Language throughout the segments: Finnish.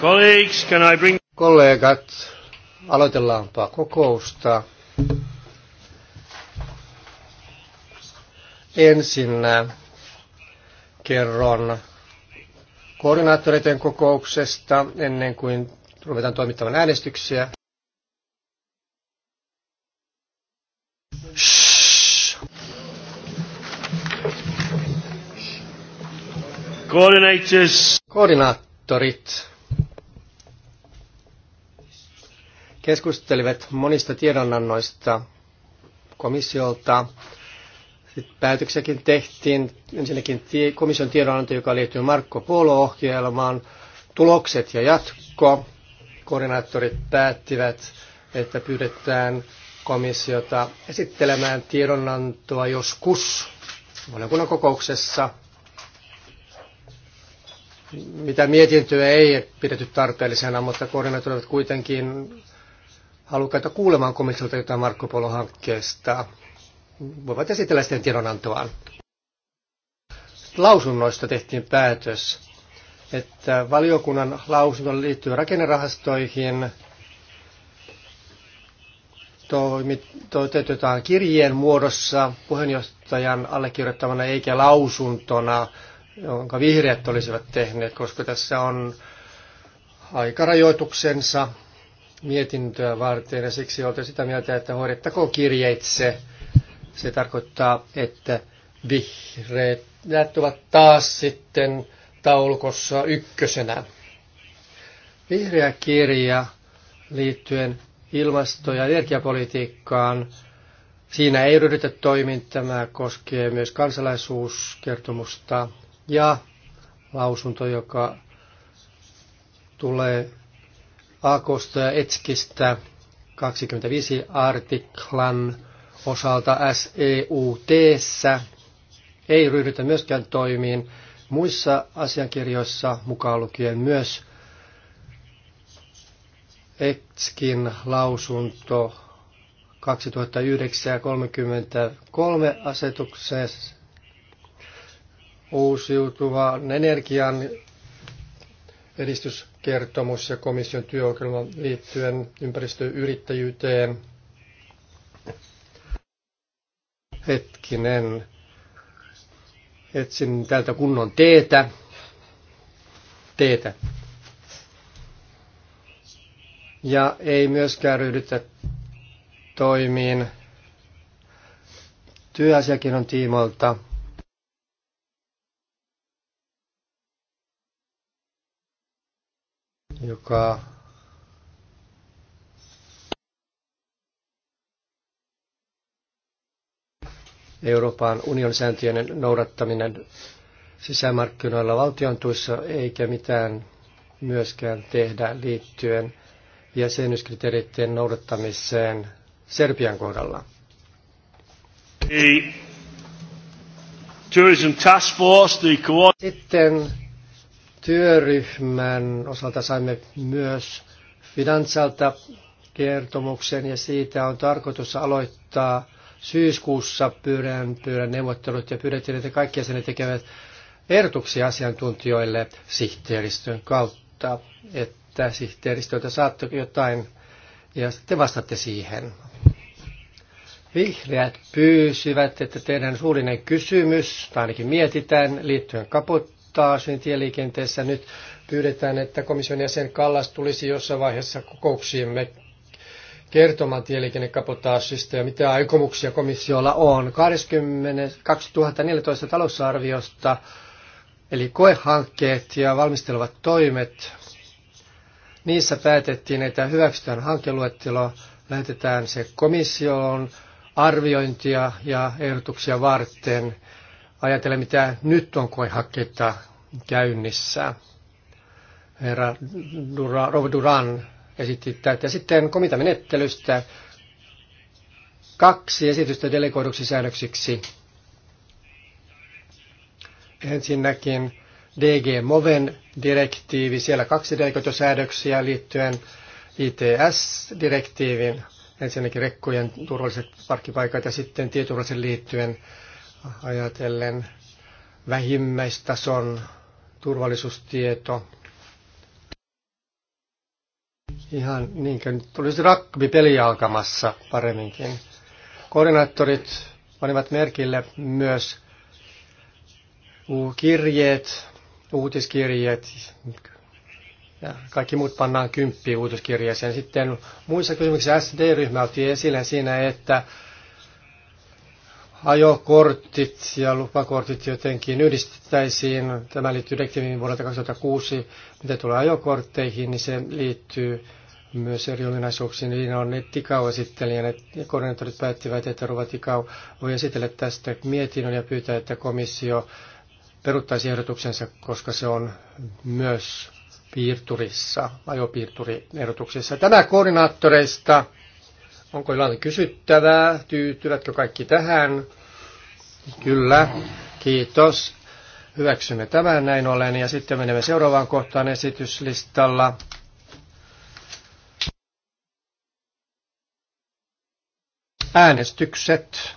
Colleagues, can I bring... Kollegat, aloitellaanpa kokousta. Ensin kerron koordinaattoreiden kokouksesta ennen kuin ruvetaan toimittamaan äänestyksiä. Koordinaattorit keskustelivat monista tiedonannoista komissiolta. Sitten päätöksiäkin tehtiin. Ensinnäkin komission tiedonanto, joka liittyy Markko Polo-ohjelmaan, tulokset ja jatko. Koordinaattorit päättivät, että pyydetään komissiota esittelemään tiedonantoa joskus valiokunnan kokouksessa. Mitä mietintöä ei pidetty tarpeellisena, mutta koordinaattorit kuitenkin halukkaita kuulemaan komissiolta jotain Marko Polo-hankkeesta. Voivat esitellä sitten tiedonantoaan. Lausunnoista tehtiin päätös, että valiokunnan lausunto liittyy rakennerahastoihin, toteutetaan kirjeen muodossa puheenjohtajan allekirjoittamana eikä lausuntona, jonka vihreät olisivat tehneet, koska tässä on aikarajoituksensa mietintöä varten ja siksi oltiin sitä mieltä, että hoidettakoon kirjeitse. Se tarkoittaa, että vihreät ovat taas sitten taulukossa ykkösenä. Vihreä kirja liittyen ilmasto- ja energiapolitiikkaan. Siinä ei ryhdytä toimiin. Tämä koskee myös kansalaisuuskertomusta ja lausunto, joka tulee AKsta ja ETSKistä 25 artiklan osalta seut ei ryhdytä myöskään toimiin muissa asiakirjoissa mukaan lukien myös ETSKin lausunto 2009-33 asetuksessa uusiutuvan energian edistys kertomus ja komission työohjelma liittyen ympäristöyrittäjyyteen. Hetkinen. Etsin täältä kunnon teetä. Teetä. Ja ei myöskään ryhdytä toimiin työasiakirjan tiimoilta – joka Euroopan unionin sääntöjen noudattaminen sisämarkkinoilla valtion tuissa eikä mitään myöskään tehdä liittyen jäsenyyskriteereiden noudattamiseen Serbian kohdalla. Sitten työryhmän osalta saimme myös Finansalta kertomuksen ja siitä on tarkoitus aloittaa syyskuussa pyörän, pyörän neuvottelut ja pyydettiin, että kaikki jäsenet tekevät ehdotuksia asiantuntijoille sihteeristön kautta, että sihteeristöltä saatte jotain ja sitten vastatte siihen. Vihreät pyysivät, että tehdään suullinen kysymys, tai ainakin mietitään, liittyen kaput kabotaasien tieliikenteessä nyt pyydetään, että komission jäsen Kallas tulisi jossain vaiheessa kokouksiimme kertomaan tieliikennekapotaasista ja mitä aikomuksia komissiolla on. 20, 2014 talousarviosta, eli koehankkeet ja valmistelevat toimet, niissä päätettiin, että hyväksytään hankeluettelo, lähetetään se komissioon arviointia ja ehdotuksia varten – ajatella, mitä nyt on koehakkeita käynnissä. Herra Dura, Rov Duran esitti tätä. Ja sitten komitamenettelystä kaksi esitystä delegoiduksi säännöksiksi. Ensinnäkin DG Moven direktiivi, siellä kaksi delegoitusäädöksiä liittyen ITS-direktiivin, ensinnäkin rekkojen turvalliset parkkipaikat ja sitten tieturvallisen liittyen ajatellen vähimmäistason turvallisuustieto. Ihan niin kuin nyt olisi rugby-peli alkamassa paremminkin. Koordinaattorit panivat merkille myös kirjeet, uutiskirjeet ja kaikki muut pannaan kymppiin uutiskirjeeseen. Sitten muissa kysymyksissä SD-ryhmä otti esille siinä, että ajokortit ja lupakortit jotenkin yhdistettäisiin. Tämä liittyy direktiiviin vuodelta 2006. Mitä tulee ajokortteihin, niin se liittyy myös eri ominaisuuksiin. Niin on Tikau esittelijän, ja koordinaattorit päättivät, että Ruva Tikau voi esitellä tästä mietinnön ja pyytää, että komissio peruttaisi ehdotuksensa, koska se on myös piirturissa, ajopiirturiehdotuksessa. Tämä koordinaattoreista. Onko jollain kysyttävää? Tyytyvätkö kaikki tähän? Kyllä, kiitos. Hyväksymme tämän näin ollen ja sitten menemme seuraavaan kohtaan esityslistalla. Äänestykset.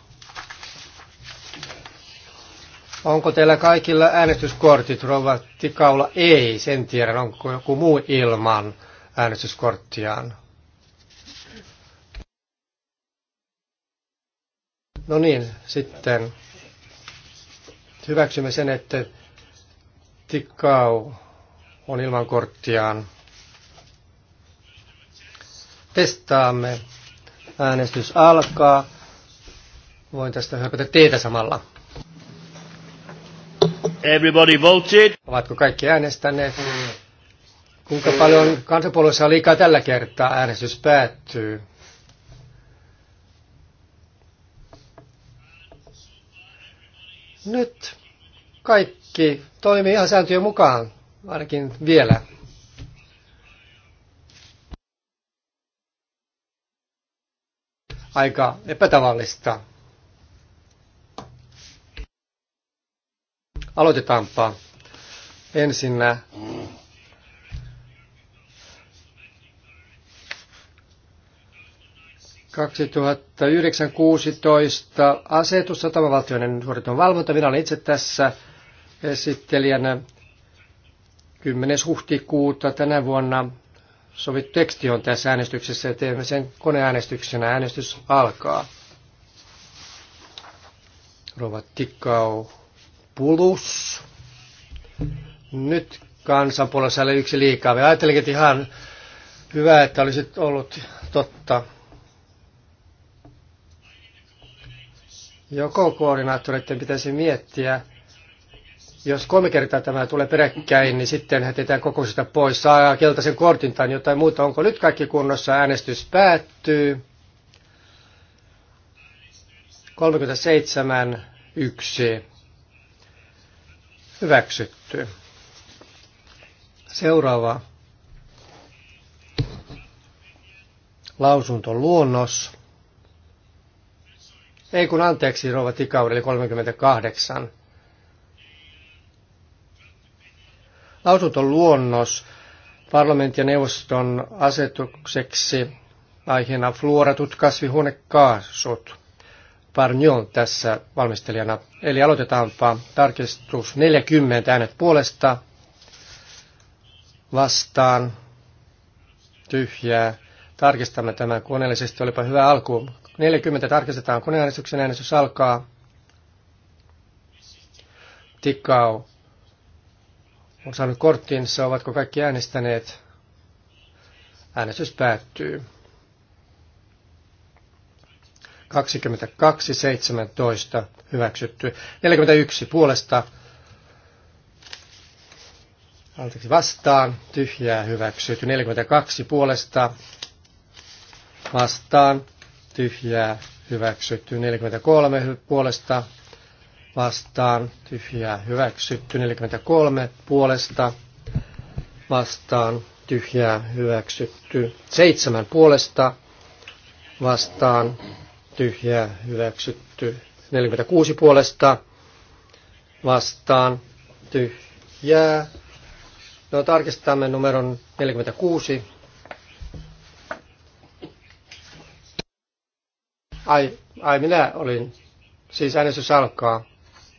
Onko teillä kaikilla äänestyskortit, rouva Tikaula? Ei, sen tiedän. Onko joku muu ilman äänestyskorttiaan? No niin, sitten hyväksymme sen, että tikkau on ilman korttiaan. Testaamme. Äänestys alkaa. Voin tästä hyöpätä teitä samalla. Everybody voted. Ovatko kaikki äänestäneet? Kuinka paljon kansanpuolueessa on liikaa tällä kertaa? Äänestys päättyy. Nyt kaikki toimii ihan sääntöjen mukaan, ainakin vielä. Aika epätavallista. Aloitetaanpa ensinnä 2016 asetus satamavaltioiden suoriton valvonta. Minä olen itse tässä esittelijänä 10. huhtikuuta tänä vuonna sovittu teksti on tässä äänestyksessä ja teemme sen koneäänestyksenä. Äänestys alkaa. Rova Tikkau Pulus. Nyt kansan puolella yksi liikaa. Me ajattelin, että ihan hyvä, että olisit ollut totta. Joko koordinaattoreiden pitäisi miettiä, jos kolme kertaa tämä tulee peräkkäin, niin sitten hätetään koko sitä pois, saa keltaisen kortin tai jotain muuta. Onko nyt kaikki kunnossa? Äänestys päättyy. 37, 1. Hyväksytty. Seuraava lausuntoluonnos. luonnos. Ei kun anteeksi, Rova Tikaudeli 38. Lausunton luonnos parlamentin ja neuvoston asetukseksi aiheena fluoratut kasvihuonekaasut. Parnion tässä valmistelijana. Eli aloitetaanpa tarkistus 40 äänet puolesta vastaan tyhjää. Tarkistamme tämän koneellisesti. Olipa hyvä alku. 40 tarkistetaan koneäänestyksen äänestys alkaa. tikkau, on saanut korttinsa, ovatko kaikki äänestäneet. Äänestys päättyy. 17 hyväksytty. 41 puolesta anteeksi, vastaan, tyhjää hyväksytty. 42 puolesta vastaan, tyhjää hyväksytty 43 puolesta vastaan tyhjää hyväksytty 43 puolesta vastaan tyhjää hyväksytty 7 puolesta vastaan tyhjää hyväksytty 46 puolesta vastaan tyhjää. No tarkistamme numeron 46. Ai, ai minä olin. Siis äänestys alkaa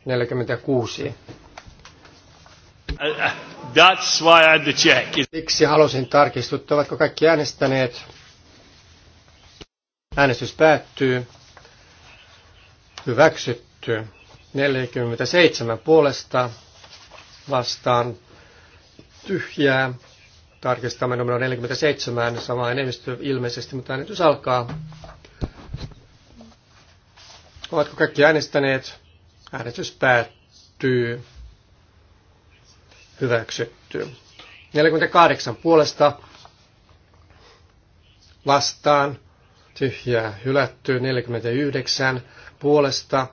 46. Uh, uh, that's why I had check. Siksi halusin tarkistuttaa, ovatko kaikki äänestäneet. Äänestys päättyy. Hyväksytty. 47 puolesta vastaan tyhjää. Tarkistamme numero 47, sama enemmistö ilmeisesti, mutta äänestys alkaa. Ovatko kaikki äänestäneet? Äänestys päättyy. Hyväksytty. 48 puolesta vastaan. Tyhjää hylätty. 49 puolesta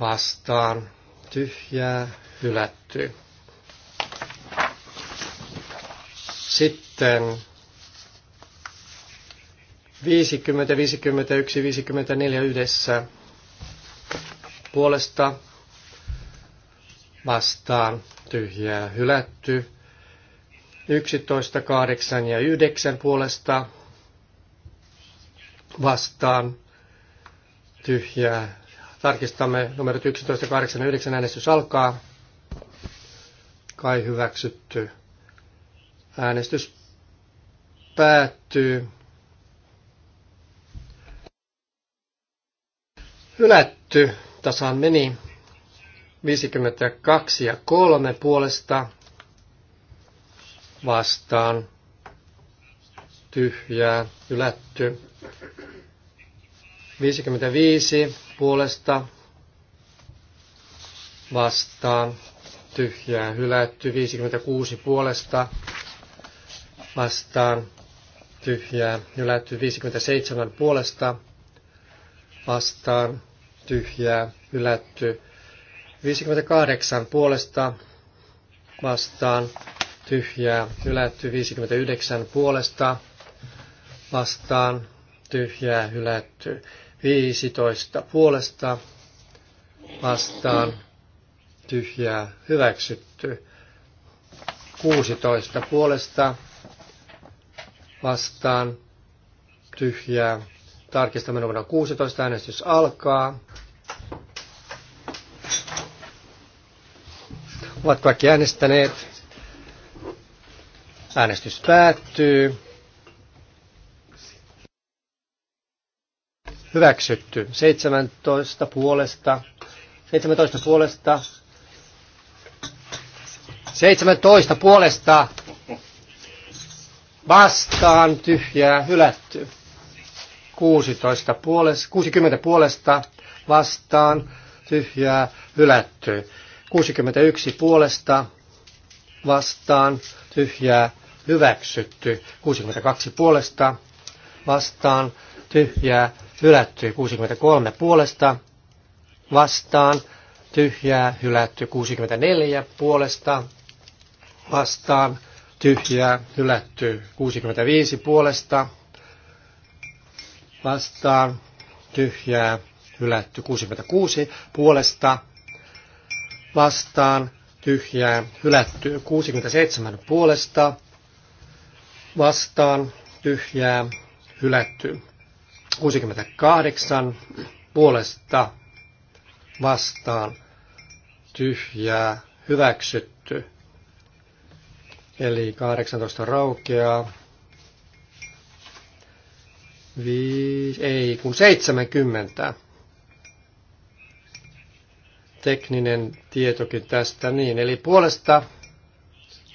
vastaan. Tyhjää hylätty. Sitten 50, 51, 54 yhdessä puolesta vastaan tyhjää hylätty. 11, 8 ja 9 puolesta vastaan tyhjää. Tarkistamme numerot 11, 8 ja 9 äänestys alkaa. Kai hyväksytty. Äänestys päättyy. Ylätty, tasan meni 52 ja 3 puolesta vastaan tyhjää ylätty 55 puolesta vastaan tyhjää hylätty. 56 puolesta vastaan tyhjää hylätty. 57 puolesta vastaan tyhjää hylätty. 58 puolesta vastaan tyhjää hylätty. 59 puolesta vastaan tyhjää hylätty. 15 puolesta vastaan tyhjää hyväksytty. 16 puolesta vastaan tyhjää Tarkistamme numero 16. Äänestys alkaa. Ovat kaikki äänestäneet. Äänestys päättyy. Hyväksytty. 17 puolesta. 17 puolesta. 17 puolesta vastaan tyhjää hylätty. 16 puolesta, 60 puolesta vastaan, tyhjää, hylätty. 61 puolesta vastaan, tyhjää, hyväksytty. 62 puolesta vastaan, tyhjää, hylätty. 63 puolesta vastaan, tyhjää, hylätty. 64 puolesta vastaan, tyhjää, hylätty. 65 puolesta vastaan tyhjää hylätty. 66 puolesta vastaan tyhjää hylätty. 67 puolesta vastaan tyhjää hylätty. 68 puolesta vastaan tyhjää hyväksytty. Eli 18 raukeaa. Viis, ei, kun 70. Tekninen tietokin tästä niin, eli puolesta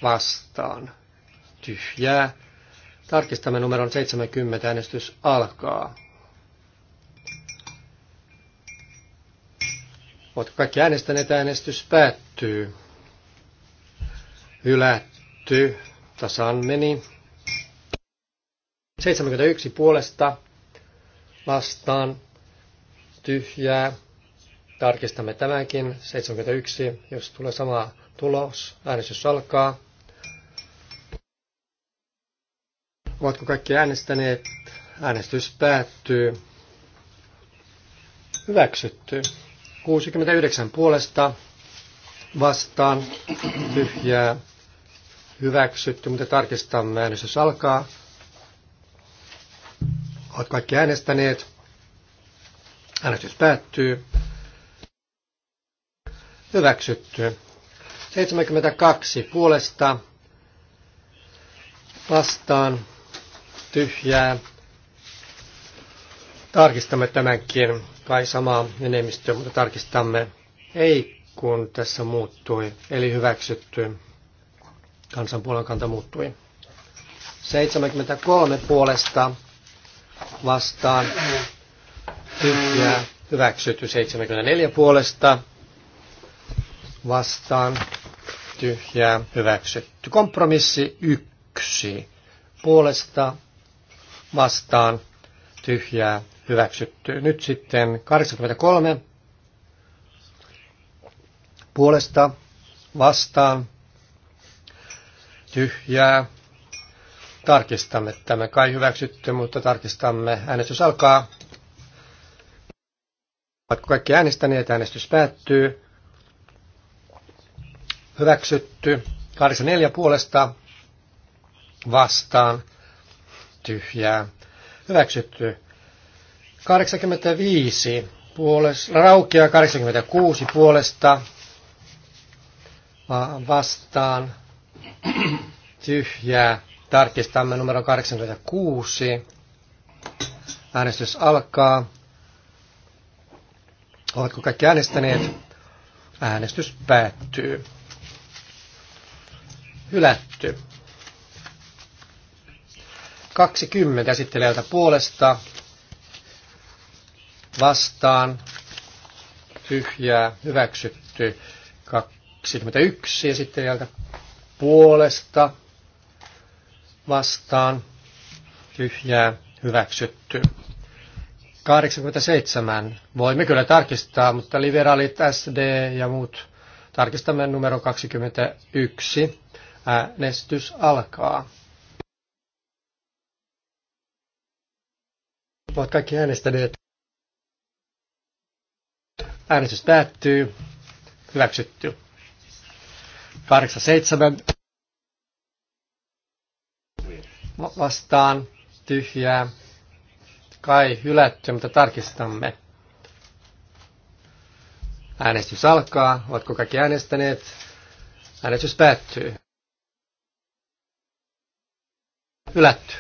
vastaan. Tyhjää. Tarkistamme numeron 70, äänestys alkaa. Oletko kaikki äänestäneet, äänestys päättyy. Hylätty. Tasan meni. 71 puolesta vastaan tyhjää. Tarkistamme tämänkin. 71, jos tulee sama tulos. Äänestys alkaa. Ovatko kaikki äänestäneet? Äänestys päättyy. Hyväksytty. 69 puolesta vastaan tyhjää. Hyväksytty, mutta tarkistamme. Äänestys alkaa. Ovat kaikki äänestäneet. Äänestys päättyy. Hyväksytty. 72 puolesta vastaan tyhjää. Tarkistamme tämänkin, kai sama enemmistö, mutta tarkistamme. Ei, kun tässä muuttui, eli hyväksytty. Kansanpuolen kanta muuttui. 73 puolesta vastaan tyhjää hyväksytty 74 puolesta vastaan tyhjää hyväksytty. Kompromissi 1 puolesta vastaan tyhjää hyväksytty. Nyt sitten 83 puolesta vastaan tyhjää Tarkistamme tämä kai hyväksytty, mutta tarkistamme. Äänestys alkaa. Ovatko kaikki äänestäneet? Äänestys päättyy. Hyväksytty. 84 puolesta vastaan. Tyhjää. Hyväksytty. 85 puolesta, raukia 86 puolesta vastaan tyhjää Tarkistamme numero 86. Äänestys alkaa. Oletko kaikki äänestäneet? Äänestys päättyy. Hylätty. 20 käsittelijältä puolesta vastaan tyhjää hyväksytty 21 esittelijältä puolesta vastaan tyhjää hyväksytty. 87. Voimme kyllä tarkistaa, mutta liberaalit SD ja muut tarkistamme numero 21. Äänestys alkaa. Ovat kaikki äänestäneet. Äänestys päättyy. Hyväksytty. 87 vastaan tyhjää kai hylätty, mutta tarkistamme. Äänestys alkaa. Ovatko kaikki äänestäneet? Äänestys päättyy. Hylätty.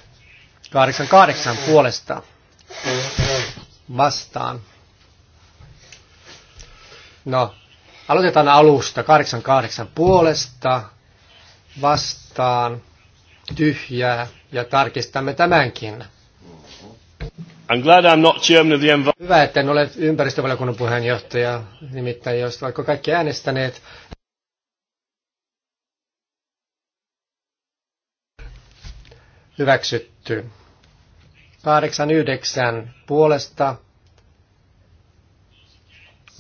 88 puolesta vastaan. No, aloitetaan alusta. 88 puolesta vastaan tyhjää ja tarkistamme tämänkin. I'm glad I'm not chairman of the env- Hyvä, että en ole ympäristövaliokunnan puheenjohtaja, nimittäin jos vaikka kaikki äänestäneet. Hyväksytty. 89 puolesta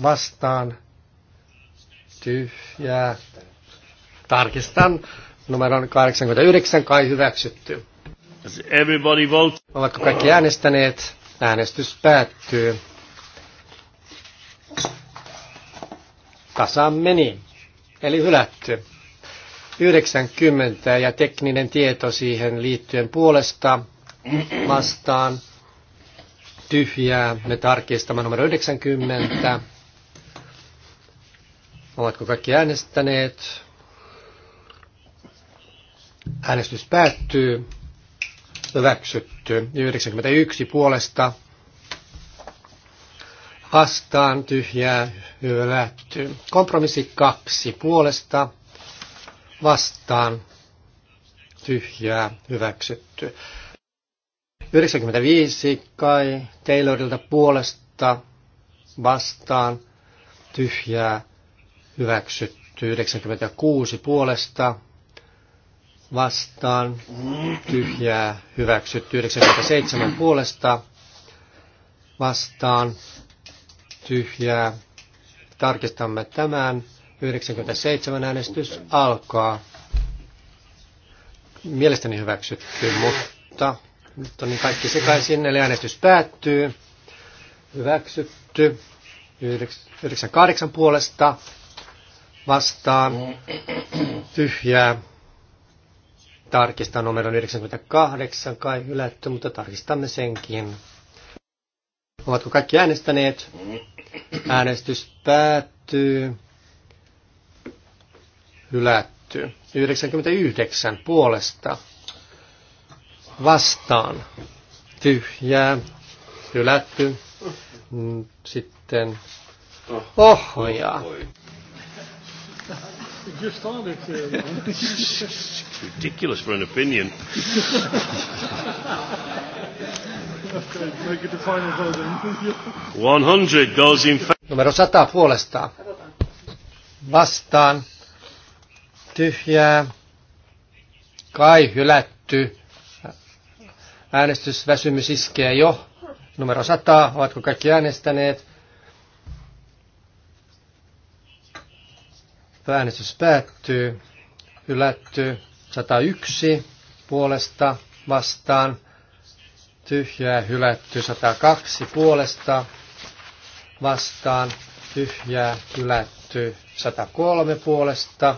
vastaan tyhjää. Tarkistan numeron 89 kai hyväksytty. everybody vote? Ovatko kaikki äänestäneet? Äänestys päättyy. Kasaan meni, eli hylätty. 90 ja tekninen tieto siihen liittyen puolesta vastaan. Tyhjää, me tarkistamme numero 90. Ovatko kaikki äänestäneet? Äänestys päättyy. Hyväksytty. 91 puolesta. Vastaan tyhjää hylätty. Kompromissi kaksi puolesta. Vastaan tyhjää hyväksytty. 95 kai Taylorilta puolesta vastaan tyhjää hyväksytty. 96 puolesta vastaan, tyhjää, hyväksytty 97 puolesta, vastaan, tyhjää. Tarkistamme tämän. 97 äänestys alkaa. Mielestäni hyväksytty, mutta nyt on niin kaikki sekaisin, eli äänestys päättyy. Hyväksytty. 98 puolesta vastaan tyhjää tarkistaa numero 98, kai hylätty, mutta tarkistamme senkin. Ovatko kaikki äänestäneet? Äänestys päättyy. Hylätty. 99 puolesta. Vastaan. Tyhjää. Hylätty. Mm, sitten oh. ohjaa. Oh, just started. Uh, ridiculous for an opinion. 100 Numero 100 puolesta. Vastaan. Tyhjää. Kai hylätty. Äänestysväsymys iskee jo. Numero 100. Ovatko kaikki äänestäneet? Äänestys päättyy. Hylätty 101 puolesta vastaan. Tyhjää hylätty 102 puolesta vastaan. Tyhjää hylätty 103 puolesta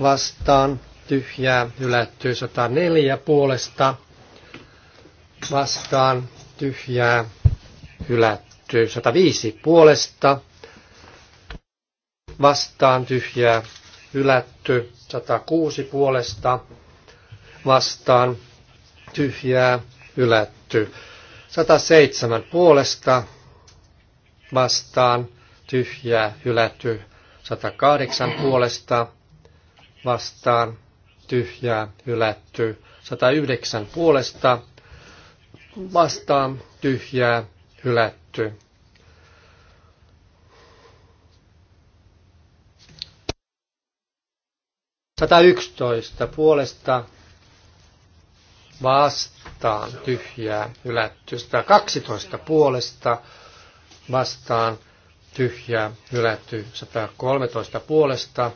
vastaan. Tyhjää hylätty 104 puolesta vastaan. Tyhjää hylätty 105 puolesta vastaan tyhjää hylätty. 106 puolesta vastaan tyhjää hylätty. 107 puolesta vastaan tyhjää hylätty. 108 puolesta vastaan tyhjää hylätty. 109 puolesta vastaan tyhjää hylätty. 111 puolesta vastaan tyhjää hylätty. 112 puolesta vastaan tyhjää hylätty. 113 puolesta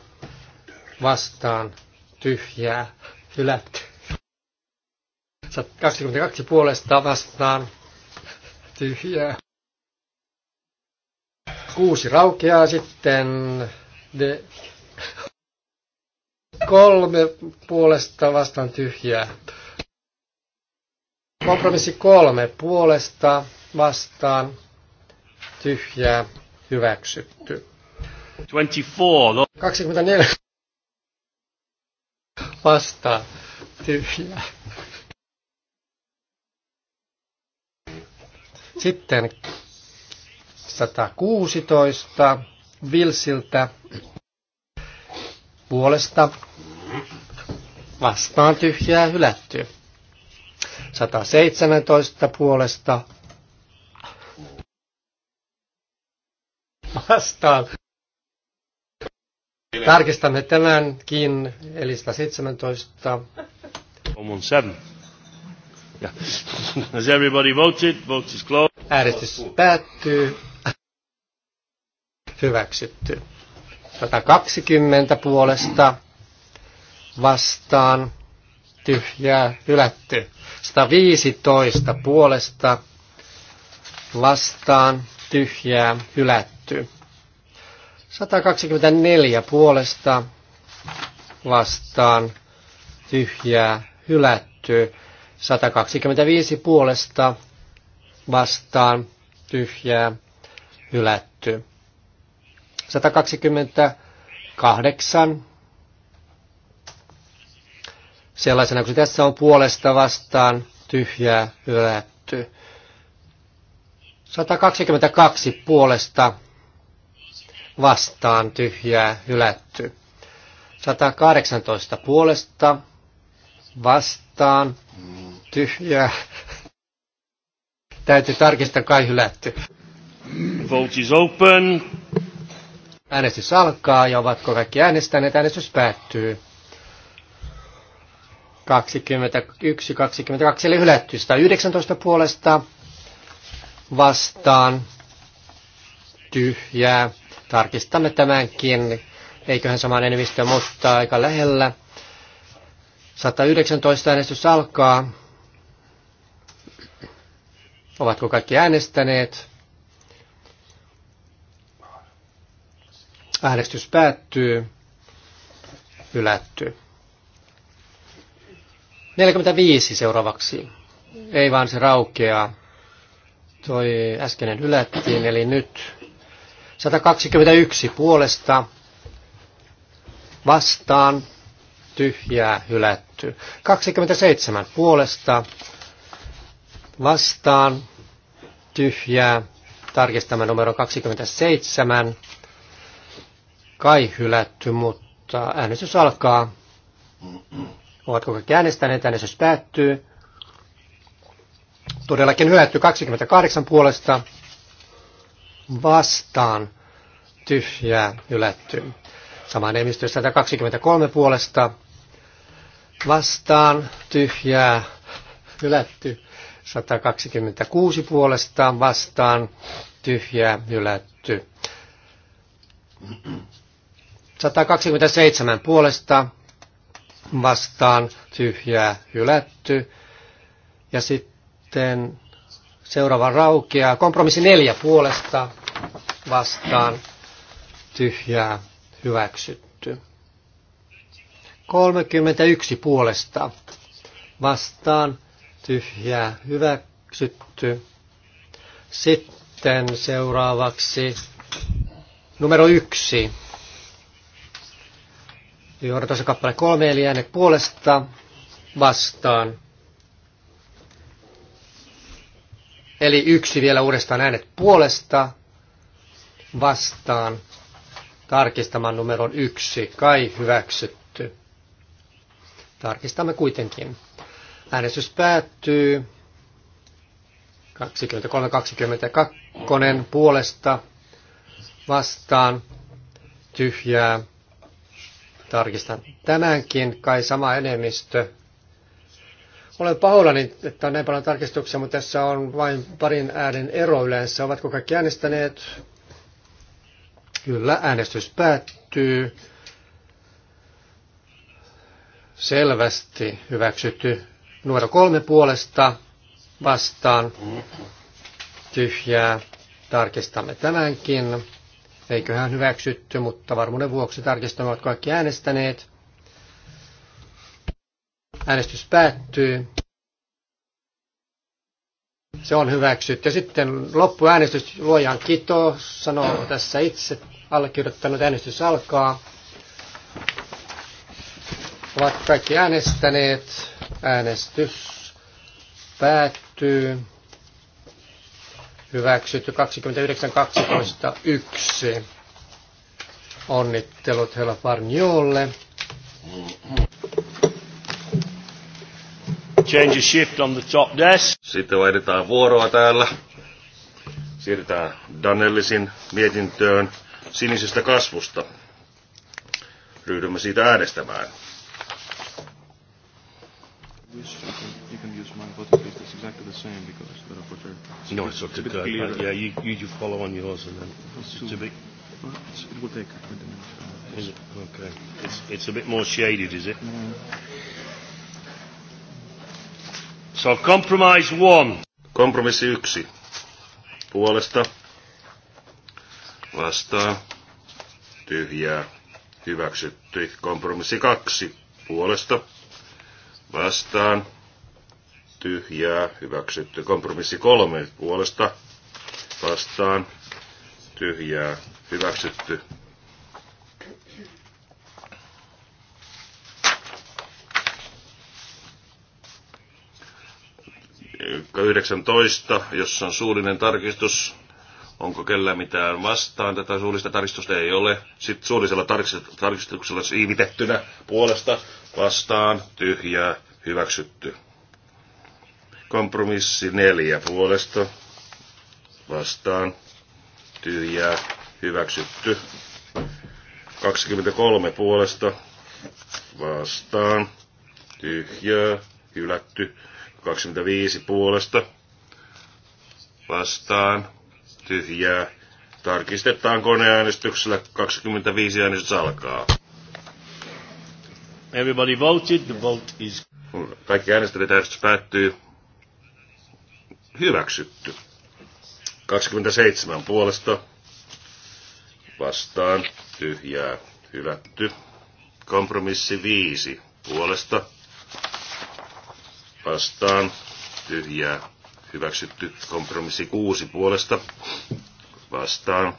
vastaan tyhjää hylätty. 122 puolesta vastaan tyhjää. Kuusi raukeaa sitten. De kolme puolesta vastaan tyhjää. Kompromissi kolme puolesta vastaan tyhjää hyväksytty. 24. 24 vastaan tyhjää. Sitten 116 Vilsiltä puolesta vastaan tyhjää hylätty. 117 puolesta vastaan. Tarkistamme tämänkin, eli 117. Omun seven. Yeah. Has everybody voted? votes is closed. Äänestys päättyy. Hyväksytty. 120 puolesta vastaan tyhjää hylätty. 115 puolesta vastaan tyhjää hylätty. 124 puolesta vastaan tyhjää hylätty. 125 puolesta vastaan tyhjää hylätty. 128 sellaisena kuin tässä on puolesta vastaan tyhjää hylätty. 122 puolesta vastaan tyhjää hylätty. 118 puolesta vastaan tyhjää. Täytyy tarkistaa kai hylätty. Vote is open. Äänestys alkaa ja ovatko kaikki äänestäneet? Äänestys päättyy. 21, 22 eli hylätty. 119 puolesta vastaan tyhjää. Tarkistamme tämänkin, eiköhän samaan enemmistö, mutta aika lähellä. 119 äänestys alkaa. Ovatko kaikki äänestäneet? Äänestys päättyy. ylätty. 45 seuraavaksi. Ei vaan se raukeaa. Toi äskeinen ylättiin, eli nyt 121 puolesta vastaan tyhjää hylätty. 27 puolesta vastaan tyhjää. Tarkistamme numero 27 kai hylätty, mutta äänestys alkaa. Ovatko kaikki äänestäneet? Äänestys päättyy. Todellakin hylätty 28 puolesta vastaan tyhjää hylätty. Sama enemmistö 123 puolesta vastaan tyhjää hylätty. 126 puolesta vastaan tyhjää hylätty. 127 puolesta vastaan tyhjää hylätty. Ja sitten seuraava raukea Kompromissi neljä puolesta vastaan tyhjää hyväksytty. 31 puolesta vastaan tyhjää hyväksytty. Sitten seuraavaksi numero yksi Johdatossa kappale kolme, eli äänet puolesta vastaan. Eli yksi vielä uudestaan äänet puolesta vastaan tarkistamaan numeron yksi, kai hyväksytty. Tarkistamme kuitenkin. Äänestys päättyy. 23.22 puolesta vastaan tyhjää tarkistaa tänäänkin, kai sama enemmistö. Olen pahoillani, että on näin paljon tarkistuksia, mutta tässä on vain parin äänen ero yleensä. Ovatko kaikki äänestäneet? Kyllä, äänestys päättyy. Selvästi hyväksytty. Nuoro kolme puolesta vastaan. Tyhjää. Tarkistamme tämänkin eiköhän hyväksytty, mutta varmuuden vuoksi tarkistamme, kaikki äänestäneet. Äänestys päättyy. Se on hyväksytty. Ja sitten loppuäänestys luojaan kito, sanoo tässä itse allekirjoittanut äänestys alkaa. Ovat kaikki äänestäneet. Äänestys päättyy hyväksytty 29.12.1. Onnittelut Hela Farniolle. Change a shift on the top desk. Sitten vaihdetaan vuoroa täällä. Siirrytään Danellisin mietintöön sinisestä kasvusta. Ryhdymme siitä äänestämään. You can use my voting It's exactly the same because No, it's okay. yeah, you, you, you follow on yours and then it's It's, it will take 20 minutes. Is it? Okay. It's, it's a bit more shaded, is it? So compromise one. Kompromissi yksi. Puolesta. Vastaan. Tyhjää. Hyväksytty. Kompromissi kaksi. Puolesta vastaan, tyhjää, hyväksytty. Kompromissi kolme puolesta vastaan, tyhjää, hyväksytty. Yhdeksäntoista, jossa on suullinen tarkistus Onko kellään mitään vastaan tätä suullista tarkistusta? Ei ole. Sitten suullisella tarkistuksella siivitettynä puolesta vastaan tyhjää hyväksytty. Kompromissi neljä puolesta vastaan tyhjää hyväksytty. 23 puolesta vastaan tyhjää hylätty. 25 puolesta vastaan tyhjää. Tarkistetaan koneäänestyksellä. 25 äänestys alkaa. Everybody voted, the vote is... Kaikki äänestäjät äänestys päättyy. Hyväksytty. 27 puolesta vastaan tyhjää hylätty. Kompromissi 5 puolesta vastaan tyhjää hyväksytty. Kompromissi 6 puolesta vastaan,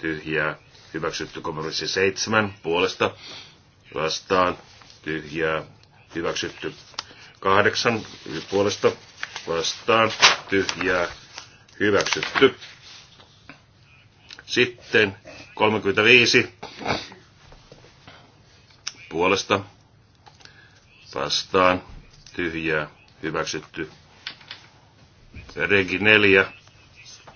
tyhjää, hyväksytty. Kompromissi 7 puolesta vastaan, tyhjää, hyväksytty. 8 puolesta vastaan, tyhjää, hyväksytty. Sitten 35 puolesta vastaan, tyhjää, hyväksytty. Regi 4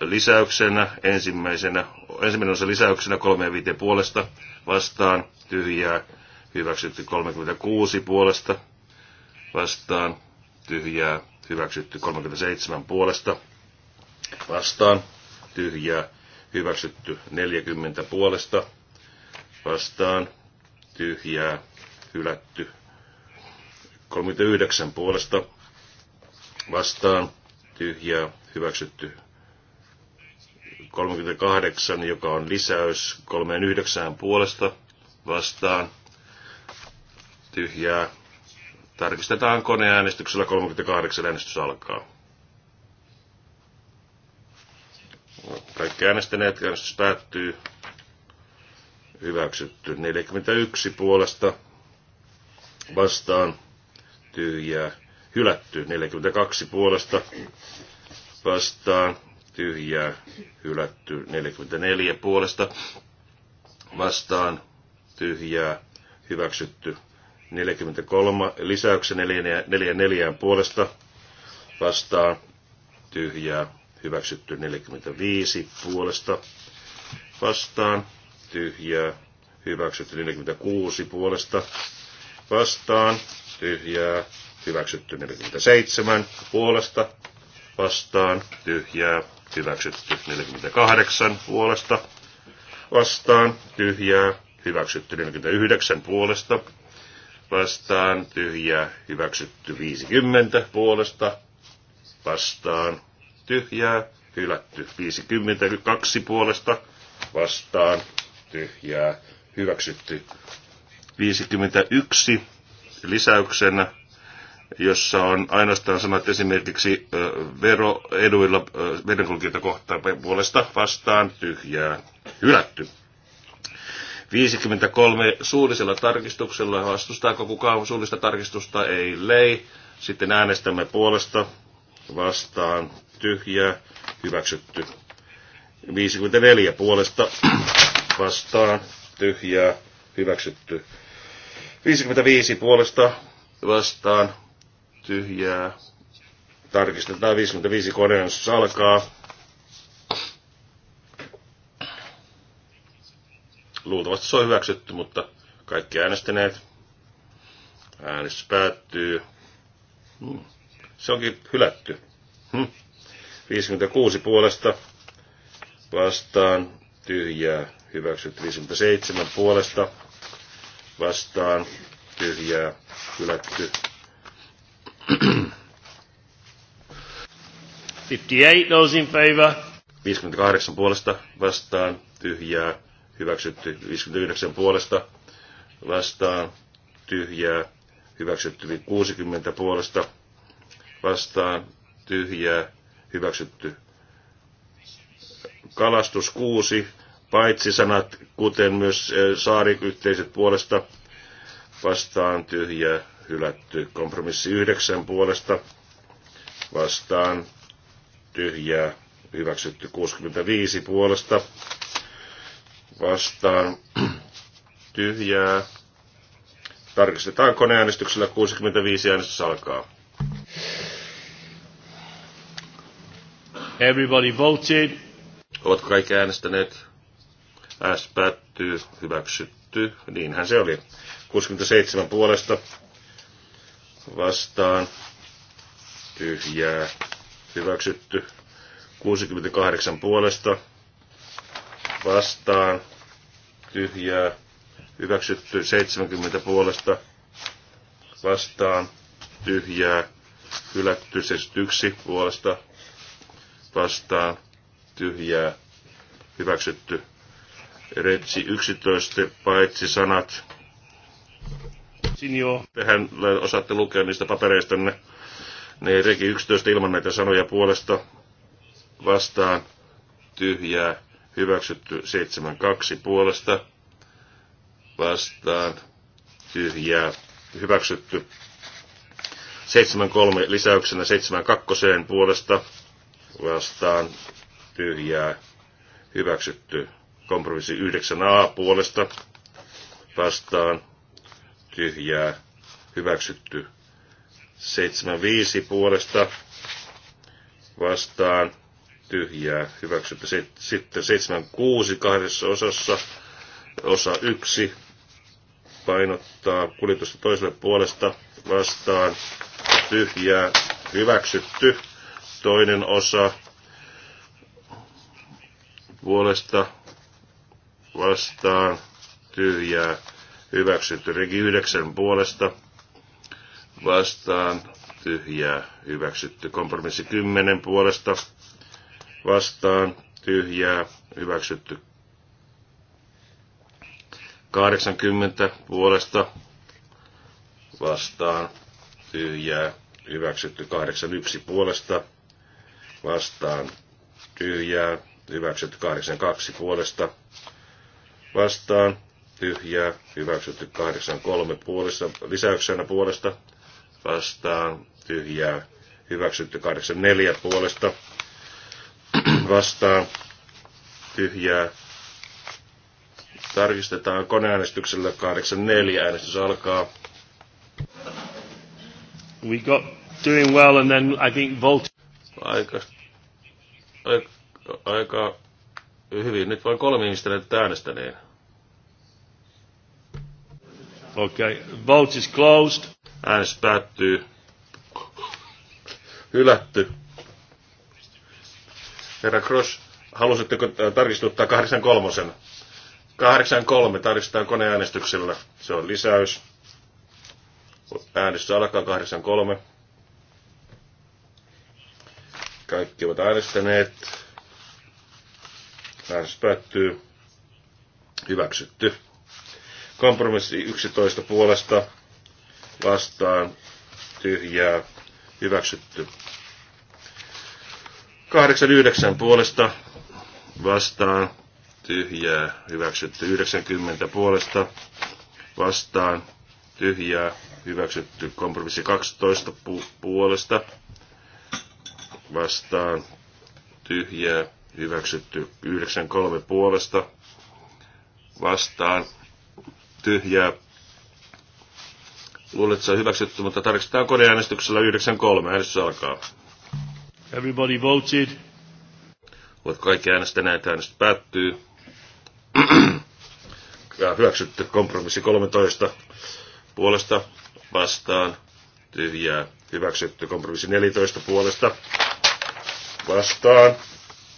lisäyksenä ensimmäisenä, ensimmäinen on se lisäyksenä 35 puolesta vastaan, tyhjää, hyväksytty 36 puolesta vastaan, tyhjää, hyväksytty 37 puolesta vastaan, tyhjää, hyväksytty 40 puolesta vastaan, tyhjää, hylätty 39 puolesta vastaan, tyhjää hyväksytty. 38, joka on lisäys 39 puolesta vastaan tyhjää. Tarkistetaan koneäänestyksellä 38 äänestys alkaa. Kaikki äänestäneet äänestys päättyy. Hyväksytty 41 puolesta vastaan tyhjää hylätty. 42 puolesta vastaan tyhjää hylätty. 44 puolesta vastaan tyhjää hyväksytty. 43 lisäyksen 44 puolesta vastaan tyhjää hyväksytty 45 puolesta vastaan, tyhjää, hyväksytty 46 puolesta vastaan, tyhjää, hyväksytty 47 puolesta vastaan, tyhjää, hyväksytty 48 puolesta vastaan, tyhjää, hyväksytty 49 puolesta vastaan, tyhjää, hyväksytty 50 puolesta vastaan, tyhjää, hylätty 52 puolesta vastaan, tyhjää, hyväksytty 51 lisäyksenä jossa on ainoastaan sanat esimerkiksi veroeduilla merenkulkijoita kohtaan puolesta vastaan tyhjää hylätty. 53 suullisella tarkistuksella. Vastustaako kukaan suullista tarkistusta? Ei lei. Sitten äänestämme puolesta vastaan tyhjää hyväksytty. 54 puolesta vastaan tyhjää hyväksytty. 55 puolesta vastaan tyhjää. Tarkistetaan 55 koneennus alkaa. Luultavasti se on hyväksytty, mutta kaikki äänestäneet. Äänestys päättyy. Hmm. Se onkin hylätty. Hmm. 56 puolesta vastaan tyhjää. Hyväksytty 57 puolesta vastaan tyhjää. Hylätty 58 those in favor. 58 puolesta vastaan tyhjää hyväksytty. 59 puolesta vastaan tyhjää hyväksytty. 60 puolesta vastaan tyhjää hyväksytty. Kalastus 6 paitsi sanat, kuten myös eh, saariyhteisöt puolesta vastaan tyhjää hylätty. Kompromissi yhdeksän puolesta vastaan tyhjää hyväksytty 65 puolesta vastaan tyhjää. Tarkistetaan koneäänestyksellä 65 äänestys alkaa. Everybody voted. Ovatko kaikki äänestäneet? S päättyy, hyväksytty. Niinhän se oli. 67 puolesta vastaan tyhjää hyväksytty. 68 puolesta vastaan tyhjää hyväksytty. 70 puolesta vastaan tyhjää hylätty. 71 puolesta vastaan tyhjää hyväksytty. Retsi 11 paitsi sanat Sinjo. Tehän osaatte lukea niistä papereistanne. Niin reki 11 ilman näitä sanoja puolesta vastaan tyhjää hyväksytty 72 puolesta vastaan tyhjää hyväksytty 73 lisäyksenä 72 puolesta vastaan tyhjää hyväksytty kompromissi 9a puolesta vastaan tyhjää hyväksytty. 75 puolesta vastaan tyhjää hyväksytty. Sitten 76 kahdessa osassa osa 1 painottaa kuljetusta toiselle puolesta vastaan tyhjää hyväksytty. Toinen osa puolesta vastaan tyhjää hyväksytty. Regi 9 puolesta vastaan tyhjää hyväksytty. Kompromissi 10 puolesta vastaan tyhjää hyväksytty. 80 puolesta vastaan tyhjää hyväksytty. 81 puolesta vastaan tyhjää hyväksytty. 82 puolesta vastaan tyhjää, hyväksytty 83 puolessa. lisäyksenä puolesta, vastaan, tyhjää, hyväksytty 84 puolesta, vastaan, tyhjää, tarkistetaan koneäänestyksellä 84, äänestys alkaa. We got doing well and then I think vote. Aika, aika, aika hyvin. Nyt vain kolme ihmistä näyttää äänestäneen. Okay. Vote is closed. Äänestys päättyy. Hylätty. Herra Cross, halusitteko äh, tarkistuttaa 83? 83 tarkistetaan koneäänestyksellä. Se on lisäys. Äänestys alkaa 83. Kaikki ovat äänestäneet. Äänestys päättyy. Hyväksytty. Kompromissi 11 puolesta vastaan tyhjää hyväksytty. 89 puolesta vastaan tyhjää hyväksytty. 90 puolesta vastaan tyhjää hyväksytty. Kompromissi 12 pu- puolesta vastaan tyhjää hyväksytty. 93 puolesta vastaan tyhjää. Luulen, että se on hyväksytty, mutta tarkistetaan koneäänestyksellä 9.3. Äänestys alkaa. Everybody voted. Ovat kaikki äänestäneet, äänestys päättyy. ja hyväksytty kompromissi 13 puolesta vastaan tyhjää. Hyväksytty kompromissi 14 puolesta vastaan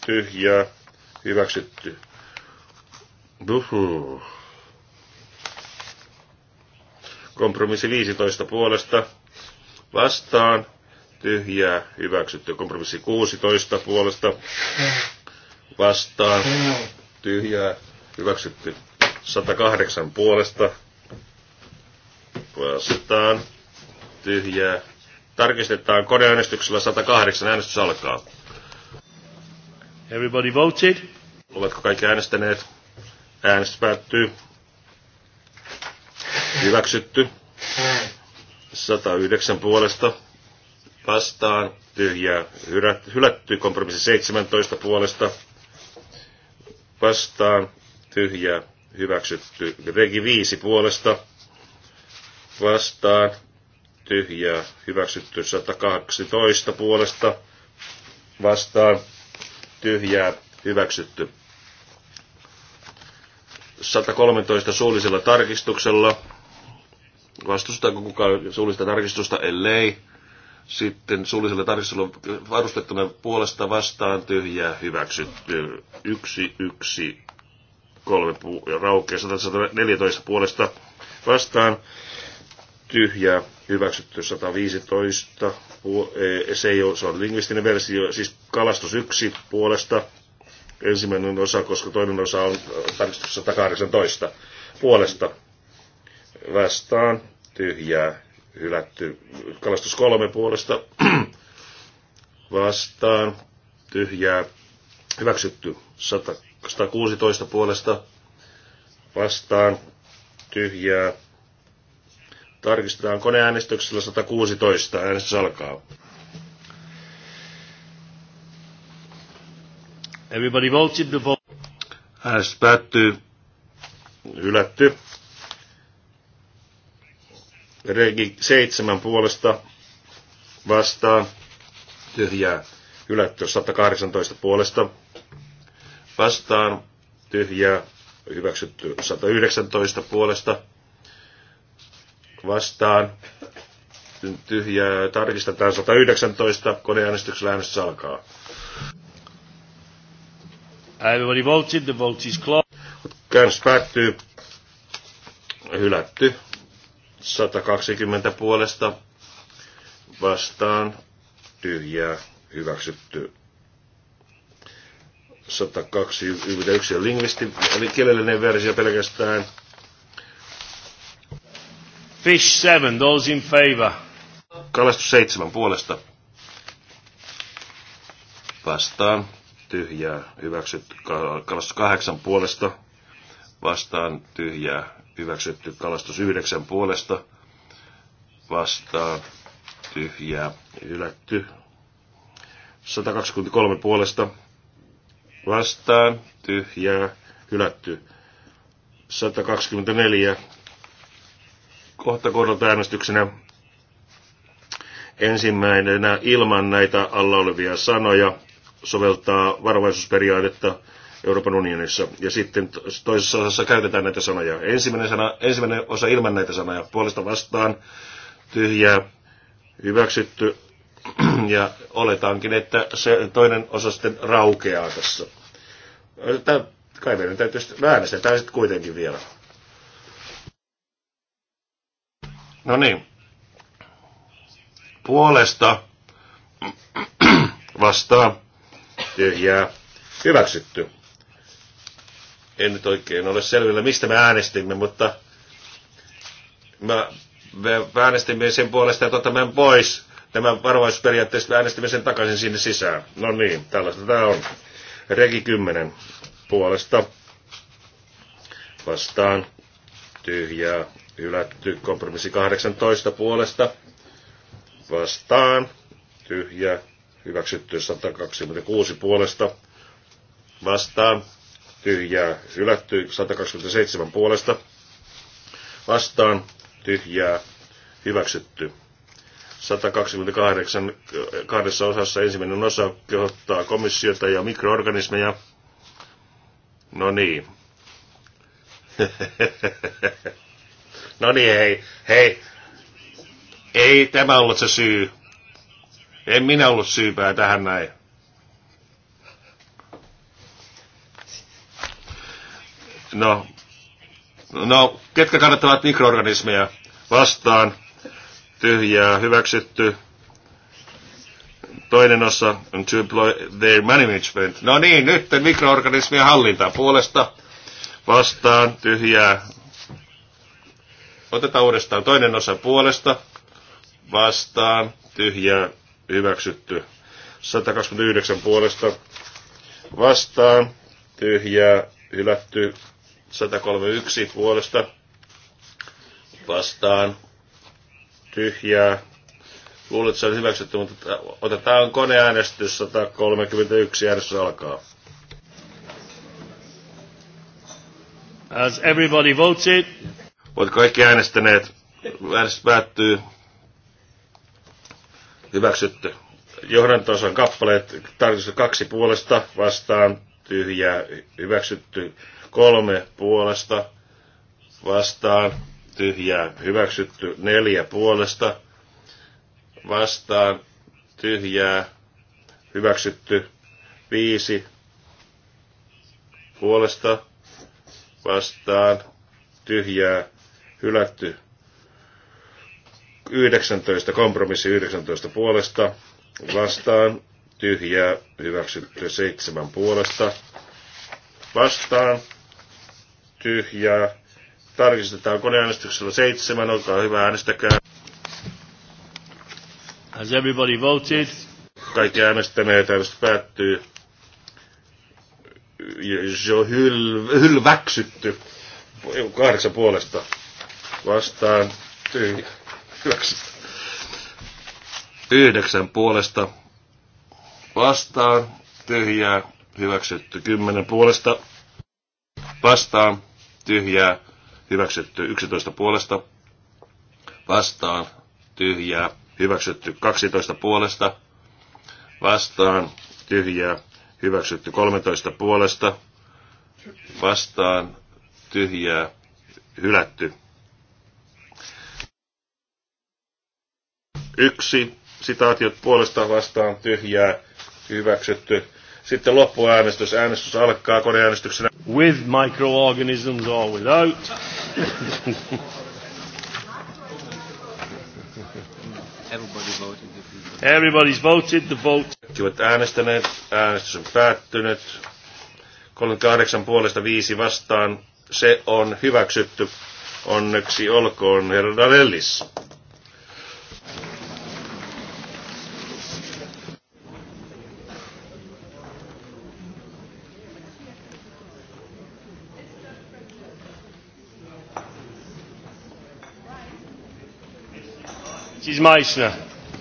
tyhjää. Hyväksytty. Buhu. Kompromissi 15 puolesta vastaan. Tyhjää hyväksytty. Kompromissi 16 puolesta vastaan. Tyhjää hyväksytty. 108 puolesta vastaan. Tyhjää. Tarkistetaan koneäänestyksellä 108. Äänestys alkaa. Everybody voted. Ovatko kaikki äänestäneet? Äänestys päättyy. Hyväksytty. 109 puolesta vastaan tyhjää hylätty. Kompromissi 17 puolesta vastaan tyhjää hyväksytty. Regi 5 puolesta vastaan tyhjää hyväksytty. 112 puolesta vastaan tyhjää hyväksytty. 113 suullisella tarkistuksella Vastustaako kukaan suullista tarkistusta, ellei sitten suulliselle tarkistelulla varustettuna puolesta vastaan tyhjää hyväksytty. Yksi, yksi, kolme pu- raukea, 114 puolesta vastaan tyhjää hyväksytty 115. Pu- eh, se, ei ole, se on lingvistinen versio, siis kalastus yksi puolesta ensimmäinen osa, koska toinen osa on äh, tarkistus 118 puolesta vastaan tyhjää hylätty. Kalastus kolme puolesta vastaan tyhjää hyväksytty 116 puolesta vastaan tyhjää. Tarkistetaan koneäänestyksellä 116. Äänestys alkaa. Everybody voted the vote. Äänestys päättyy. Hylätty. Regi 7 puolesta vastaan tyhjää hylätty 118 puolesta vastaan tyhjää hyväksytty 119 puolesta vastaan tyhjää tarkistetaan 119 koneäänestyksellä äänestys alkaa. Everybody voted, the vote is closed. Käännös päättyy. Hylätty. 120 puolesta vastaan tyhjää hyväksytty. 121 lingvisti, eli kielellinen versio pelkästään. Fish 7, those in favor. Kalastus 7 puolesta. Vastaan tyhjää hyväksytty. Kalastus 8 puolesta. Vastaan tyhjää hyväksytty kalastus yhdeksän puolesta vastaan tyhjää hylätty. 123 puolesta vastaan tyhjää hylätty. 124 kohta kohdalta äänestyksenä ensimmäisenä ilman näitä alla olevia sanoja soveltaa varovaisuusperiaatetta Euroopan unionissa. Ja sitten toisessa osassa käytetään näitä sanoja. Ensimmäinen, sana, ensimmäinen osa ilman näitä sanoja. Puolesta vastaan, tyhjää, hyväksytty. Ja oletaankin, että se toinen osa sitten raukeaa tässä. Tämä, kai meidän täytyy sitten äänestetään sitten kuitenkin vielä. No niin. Puolesta vastaan tyhjää hyväksytty en nyt oikein ole selvillä, mistä me äänestimme, mutta mä, me äänestimme sen puolesta ja otamme pois tämän varovaisuusperiaatteesta, me äänestimme sen takaisin sinne sisään. No niin, tällaista tämä on. Regi 10 puolesta vastaan tyhjää hylätty. Kompromissi 18 puolesta vastaan tyhjä hyväksytty 126 puolesta vastaan tyhjää hylätty, 127 puolesta vastaan tyhjää hyväksytty. 128 eh, kahdessa osassa ensimmäinen osa kehottaa komissiota ja mikroorganismeja. No niin. no niin, hei, hei. Ei tämä ollut se syy. En minä ollut syypää tähän näin. No, no ketkä kannattavat mikroorganismeja? Vastaan. Tyhjää hyväksytty. Toinen osa on to employ their management. No niin, nyt mikroorganismien hallinta puolesta. Vastaan. Tyhjää. Otetaan uudestaan toinen osa puolesta. Vastaan. Tyhjää. Hyväksytty. 129 puolesta vastaan, tyhjää, hylätty 131 puolesta vastaan tyhjää. Luulet, että se on hyväksytty, mutta otetaan koneäänestys 131 äänestys alkaa. As everybody voted. Voit kaikki äänestäneet. Äänestys päättyy. Hyväksytty. on kappaleet tarkistus kaksi puolesta vastaan tyhjää hyväksytty Kolme puolesta vastaan tyhjää hyväksytty. Neljä puolesta vastaan tyhjää hyväksytty. Viisi puolesta vastaan tyhjää hylätty. 19, kompromissi 19 puolesta, vastaan, tyhjää, hyväksytty seitsemän puolesta, vastaan, tyhjää. Tarkistetaan koneäänestyksellä seitsemän, olkaa hyvä, äänestäkää. Has everybody voted? Kaikki äänestäneet, äänestys päättyy. Se on hyl, hylväksytty. Kahdeksan puolesta. Vastaan tyhjä. Yhdeksän puolesta. Vastaan tyhjää. Hyväksytty. Kymmenen puolesta. Vastaan tyhjää, hyväksytty 11 puolesta, vastaan, tyhjää, hyväksytty 12 puolesta, vastaan, tyhjää, hyväksytty 13 puolesta, vastaan, tyhjää, hylätty. Yksi, sitaatiot puolesta vastaan, tyhjää, hyväksytty sitten loppuäänestys. Äänestys alkaa koneäänestyksenä. With microorganisms or without. Everybody voted. Everybody's voted the vote. Kaikki ovat äänestäneet. Äänestys on päättynyt. 38 puolesta 5 vastaan. Se on hyväksytty. Onneksi olkoon herra Dalellis.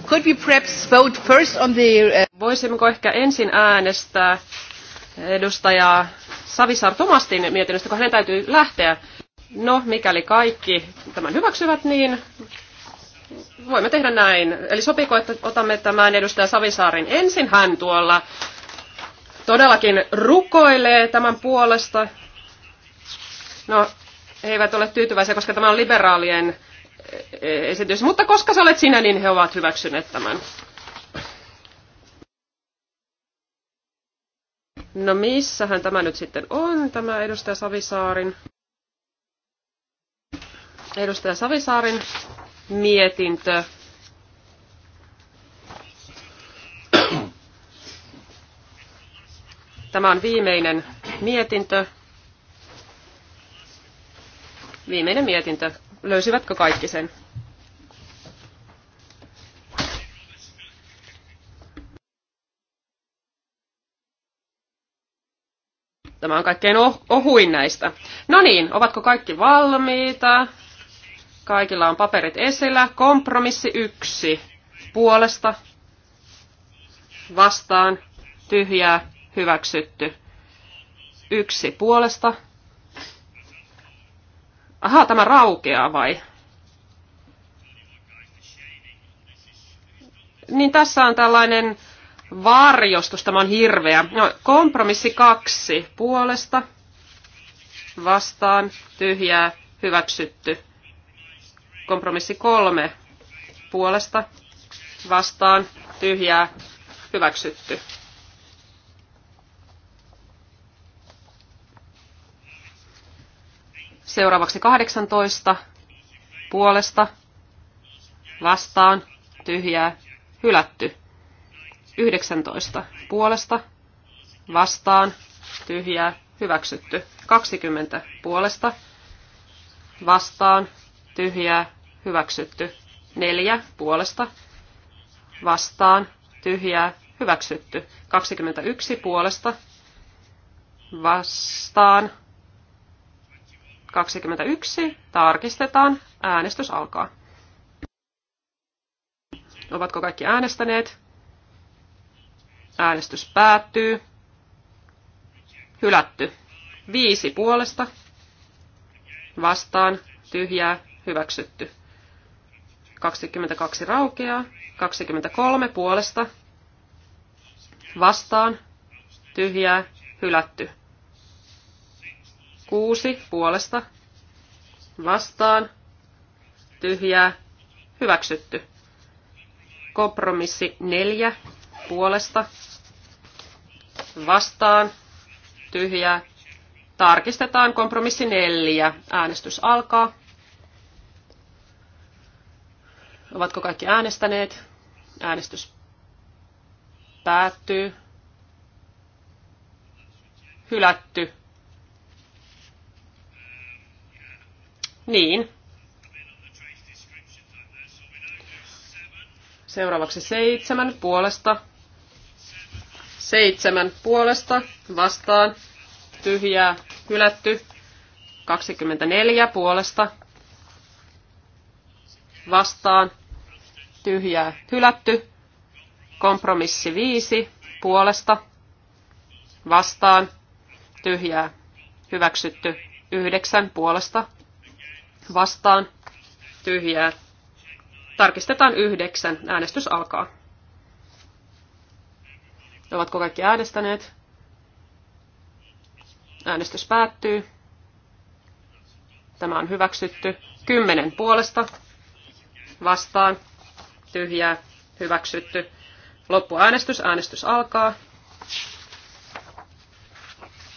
Could we perhaps vote first on the... Uh, Voisimmeko ehkä ensin äänestää edustaja Savisar Tomastin mietinnöstä, kun hänen täytyy lähteä. No, mikäli kaikki tämän hyväksyvät, niin voimme tehdä näin. Eli sopiko, että otamme tämän edustaja Savisaarin ensin? Hän tuolla todellakin rukoilee tämän puolesta. No, he eivät ole tyytyväisiä, koska tämä on liberaalien esitys, mutta koska sä olet sinä, niin he ovat hyväksyneet tämän. No missähän tämä nyt sitten on, tämä edustaja Savisaarin? Edustaja Savisaarin mietintö. Tämä on viimeinen mietintö. Viimeinen mietintö löysivätkö kaikki sen? Tämä on kaikkein oh-, ohuin näistä. No niin, ovatko kaikki valmiita? Kaikilla on paperit esillä. Kompromissi yksi. Puolesta. Vastaan. Tyhjää. Hyväksytty. Yksi puolesta Ahaa, tämä raukeaa vai? Niin tässä on tällainen varjostus, tämä on hirveä. No, kompromissi kaksi puolesta vastaan tyhjää hyväksytty. Kompromissi kolme puolesta vastaan tyhjää hyväksytty. Seuraavaksi 18 puolesta vastaan tyhjää hylätty. 19 puolesta vastaan tyhjää hyväksytty. 20 puolesta vastaan tyhjää hyväksytty. 4 puolesta vastaan tyhjää hyväksytty. 21 puolesta vastaan 21. Tarkistetaan. Äänestys alkaa. Ovatko kaikki äänestäneet? Äänestys päättyy. Hylätty. Viisi puolesta. Vastaan. Tyhjää. Hyväksytty. 22 raukeaa. 23 puolesta. Vastaan. Tyhjää. Hylätty. Kuusi puolesta vastaan tyhjää hyväksytty. Kompromissi neljä puolesta vastaan tyhjää. Tarkistetaan kompromissi neljä. Äänestys alkaa. Ovatko kaikki äänestäneet? Äänestys päättyy. Hylätty. Niin. Seuraavaksi seitsemän puolesta. Seitsemän puolesta vastaan. Tyhjää hylätty. 24 puolesta vastaan. Tyhjää hylätty. Kompromissi 5 puolesta vastaan. Tyhjää hyväksytty. 9 puolesta vastaan, tyhjää. Tarkistetaan yhdeksän. Äänestys alkaa. Ovatko kaikki äänestäneet? Äänestys päättyy. Tämä on hyväksytty. Kymmenen puolesta vastaan. Tyhjää. Hyväksytty. Loppuäänestys. Äänestys alkaa.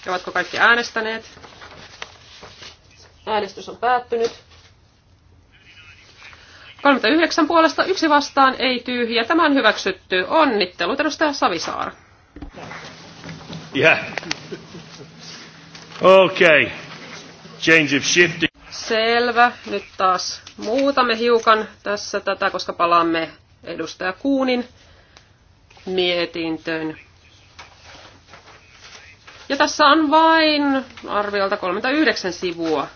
Ovatko kaikki äänestäneet? Äänestys on päättynyt. 39 puolesta yksi vastaan, ei tyhjä. Tämä on hyväksytty. Onnittelut edustaja Savisaar. Yeah. Okay. Change of shift. Selvä. Nyt taas muutamme hiukan tässä tätä, koska palaamme edustaja Kuunin mietintöön. Ja tässä on vain arviolta 39 sivua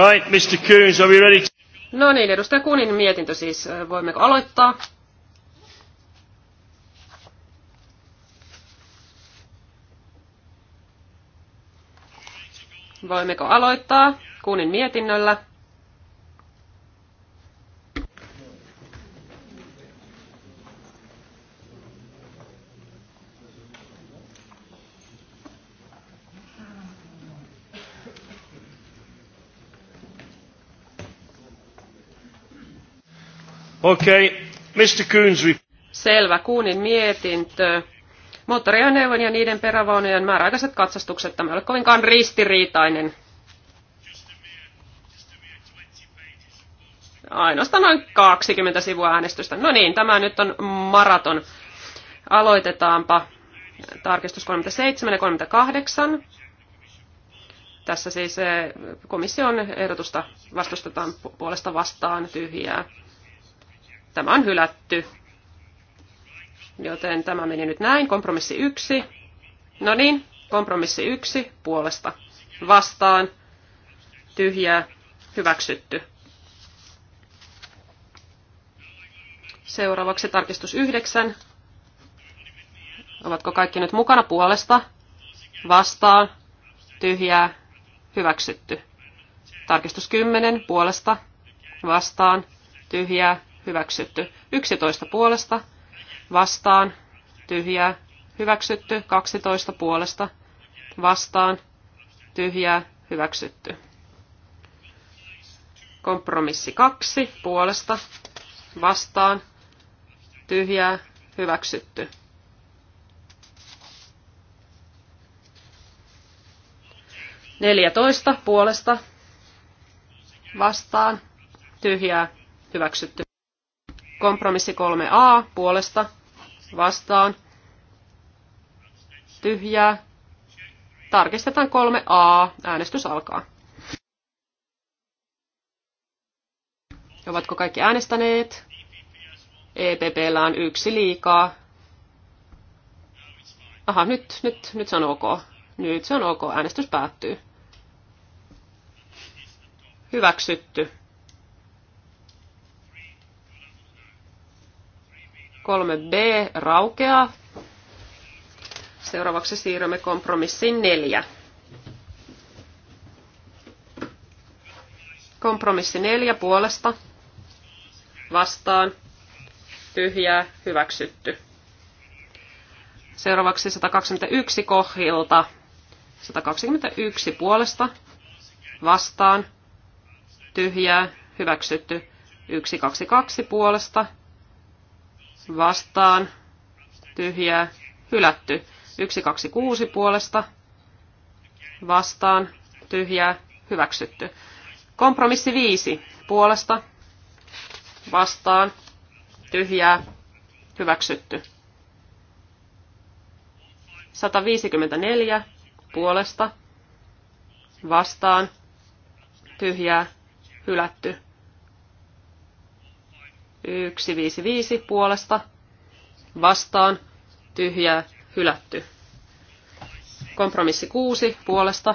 Right, Mr. Coons, are we ready to... No niin, edustaja kunin mietintö siis. Äh, voimmeko aloittaa? Voimmeko aloittaa Kuunin mietinnöllä? okay. Mr. Coons. Selvä, Kuunin mietintö. Moottoriajoneuvon ja niiden perävaunujen määräaikaiset katsastukset. Tämä ei ole kovinkaan ristiriitainen. Ainoastaan noin 20 sivua äänestystä. No niin, tämä nyt on maraton. Aloitetaanpa tarkistus 37 ja 38. Tässä siis eh, komission ehdotusta vastustetaan puolesta vastaan tyhjää. Tämä on hylätty. Joten tämä meni nyt näin. Kompromissi yksi. No niin, kompromissi yksi puolesta. Vastaan. Tyhjää. Hyväksytty. Seuraavaksi tarkistus yhdeksän. Ovatko kaikki nyt mukana puolesta? Vastaan. Tyhjää. Hyväksytty. Tarkistus 10. Puolesta. Vastaan. Tyhjää hyväksytty. 11 puolesta, vastaan, tyhjää, hyväksytty. 12 puolesta, vastaan, tyhjää, hyväksytty. Kompromissi 2 puolesta, vastaan, tyhjää, hyväksytty. Neljätoista puolesta vastaan tyhjää hyväksytty. Kompromissi 3a puolesta vastaan tyhjää. Tarkistetaan 3a. Äänestys alkaa. Ovatko kaikki äänestäneet? EPPllä on yksi liikaa. Aha, nyt, nyt, nyt se on ok. Nyt se on ok. Äänestys päättyy. Hyväksytty. 3b raukeaa. Seuraavaksi siirrymme kompromissiin 4. Kompromissi 4 puolesta vastaan tyhjää hyväksytty. Seuraavaksi 121 kohilta. 121 puolesta vastaan tyhjää hyväksytty. 122 puolesta vastaan, tyhjää, hylätty. 126 puolesta, vastaan, tyhjää, hyväksytty. Kompromissi 5 puolesta, vastaan, tyhjää, hyväksytty. 154 puolesta, vastaan, tyhjää, hylätty. 155 puolesta vastaan tyhjää hylätty. Kompromissi 6 puolesta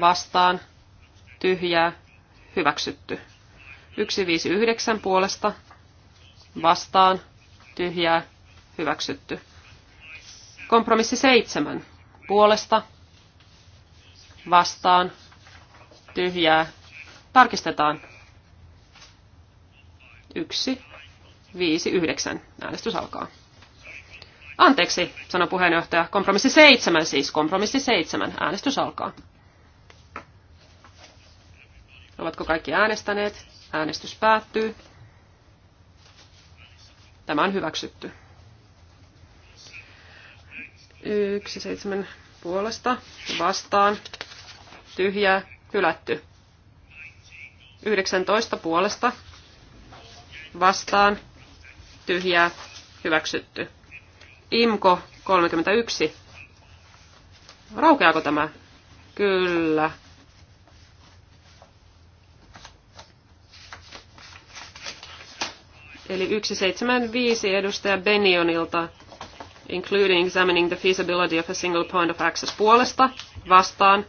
vastaan tyhjää hyväksytty. 159 puolesta vastaan tyhjää hyväksytty. Kompromissi 7 puolesta vastaan tyhjää tarkistetaan 1, 5, 9. Äänestys alkaa. Anteeksi, sanoi puheenjohtaja. Kompromissi 7 siis. Kompromissi 7. Äänestys alkaa. Ovatko kaikki äänestäneet? Äänestys päättyy. Tämä on hyväksytty. Yksi seitsemän puolesta vastaan. Tyhjää, hylätty. 19 puolesta vastaan, tyhjää, hyväksytty. Imko 31. Raukeako tämä? Kyllä. Eli 175 edustaja Benionilta, including examining the feasibility of a single point of access puolesta, vastaan,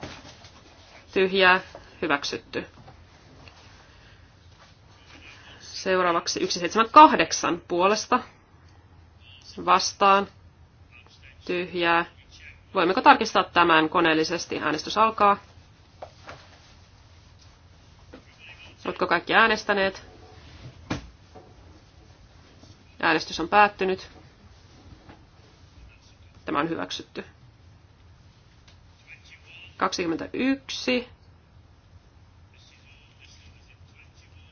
tyhjää, hyväksytty. Seuraavaksi 178 puolesta vastaan tyhjää. Voimmeko tarkistaa tämän koneellisesti? Äänestys alkaa. Oletko kaikki äänestäneet? Äänestys on päättynyt. Tämä on hyväksytty. 21.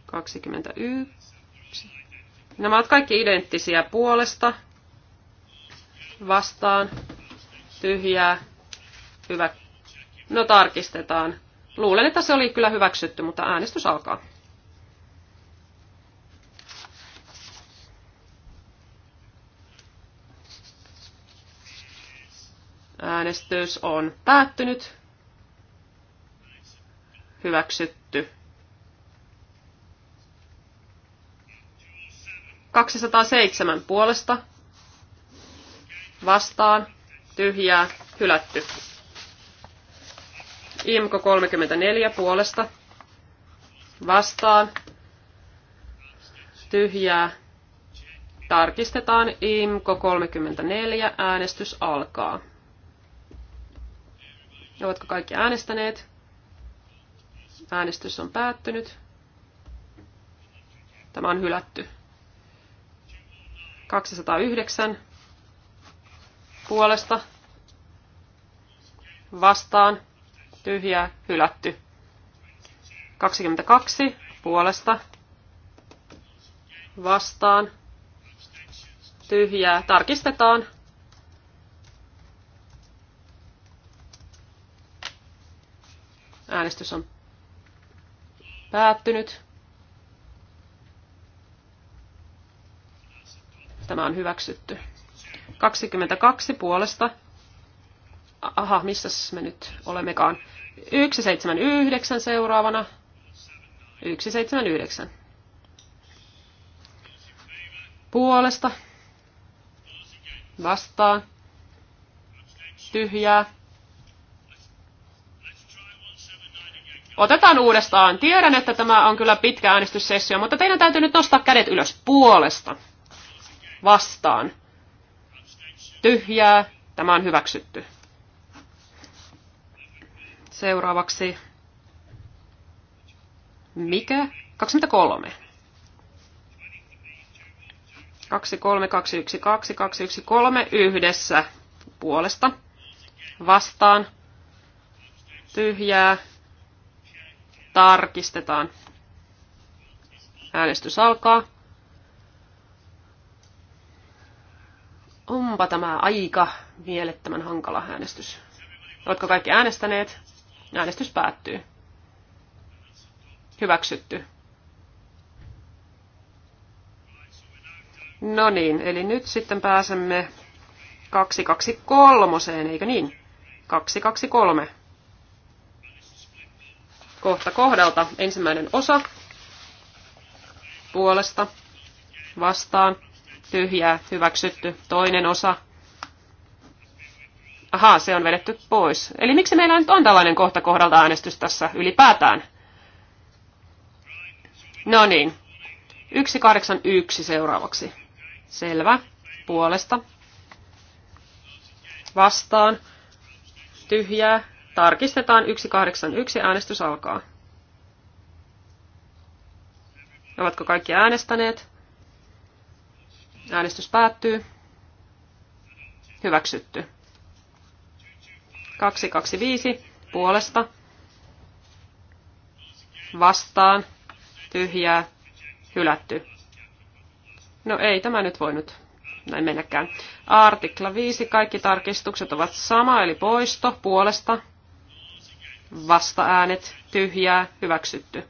21. Nämä ovat kaikki identtisiä puolesta, vastaan, tyhjää, hyvä. No tarkistetaan. Luulen, että se oli kyllä hyväksytty, mutta äänestys alkaa. Äänestys on päättynyt. Hyväksytty. 207 puolesta vastaan tyhjää hylätty. Imko 34 puolesta vastaan tyhjää Tarkistetaan IMKO 34. Äänestys alkaa. Ovatko kaikki äänestäneet? Äänestys on päättynyt. Tämä on hylätty. 209 puolesta vastaan tyhjää hylätty. 22 puolesta vastaan tyhjää tarkistetaan. Äänestys on päättynyt. Tämä on hyväksytty. 22 puolesta. Aha, missä me nyt olemmekaan? 179 seuraavana. 179. Puolesta. Vastaan. Tyhjää. Otetaan uudestaan. Tiedän, että tämä on kyllä pitkä äänestyssessio, mutta teidän täytyy nyt nostaa kädet ylös puolesta vastaan. Tyhjää. Tämä on hyväksytty. Seuraavaksi. Mikä? 23. 23, 212, 3 yhdessä puolesta vastaan tyhjää tarkistetaan. Äänestys alkaa. Onpa tämä aika mielettömän hankala äänestys. Oletko kaikki äänestäneet? Äänestys päättyy. Hyväksytty. No niin, eli nyt sitten pääsemme 223, eikö niin? 223. Kohta kohdalta ensimmäinen osa puolesta vastaan tyhjää, hyväksytty, toinen osa. Ahaa, se on vedetty pois. Eli miksi meillä nyt on tällainen kohta kohdalta äänestys tässä ylipäätään? No niin. 181 seuraavaksi. Selvä. Puolesta. Vastaan. Tyhjää. Tarkistetaan 181. Äänestys alkaa. Ovatko kaikki äänestäneet? Äänestys päättyy. Hyväksytty. 225 puolesta. Vastaan. Tyhjää. Hylätty. No ei tämä nyt voinut näin mennäkään. Artikla 5. Kaikki tarkistukset ovat sama, eli poisto, puolesta, vastaäänet, tyhjää, hyväksytty.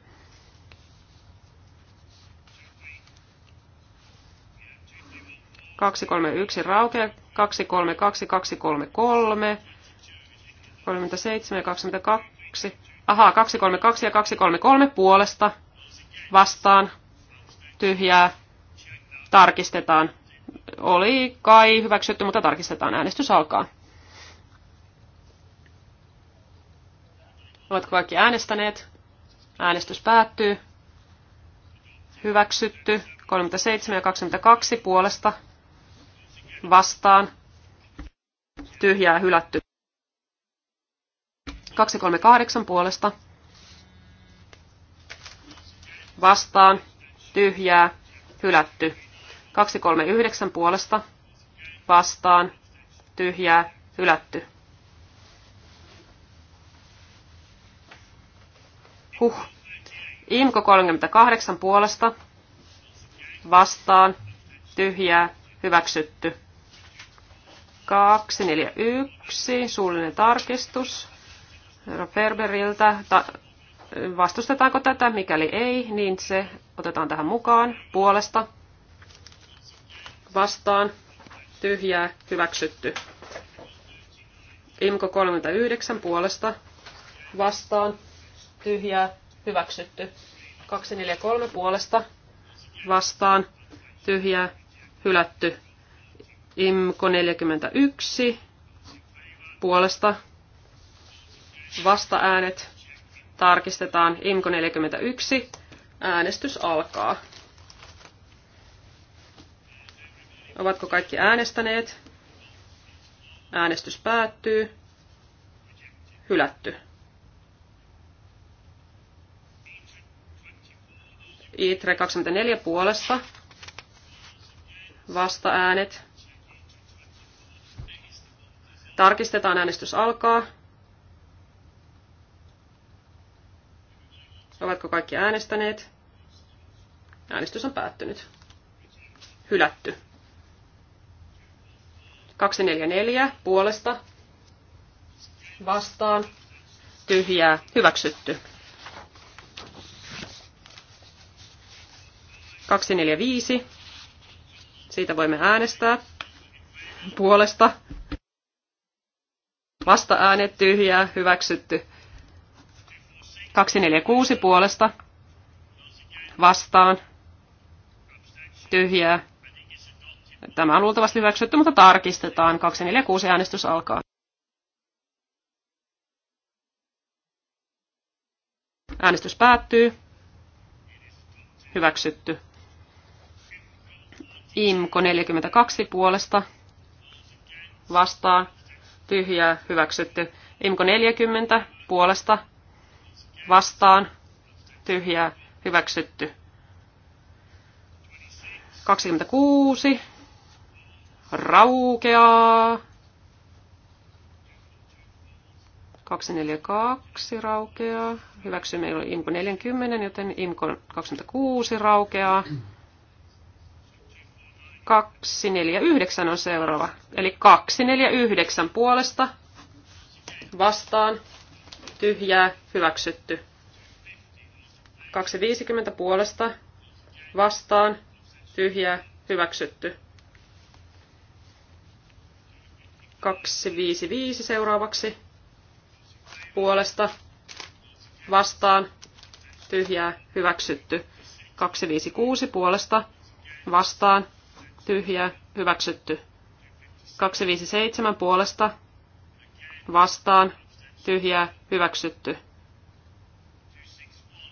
231 Rauke, 232, 233, 37 ja 22. Ahaa, 232 ja 233 puolesta vastaan tyhjää tarkistetaan. Oli kai hyväksytty, mutta tarkistetaan. Äänestys alkaa. Oletko kaikki äänestäneet? Äänestys päättyy. Hyväksytty. 37 ja 22 puolesta vastaan, tyhjää hylätty. 238 puolesta vastaan, tyhjää, hylätty. 239 puolesta vastaan, tyhjää, hylätty. Huh. Imko 38 puolesta vastaan, tyhjää, hyväksytty. 241, suullinen tarkistus herra Ferberiltä. Ta- vastustetaanko tätä? Mikäli ei, niin se otetaan tähän mukaan. Puolesta vastaan tyhjää hyväksytty. Imko 39 puolesta vastaan tyhjää hyväksytty. 243 puolesta vastaan tyhjää hylätty. Imko 41 puolesta vastaäänet tarkistetaan. Imko 41 äänestys alkaa. Ovatko kaikki äänestäneet? Äänestys päättyy. Hylätty. Itre 24 puolesta. Vasta-äänet Tarkistetaan, äänestys alkaa. Ovatko kaikki äänestäneet? Äänestys on päättynyt. Hylätty. 244 puolesta vastaan tyhjää hyväksytty. 245. Siitä voimme äänestää puolesta Vasta äänet tyhjää, hyväksytty. 246 puolesta. Vastaan. Tyhjää. Tämä on luultavasti hyväksytty, mutta tarkistetaan. 246 äänestys alkaa. Äänestys päättyy. Hyväksytty. IMKO 42 puolesta vastaan tyhjää hyväksytty. Imko 40 puolesta vastaan tyhjää hyväksytty. 26 raukeaa. 242 raukeaa. Hyväksymme Imko 40, joten Imko 26 raukeaa. 249 on seuraava. Eli 249 puolesta vastaan tyhjää hyväksytty. 250 puolesta vastaan tyhjää hyväksytty. 255 seuraavaksi puolesta vastaan tyhjää hyväksytty. 256 puolesta vastaan tyhjä hyväksytty. 257 puolesta, vastaan, tyhjä hyväksytty.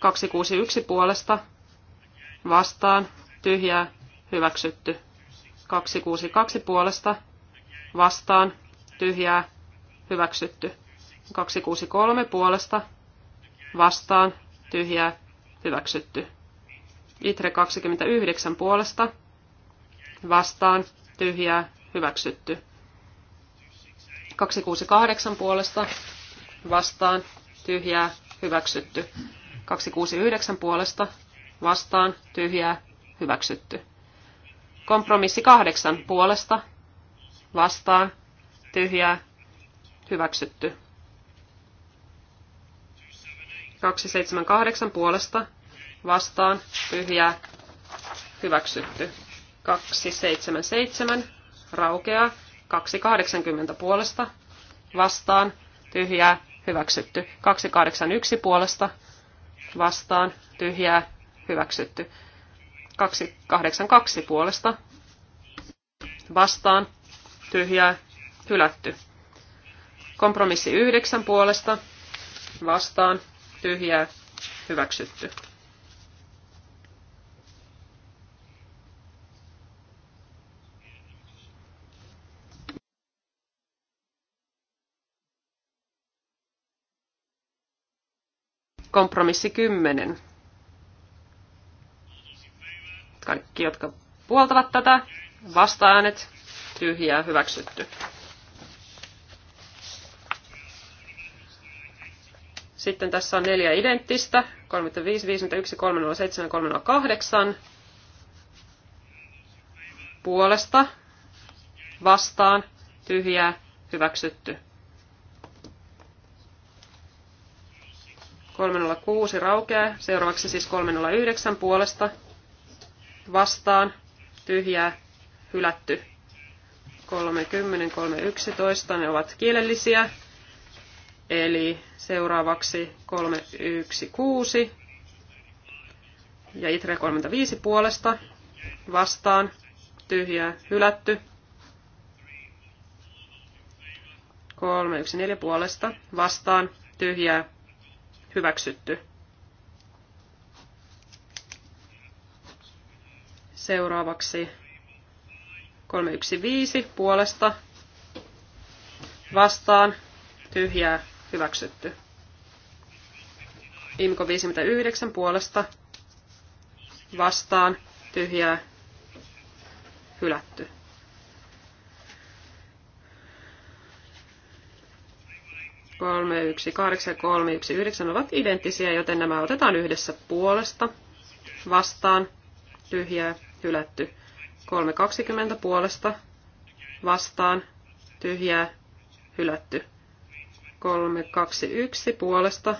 261 puolesta, vastaan, tyhjä hyväksytty. 262 puolesta, vastaan, tyhjää, hyväksytty. 263 puolesta, vastaan, tyhjää, hyväksytty. Itre 29 puolesta, vastaan tyhjää hyväksytty. 268 puolesta vastaan tyhjää hyväksytty. 269 puolesta vastaan tyhjää hyväksytty. Kompromissi 8 puolesta vastaan tyhjää hyväksytty. 278 puolesta vastaan tyhjää hyväksytty. 277 raukeaa 280 puolesta vastaan tyhjää hyväksytty 281 puolesta vastaan tyhjää hyväksytty 282 puolesta vastaan tyhjää hylätty kompromissi 9 puolesta vastaan tyhjää hyväksytty Kompromissi 10. Kaikki, jotka puoltavat tätä, vastaanet, tyhjää, hyväksytty. Sitten tässä on neljä identtistä, 35, 51, 307, 308. Puolesta, vastaan, tyhjää, hyväksytty. 306 raukeaa. Seuraavaksi siis 309 puolesta vastaan tyhjää hylätty. 30, 311 ne ovat kielellisiä. Eli seuraavaksi 316 ja ITRE 35 puolesta vastaan tyhjää hylätty. 314 puolesta vastaan tyhjää hyväksytty. Seuraavaksi 315 puolesta vastaan tyhjää hyväksytty. Imko 59 puolesta vastaan tyhjää hylätty. 31839 ovat identtisiä, joten nämä otetaan yhdessä puolesta vastaan tyhjää hylätty. 320 puolesta vastaan tyhjää hylätty. 321 puolesta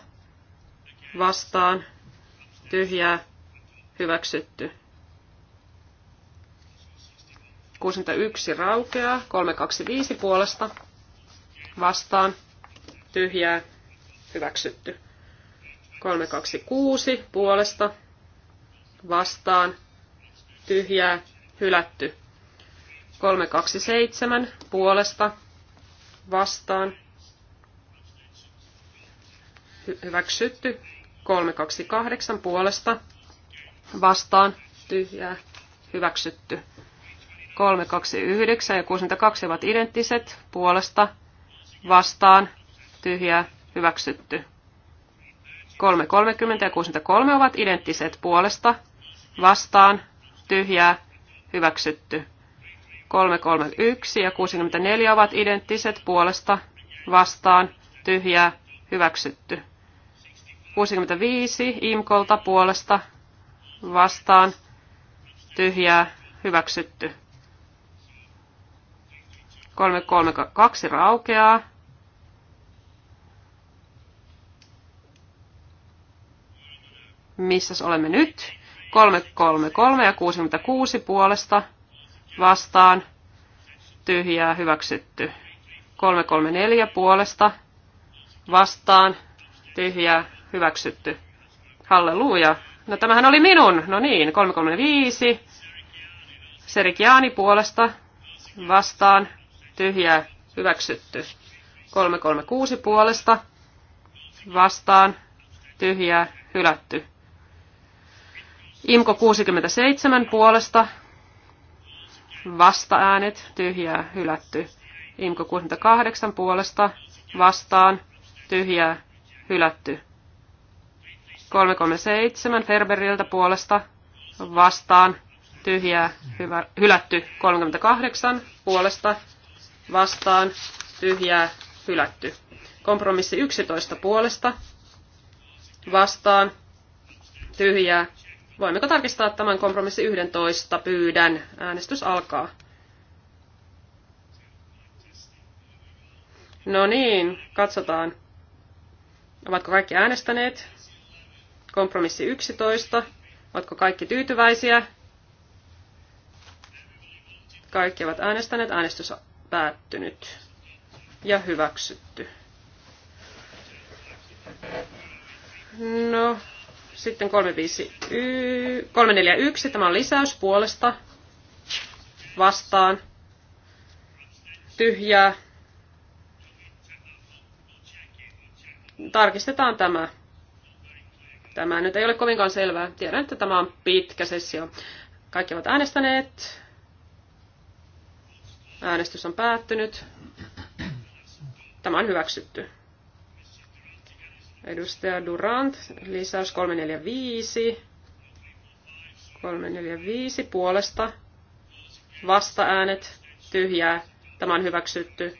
vastaan tyhjää hyväksytty. 61 raukeaa, 325 puolesta vastaan tyhjää, hyväksytty. 326 puolesta, vastaan, tyhjää, hylätty. 327 puolesta, vastaan, hy- hyväksytty. 328 puolesta, vastaan, tyhjää, hyväksytty. 329 ja 62 ovat identtiset, puolesta, vastaan, tyhjää, hyväksytty. 3.30 ja 63 ovat identtiset puolesta, vastaan, tyhjää, hyväksytty. 331 ja 64 ovat identtiset puolesta, vastaan, tyhjää, hyväksytty. 65 imkolta puolesta, vastaan, tyhjää, hyväksytty. 332 raukeaa. missä olemme nyt. 333 ja 66 puolesta vastaan tyhjää hyväksytty. 334 puolesta vastaan tyhjää hyväksytty. Halleluja. No tämähän oli minun. No niin, 335. Serikiaani puolesta vastaan tyhjää hyväksytty. 336 puolesta vastaan tyhjää hylätty. Imko 67 puolesta vastaäänet, tyhjää, hylätty. Imko 68 puolesta vastaan, tyhjää, hylätty. 337 Ferberiltä puolesta vastaan, tyhjää, hyvä, hylätty. 38 puolesta vastaan, tyhjää, hylätty. Kompromissi 11 puolesta vastaan, tyhjää, Voimmeko tarkistaa tämän kompromissi 11? Pyydän. Äänestys alkaa. No niin, katsotaan. Ovatko kaikki äänestäneet? Kompromissi 11. Ovatko kaikki tyytyväisiä? Kaikki ovat äänestäneet. Äänestys on päättynyt ja hyväksytty. No, sitten 341, tämä on lisäys puolesta, vastaan, tyhjää. Tarkistetaan tämä. Tämä nyt ei ole kovinkaan selvää. Tiedän, että tämä on pitkä sessio. Kaikki ovat äänestäneet. Äänestys on päättynyt. Tämä on hyväksytty. Edustaja Durant, lisäys 345. 345 puolesta. Vastaäänet, tyhjää. Tämä on hyväksytty.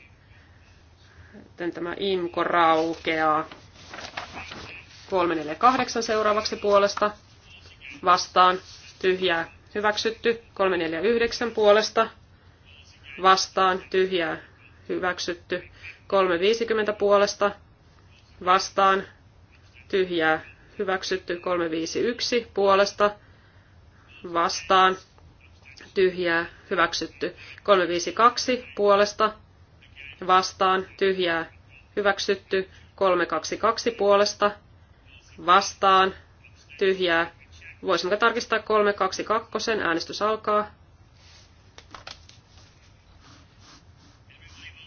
Sitten tämä imko raukeaa. 348 seuraavaksi puolesta. Vastaan, tyhjää. Hyväksytty. 349 puolesta. Vastaan, tyhjää. Hyväksytty. 350 puolesta. Vastaan, tyhjää hyväksytty 351 puolesta vastaan tyhjää hyväksytty 352 puolesta vastaan tyhjää hyväksytty 322 puolesta vastaan tyhjää voisimmeko tarkistaa 322 äänestys alkaa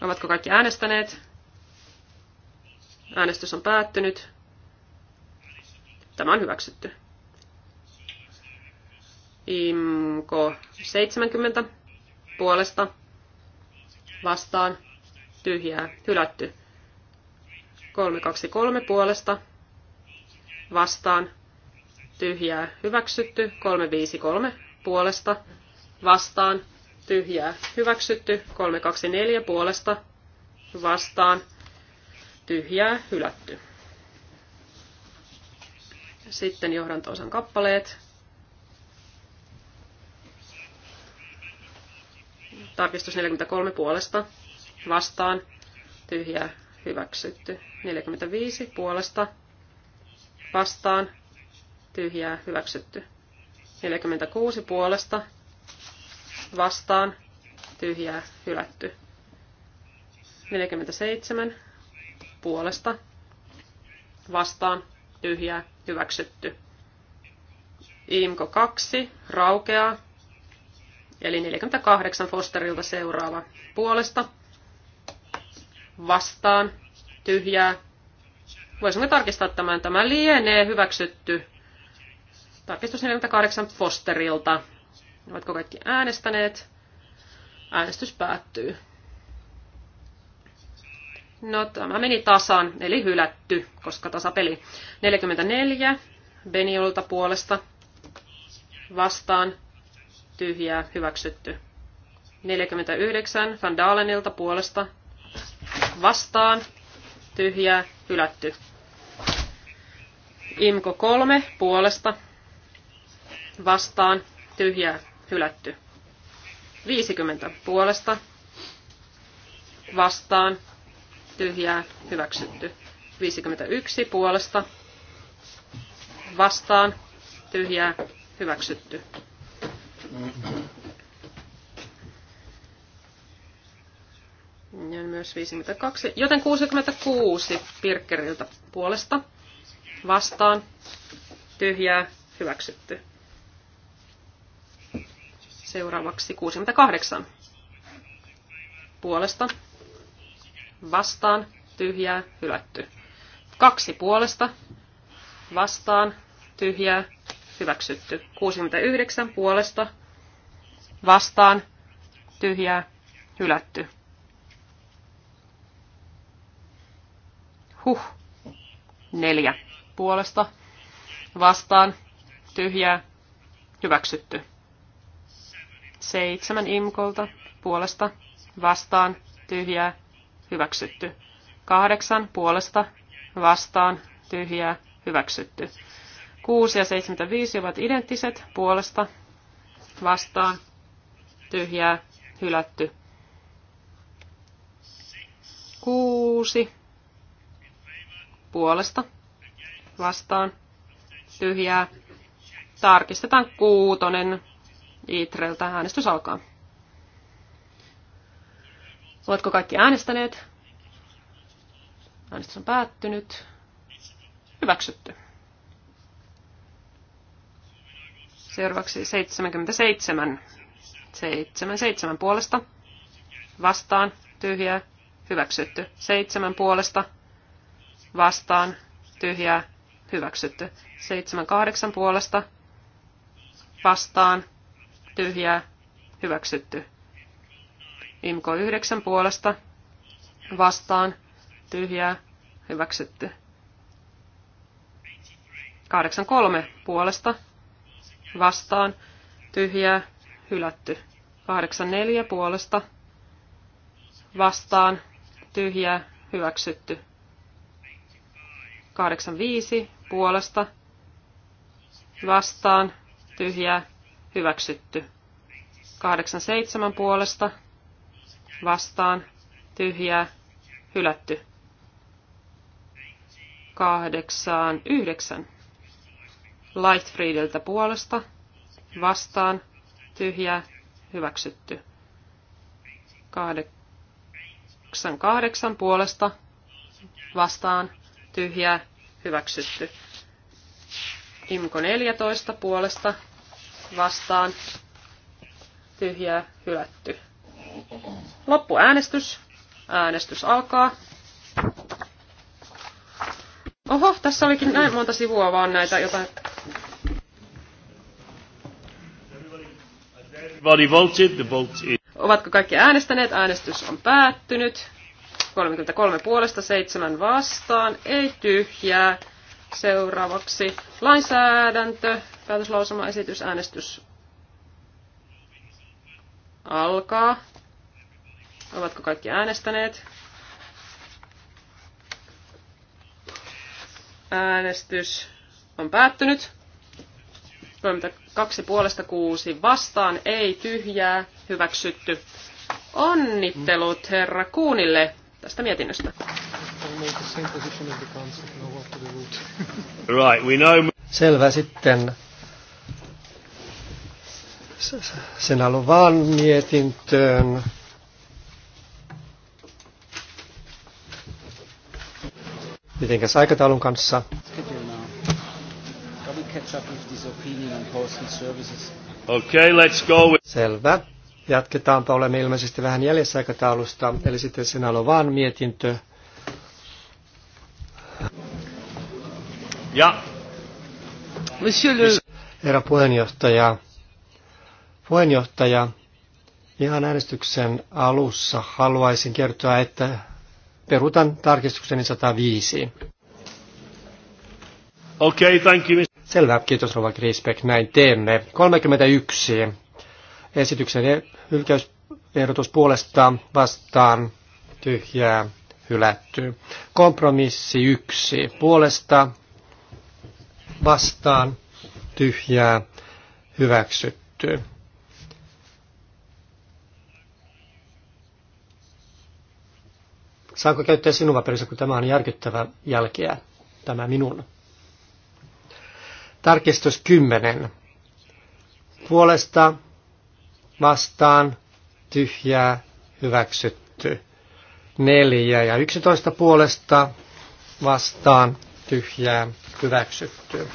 Ovatko kaikki äänestäneet? Äänestys on päättynyt. Tämä on hyväksytty. Imko 70 puolesta vastaan tyhjää hylätty. 323 puolesta vastaan tyhjää hyväksytty. 353 puolesta vastaan tyhjää hyväksytty. 324 puolesta vastaan tyhjää hylätty. Sitten johdantoosan kappaleet. Tarkistus 43 puolesta. Vastaan. tyhjä Hyväksytty. 45 puolesta. Vastaan. Tyhjää. Hyväksytty. 46 puolesta. Vastaan. Tyhjää. Hylätty. 47 puolesta. Vastaan tyhjää, hyväksytty. Imko 2, raukeaa, eli 48 Fosterilta seuraava puolesta, vastaan, tyhjää. Voisimme tarkistaa tämän. Tämä lienee hyväksytty. Tarkistus 48 Fosterilta. Ovatko kaikki äänestäneet? Äänestys päättyy. No tämä meni tasan, eli hylätty, koska tasapeli. 44 Beniolta puolesta vastaan tyhjää hyväksytty. 49 Van Dalenilta puolesta vastaan tyhjää hylätty. Imko 3 puolesta vastaan tyhjää hylätty. 50 puolesta vastaan tyhjää hyväksytty. 51 puolesta vastaan tyhjää hyväksytty. Ja myös 52, joten 66 Pirkkeriltä puolesta vastaan tyhjää hyväksytty. Seuraavaksi 68 puolesta vastaan, tyhjää, hylätty. Kaksi puolesta, vastaan, tyhjää, hyväksytty. 69 puolesta, vastaan, tyhjää, hylätty. Huh. Neljä. Puolesta. Vastaan. Tyhjää. Hyväksytty. Seitsemän imkolta. Puolesta. Vastaan. Tyhjää hyväksytty. Kahdeksan puolesta vastaan tyhjää hyväksytty. kuusi ja viisi ovat identtiset puolesta vastaan tyhjää hylätty. kuusi puolesta vastaan tyhjää. Tarkistetaan kuutonen. Itreltä äänestys alkaa. Oletko kaikki äänestäneet? Äänestys on päättynyt. Hyväksytty. Seuraavaksi 77. 77 puolesta. Vastaan. Tyhjää. Hyväksytty. 7 puolesta. Vastaan. Tyhjää. Hyväksytty. 78 puolesta. Vastaan. Tyhjää. Hyväksytty. Imko 9 puolesta vastaan tyhjää hyväksytty. 83 puolesta vastaan tyhjää hylätty. 84 puolesta vastaan tyhjää hyväksytty. 85 puolesta vastaan tyhjää hyväksytty. 87 puolesta vastaan, tyhjää, hylätty. Kahdeksaan, yhdeksän. Lightfriedeltä puolesta, vastaan, tyhjää, hyväksytty. Kahdeksan, kahdeksan puolesta, vastaan, tyhjää, hyväksytty. Imko 14 puolesta, vastaan, tyhjää, hylätty. Loppuäänestys. Äänestys alkaa. Oho, tässä olikin näin monta sivua vaan näitä jotain. Everybody voted, the vote is... Ovatko kaikki äänestäneet? Äänestys on päättynyt. 33 puolesta, 7 vastaan, ei tyhjää. Seuraavaksi lainsäädäntö, päätöslausumaesitys, äänestys alkaa. Ovatko kaikki äänestäneet? Äänestys on päättynyt. 32 puolesta kuusi vastaan, ei tyhjää, hyväksytty. Onnittelut herra Kuunille tästä mietinnöstä. Right, we know... Selvä sitten. Sen haluan mietintöön mitenkäs aikataulun kanssa? Okay, let's go. Selvä. Jatketaanpa, olemme ilmeisesti vähän jäljessä aikataulusta, eli sitten sinä on vaan mietintö. Ja. Monsieur le... Herra puheenjohtaja, puheenjohtaja, ihan äänestyksen alussa haluaisin kertoa, että perutan tarkistukseni 105. Okei, okay, thank you. Selvä, kiitos Rova Grisbeck, näin teemme. 31. Esityksen e- hylkäysehdotus puolesta vastaan tyhjää hylätty. Kompromissi 1. Puolesta vastaan tyhjää hyväksytty. Saanko käyttää sinun paperinsa, kun tämä on järkyttävä jälkeä, tämä minun? Tarkistus 10. Puolesta vastaan tyhjää hyväksytty. 4 ja 11 puolesta vastaan tyhjää hyväksytty.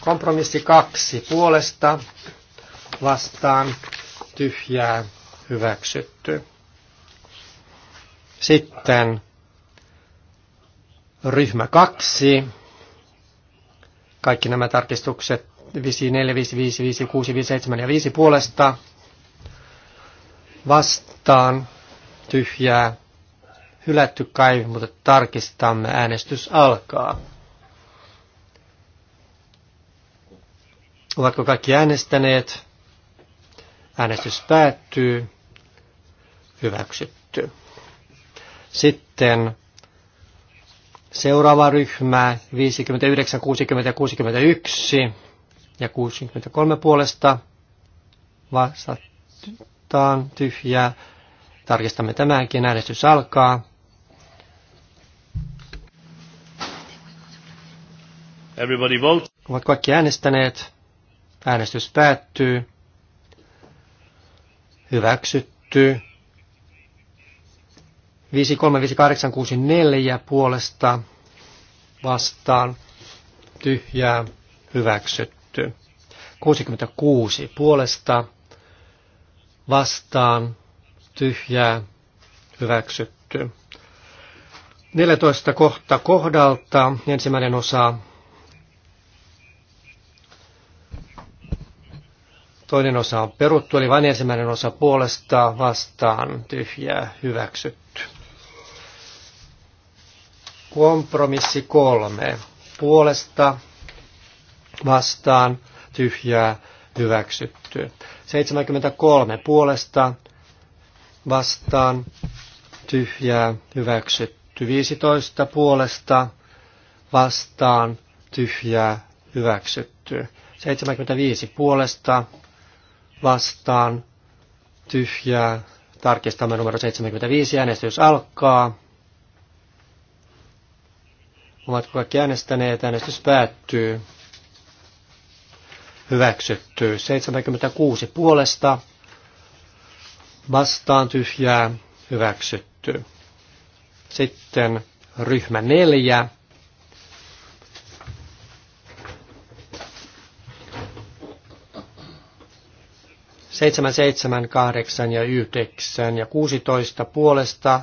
Kompromissi 2 puolesta vastaan tyhjää hyväksytty. Sitten ryhmä kaksi. Kaikki nämä tarkistukset 54, 55, 56, 57 ja 5 puolesta vastaan tyhjää hylätty kai, mutta tarkistamme äänestys alkaa. Ovatko kaikki äänestäneet? Äänestys päättyy. Hyväksytty. Sitten seuraava ryhmä 59, 60 ja 61 ja 63 puolesta vastataan tyhjää. Tarkistamme tämänkin. Äänestys alkaa. Everybody vote. Ovat kaikki äänestäneet. Äänestys päättyy. Hyväksytty. 535864 puolesta vastaan tyhjää hyväksytty. 66 puolesta vastaan tyhjää hyväksytty. 14 kohta kohdalta ensimmäinen osa toinen osa on peruttu, eli vain ensimmäinen osa puolesta vastaan tyhjää hyväksytty. Kompromissi kolme. Puolesta vastaan tyhjää hyväksytty. 73 puolesta vastaan tyhjää hyväksytty. 15 puolesta vastaan tyhjää hyväksytty. 75 puolesta vastaan tyhjää. Tarkistamme numero 75. Äänestys alkaa. Ovatko kaikki äänestäneet? Äänestys päättyy. Hyväksytty. 76 puolesta. Vastaan tyhjää. Hyväksytty. Sitten ryhmä neljä. Seitsemän, seitsemän, kahdeksan ja yhdeksän ja kuusitoista puolesta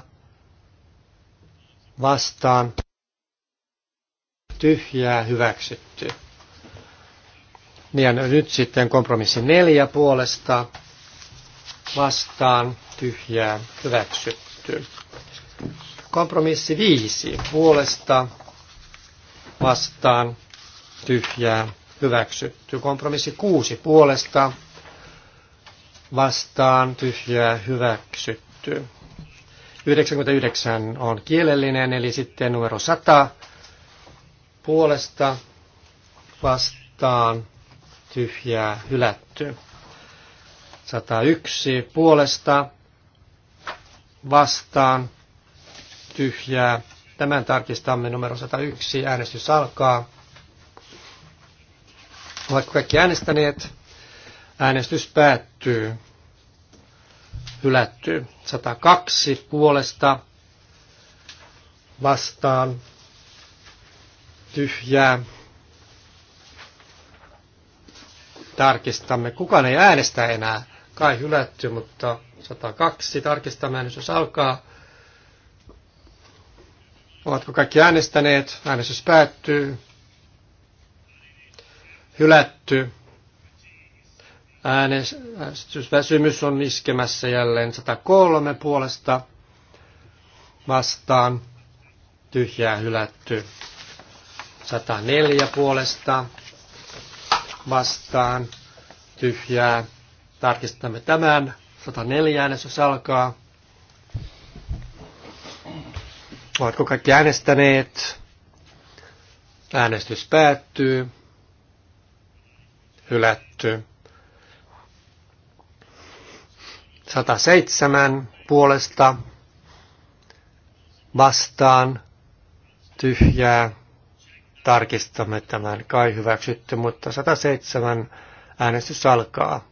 vastaan tyhjää hyväksytty. Niin, ja nyt sitten kompromissi neljä puolesta vastaan tyhjää hyväksytty. Kompromissi viisi puolesta vastaan tyhjää hyväksytty. Kompromissi kuusi puolesta vastaan tyhjää hyväksytty. 99 on kielellinen, eli sitten numero 100 puolesta vastaan tyhjää hylätty. 101 puolesta vastaan tyhjää. Tämän tarkistamme numero 101. Äänestys alkaa. Oletko kaikki äänestäneet? Äänestys päättyy. Hylätty. 102 puolesta vastaan tyhjää. Tarkistamme. Kukaan ei äänestä enää. Kai hylätty, mutta 102 tarkistamme äänestys alkaa. Ovatko kaikki äänestäneet? Äänestys päättyy. Hylätty. Äänestysväsymys on iskemässä jälleen 103 puolesta vastaan. Tyhjää hylätty. 104 puolesta vastaan tyhjää. Tarkistamme tämän. 104 äänestys alkaa. Oletko kaikki äänestäneet? Äänestys päättyy. Hylätty. 107 puolesta vastaan tyhjää tarkistamme tämän kai hyväksytty, mutta 107 äänestys alkaa.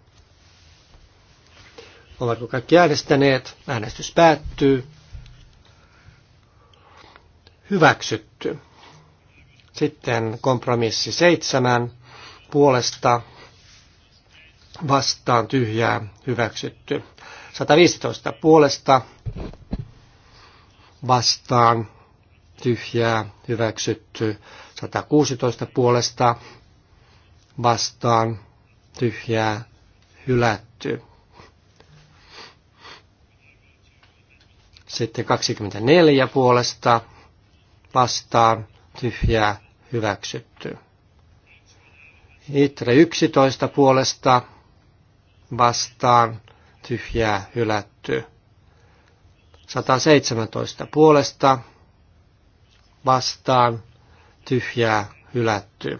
Ovatko kaikki äänestäneet? Äänestys päättyy. Hyväksytty. Sitten kompromissi seitsemän puolesta vastaan tyhjää hyväksytty. 115 puolesta vastaan tyhjää hyväksytty 116 puolesta vastaan tyhjää hylätty. Sitten 24 puolesta vastaan tyhjää hyväksytty. Itre 11 puolesta vastaan tyhjää hylätty. 117 puolesta vastaan tyhjää hylätty.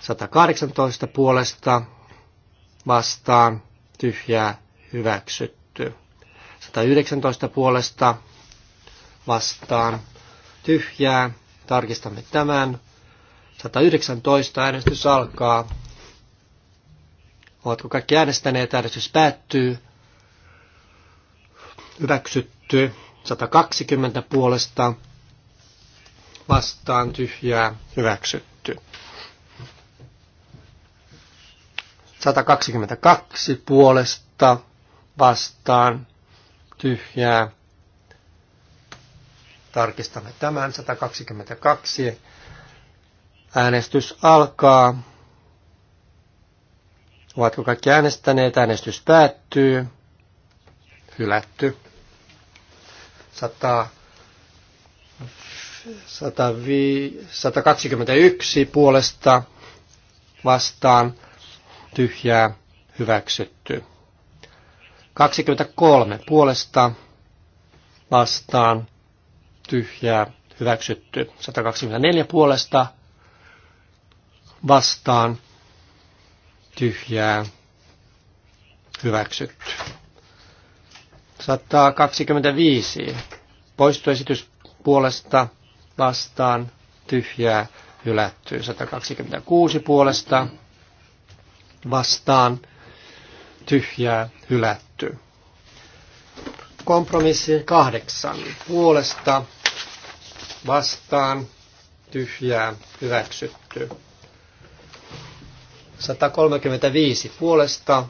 118 puolesta vastaan tyhjää hyväksytty. 119 puolesta vastaan tyhjää. Tarkistamme tämän. 119 äänestys alkaa. Ovatko kaikki äänestäneet? Äänestys päättyy. Hyväksytty. 120 puolesta vastaan tyhjää hyväksytty. 122 puolesta vastaan tyhjää. Tarkistamme tämän 122. Äänestys alkaa. Ovatko kaikki äänestäneet? Äänestys päättyy. Hylätty. 100, 121 puolesta vastaan tyhjää hyväksytty. 23 puolesta vastaan tyhjää hyväksytty. 124 puolesta vastaan tyhjää hyväksytty. 125. Poistoesitys puolesta vastaan tyhjää hylätty. 126 puolesta vastaan tyhjää hylätty. Kompromissi kahdeksan puolesta vastaan tyhjää hyväksytty. 135 puolesta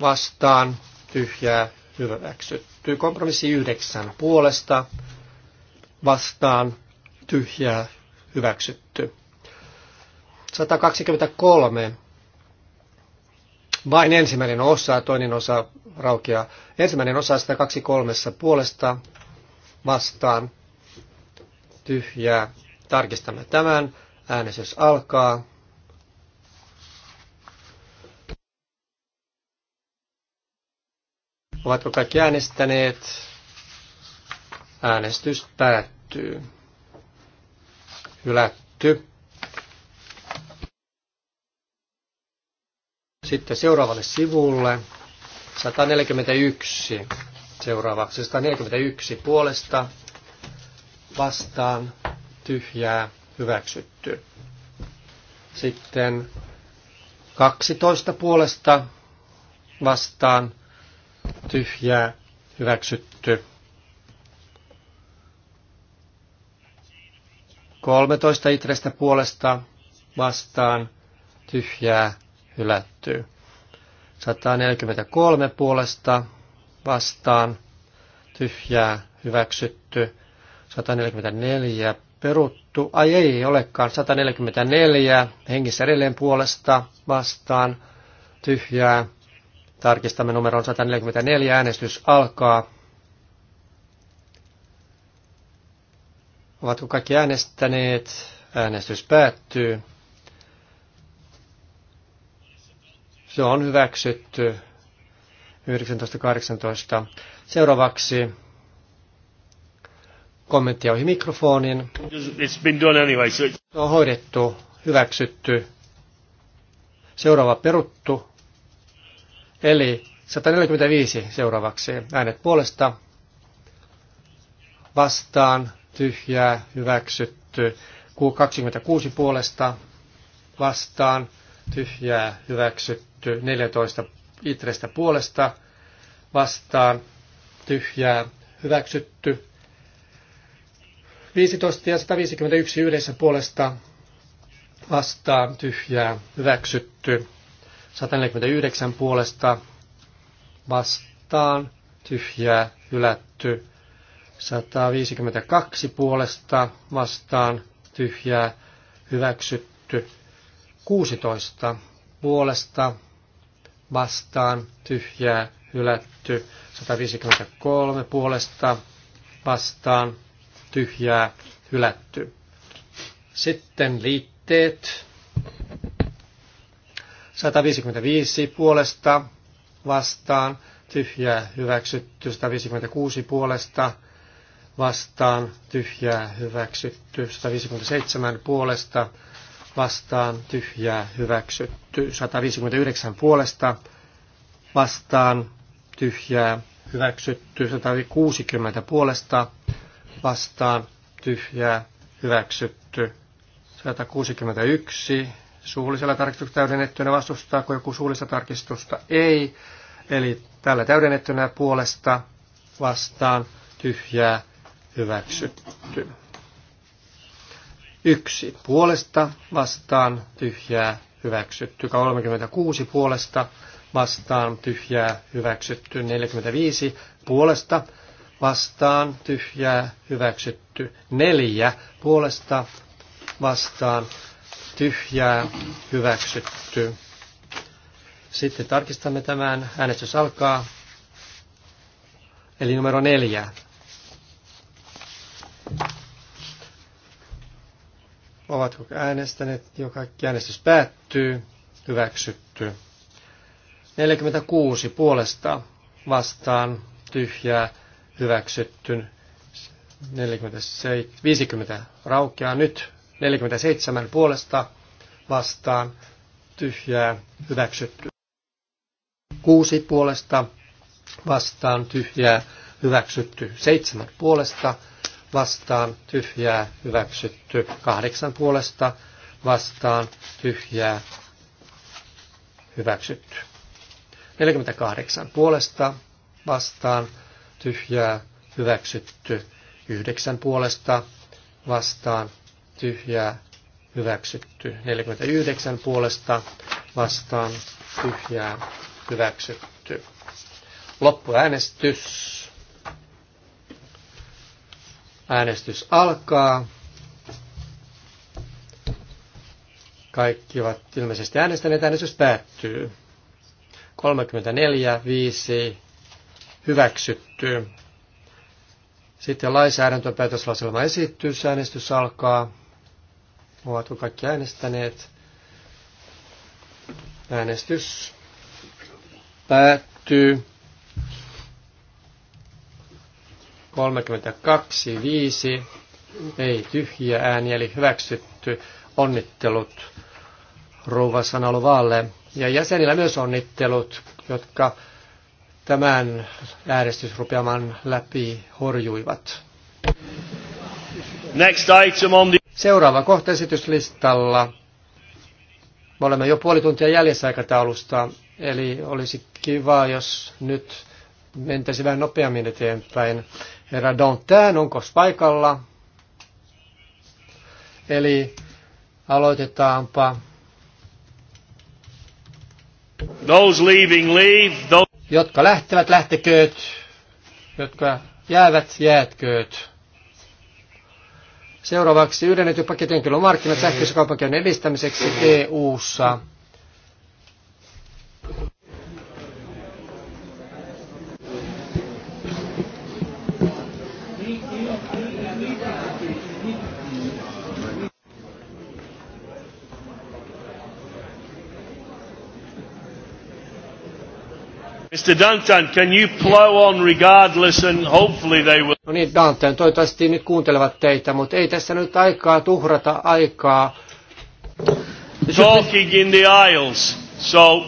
vastaan tyhjää hyväksytty. Kompromissi yhdeksän puolesta vastaan tyhjää hyväksytty. 123 vain ensimmäinen osa, toinen osa raukeaa. Ensimmäinen osa 123 puolesta vastaan tyhjää. Tarkistamme tämän. Äänestys alkaa. Ovatko kaikki äänestäneet? Äänestys päättyy. Hylätty. Sitten seuraavalle sivulle. 141. Seuraavaksi 141 puolesta vastaan tyhjää hyväksytty. Sitten 12 puolesta vastaan tyhjää hyväksytty. 13 itrestä puolesta vastaan tyhjää hylätty. 143 puolesta vastaan tyhjää hyväksytty. 144 peruttu. Ai ei olekaan. 144 hengissä edelleen puolesta vastaan tyhjää Tarkistamme numeron 144. Äänestys alkaa. Ovatko kaikki äänestäneet? Äänestys päättyy. Se on hyväksytty 1918. Seuraavaksi kommentti ohi mikrofonin. It's been done anyway, so... Se on hoidettu, hyväksytty. Seuraava peruttu. Eli 145 seuraavaksi. Äänet puolesta vastaan tyhjää hyväksytty. 26 puolesta vastaan tyhjää hyväksytty. 14 itrestä puolesta vastaan tyhjää hyväksytty. 15 ja 151 yhdessä puolesta vastaan tyhjää hyväksytty. 149 puolesta vastaan tyhjää hylätty. 152 puolesta vastaan tyhjää hyväksytty. 16 puolesta vastaan tyhjää hylätty. 153 puolesta vastaan tyhjää hylätty. Sitten liitteet. 155 puolesta vastaan, tyhjää hyväksytty 156 puolesta vastaan, tyhjää hyväksytty 157 puolesta vastaan, tyhjää hyväksytty 159 puolesta vastaan, tyhjää hyväksytty 160 puolesta vastaan, tyhjää hyväksytty 161 suullisella tarkistuksella täydennettynä, vastustaako joku suullista tarkistusta? Ei. Eli tällä täydennettynä puolesta vastaan tyhjää hyväksytty. Yksi puolesta vastaan tyhjää hyväksytty. 36 puolesta vastaan tyhjää hyväksytty. 45 puolesta vastaan tyhjää hyväksytty. Neljä puolesta vastaan tyhjää, hyväksytty. Sitten tarkistamme tämän. Äänestys alkaa. Eli numero neljä. Ovatko äänestäneet jo kaikki? Äänestys päättyy. Hyväksytty. 46 puolesta vastaan tyhjää hyväksytty. 47, 50 raukeaa nyt 47 puolesta vastaan tyhjää hyväksytty. 6 puolesta vastaan tyhjää hyväksytty. 7 puolesta vastaan tyhjää hyväksytty. 8 puolesta vastaan tyhjää hyväksytty. 48 puolesta vastaan tyhjää hyväksytty. 9 puolesta vastaan tyhjää hyväksytty. 49 puolesta vastaan tyhjää hyväksytty. Loppuäänestys. Äänestys alkaa. Kaikki ovat ilmeisesti äänestäneet. Äänestys päättyy. 34, 5 hyväksytty. Sitten lainsäädäntöpäätöslaselma esitys. Äänestys alkaa. Ovatko kaikki äänestäneet? Äänestys päättyy. 32, 5, ei tyhjiä ääniä, eli hyväksytty onnittelut rouva Sanalovaalle. Ja jäsenillä myös onnittelut, jotka tämän äänestysrupeaman läpi horjuivat. Next item on the Seuraava kohta esityslistalla. Me olemme jo puoli tuntia jäljessä aikataulusta, eli olisi kiva, jos nyt mentäisi vähän nopeammin eteenpäin. Herra Dantin, onko paikalla? Eli aloitetaanpa. Those leaving leave. Those... Jotka lähtevät, lähtekööt. Jotka jäävät, jäätkööt. Seuraavaksi yhdennetty paketin markkinat sähköisen kaupankäynnin edistämiseksi EU-ssa. Mr. Dantan, can you plow on regardless and hopefully they will... No niin, Dantan, toivottavasti nyt kuuntelevat teitä, mutta ei tässä nyt aikaa tuhrata aikaa. Talking in the aisles. So,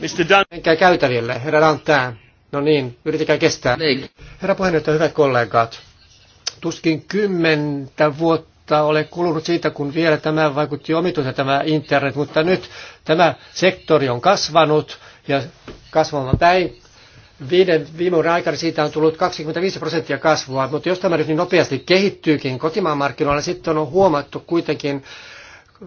Mr. Dan... Menkää käytäville, herra Dantan. No niin, yritäkää kestää. Niin. Herra puheenjohtaja, hyvät kollegat. Tuskin kymmentä vuotta ole kulunut siitä, kun vielä tämä vaikutti omituisen tämä internet, mutta nyt tämä sektori on kasvanut ja kasvamaan päin. Viiden viime vuoden aikana siitä on tullut 25 prosenttia kasvua, mutta jos tämä nyt niin nopeasti kehittyykin kotimaan markkinoilla, sitten on huomattu kuitenkin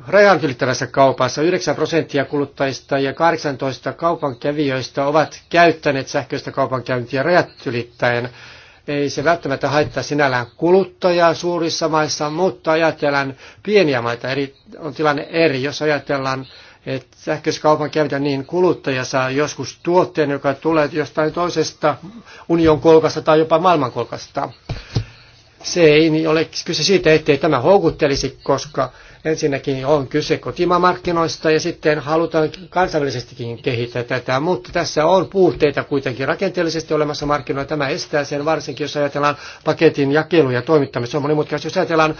rajan ylittävässä kaupassa 9 prosenttia kuluttajista ja 18 kaupankävijöistä ovat käyttäneet sähköistä kaupankäyntiä rajat ylittäen. Ei se välttämättä haittaa sinällään kuluttajaa suurissa maissa, mutta ajatellaan pieniä maita, eri, on tilanne eri. Jos ajatellaan että sähköiskaupan käytä niin kuluttaja saa joskus tuotteen, joka tulee jostain toisesta unionkolkasta tai jopa maailmankolkasta. Se ei niin ole kyse siitä, ettei tämä houkuttelisi, koska ensinnäkin on kyse kotimaamarkkinoista ja sitten halutaan kansainvälisestikin kehittää tätä, mutta tässä on puutteita kuitenkin rakenteellisesti olemassa markkinoilla. Tämä estää sen varsinkin, jos ajatellaan paketin jakelu ja toimittamista. Se on monimutkaista. Jos ajatellaan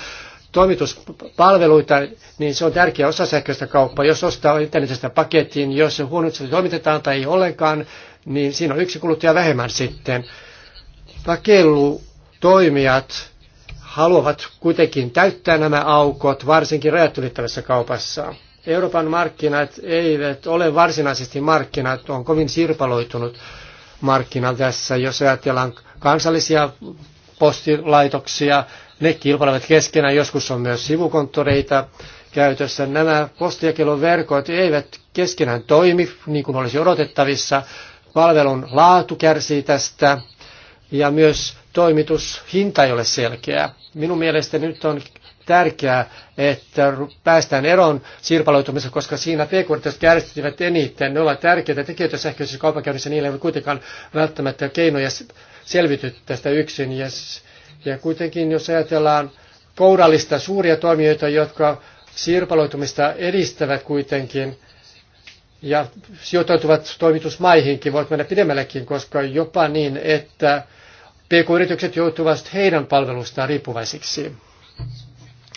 toimituspalveluita, niin se on tärkeä osa sähköistä kauppaa. Jos ostaa internetistä paketin, jos se huonosti toimitetaan tai ei ollenkaan, niin siinä on yksi kuluttaja vähemmän sitten. Pakellutoimijat haluavat kuitenkin täyttää nämä aukot, varsinkin rajat ylittävässä kaupassa. Euroopan markkinat eivät ole varsinaisesti markkinat, on kovin sirpaloitunut markkina tässä, jos ajatellaan kansallisia postilaitoksia, ne kilpailevat keskenään, joskus on myös sivukonttoreita käytössä. Nämä postijakeluverkot eivät keskenään toimi niin kuin olisi odotettavissa. Palvelun laatu kärsii tästä ja myös toimitushinta ei ole selkeä. Minun mielestäni nyt on tärkeää, että päästään eroon sirpaloitumisesta, koska siinä pk kärsivät eniten. Ne ovat tärkeitä tekijöitä sähköisessä kaupankäynnissä, niillä ei ole kuitenkaan välttämättä keinoja selvity tästä yksin. Ja yes ja kuitenkin jos ajatellaan kourallista suuria toimijoita, jotka sirpaloitumista edistävät kuitenkin ja sijoittautuvat toimitusmaihinkin, voivat mennä pidemmällekin, koska jopa niin, että PK-yritykset joutuvat heidän palvelustaan riippuvaisiksi.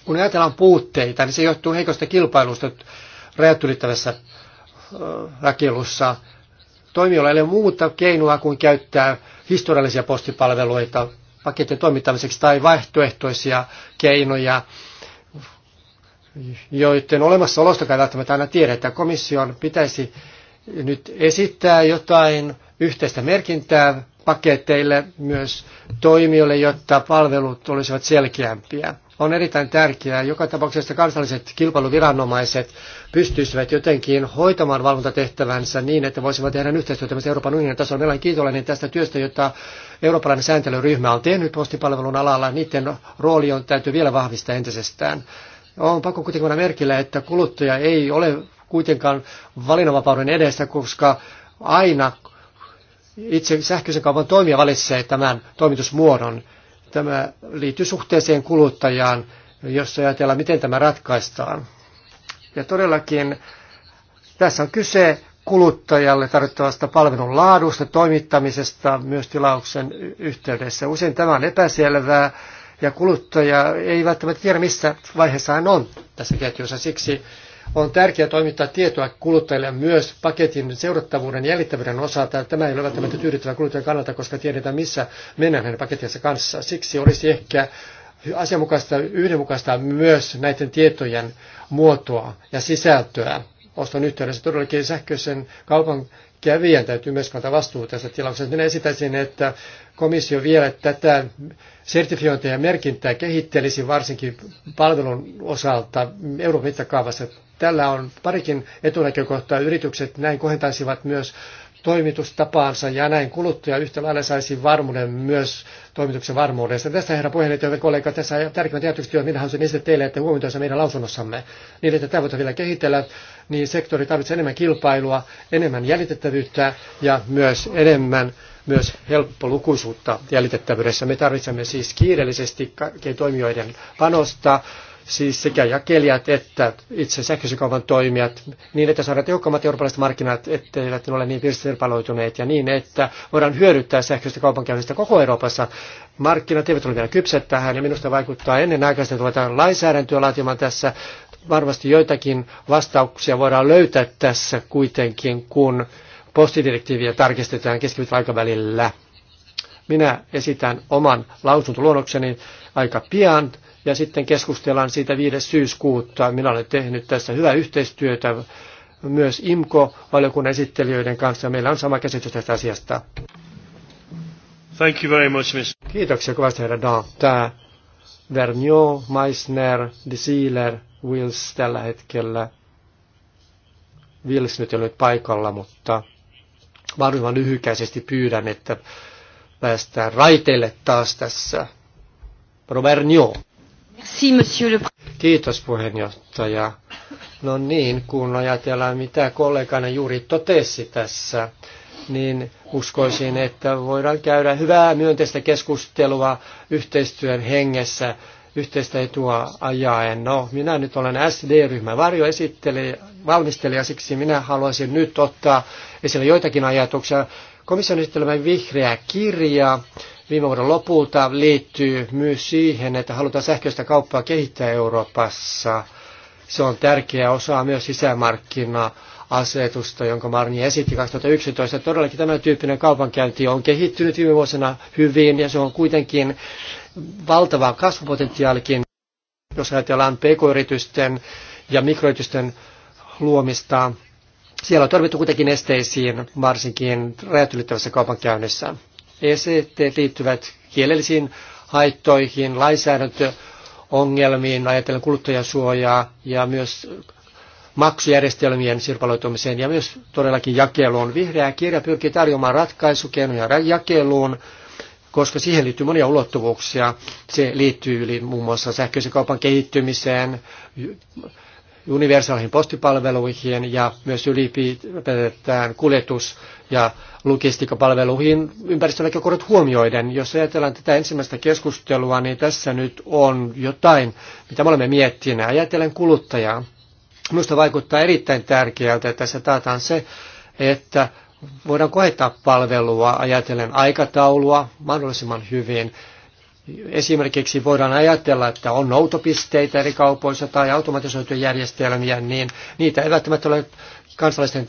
Kun ajatellaan puutteita, niin se johtuu heikosta kilpailusta rajat ylittävässä rakennussa. Toimijoilla ei ole muuta keinoa kuin käyttää historiallisia postipalveluita paketin toimittamiseksi tai vaihtoehtoisia keinoja, joiden olemassaolosta kai välttämättä aina että Komission pitäisi nyt esittää jotain yhteistä merkintää paketeille myös toimijoille, jotta palvelut olisivat selkeämpiä. On erittäin tärkeää, joka tapauksessa kansalliset kilpailuviranomaiset pystyisivät jotenkin hoitamaan valvontatehtävänsä niin, että voisivat tehdä yhteistyötä myös Euroopan unionin tasolla. Meillä on kiitollinen tästä työstä, jota eurooppalainen sääntelyryhmä on tehnyt postipalvelun alalla, niiden rooli on täytyy vielä vahvistaa entisestään. On pakko kuitenkin merkillä, että kuluttaja ei ole kuitenkaan valinnanvapauden edessä, koska aina itse sähköisen kaupan toimija valitsee tämän toimitusmuodon. Tämä liittyy suhteeseen kuluttajaan, jos ajatellaan, miten tämä ratkaistaan. Ja todellakin tässä on kyse kuluttajalle tarjottavasta palvelun laadusta, toimittamisesta myös tilauksen yhteydessä. Usein tämä on epäselvää ja kuluttaja ei välttämättä tiedä, missä vaiheessa hän on tässä ketjussa. Siksi on tärkeää toimittaa tietoa kuluttajille myös paketin seurattavuuden ja jäljittävyyden osalta. Tämä ei ole välttämättä tyydyttävä kuluttajan kannalta, koska tiedetään, missä mennään hänen pakettinsa kanssa. Siksi olisi ehkä asianmukaista yhdenmukaista myös näiden tietojen muotoa ja sisältöä oston yhteydessä. Todellakin sähköisen kaupan kävijän täytyy myös kantaa vastuu tästä tilauksesta. Minä esitäisin, että komissio vielä tätä sertifiointia ja merkintää kehittelisi varsinkin palvelun osalta Euroopan mittakaavassa. Tällä on parikin etunäkökohtaa. Yritykset näin kohentaisivat myös toimitustapaansa ja näin kuluttaja yhtä lailla saisi varmuuden myös toimituksen varmuudesta. Tässä herra puheenjohtaja ja kollega, tässä tärkeä tietysti on, minä haluaisin esittää teille, että huomioitaisiin meidän lausunnossamme. Niin, että tätä vielä kehitellä, niin sektori tarvitsee enemmän kilpailua, enemmän jäljitettävyyttä ja myös enemmän myös helppolukuisuutta jäljitettävyydessä. Me tarvitsemme siis kiireellisesti kaikkien toimijoiden panosta siis sekä jakelijat että itse sähköisykaupan toimijat, niin että saadaan tehokkaammat eurooppalaiset markkinat, etteivät ne ole niin pirstaloituneet ja niin, että voidaan hyödyttää sähköistä kaupankäynnistä koko Euroopassa. Markkinat eivät ole vielä kypset tähän ja minusta vaikuttaa ennen aikaista, että tuota voidaan lainsäädäntöä laatimaan tässä. Varmasti joitakin vastauksia voidaan löytää tässä kuitenkin, kun postidirektiiviä tarkistetaan keskipitkällä aikavälillä. Minä esitän oman lausuntoluonnokseni aika pian ja sitten keskustellaan siitä 5. syyskuuta. Minä olen tehnyt tässä hyvää yhteistyötä myös IMKO-valiokunnan esittelijöiden kanssa. Meillä on sama käsitys tästä asiasta. Thank you very much, miss. Kiitoksia kovasti, herra Tämä Vernion, Meissner, De Sealer, Wills tällä hetkellä. Wills nyt ei ole nyt paikalla, mutta varmaan lyhykäisesti pyydän, että päästään raiteille taas tässä. Robert Vernion. Kiitos puheenjohtaja. No niin, kun ajatellaan mitä kollegana juuri totesi tässä, niin uskoisin, että voidaan käydä hyvää myönteistä keskustelua yhteistyön hengessä, yhteistä etua ajaen. No, minä nyt olen SD-ryhmän varjoesittelijä, valmistelija, siksi minä haluaisin nyt ottaa esille joitakin ajatuksia. Komission esittelemä vihreä kirja viime vuoden lopulta liittyy myös siihen, että halutaan sähköistä kauppaa kehittää Euroopassa. Se on tärkeä osa myös sisämarkkinaa asetusta, jonka Marni esitti 2011. Todellakin tämän tyyppinen kaupankäynti on kehittynyt viime vuosina hyvin ja se on kuitenkin valtava kasvupotentiaalikin, jos ajatellaan pk-yritysten ja mikroyritysten luomista. Siellä on törmätty kuitenkin esteisiin, varsinkin rajat ylittävässä kaupankäynnissä esitteet liittyvät kielellisiin haittoihin, lainsäädäntöongelmiin, ajatellen kuluttajasuojaa ja myös maksujärjestelmien sirpaloitumiseen ja myös todellakin jakeluun. Vihreä kirja pyrkii tarjoamaan ratkaisukeinoja jakeluun, koska siihen liittyy monia ulottuvuuksia. Se liittyy yli muun muassa sähköisen kaupan kehittymiseen, universaaleihin postipalveluihin ja myös ylipäätään kuljetus- ja logistiikkapalveluihin ympäristönäkökohdat huomioiden. Jos ajatellaan tätä ensimmäistä keskustelua, niin tässä nyt on jotain, mitä me olemme miettineet. Ajatellen kuluttajaa. Minusta vaikuttaa erittäin tärkeältä, että tässä taataan se, että voidaan koettaa palvelua ajatellen aikataulua mahdollisimman hyvin Esimerkiksi voidaan ajatella, että on noutopisteitä eri kaupoissa tai automatisoituja järjestelmiä, niin niitä ei välttämättä ole kansalaisten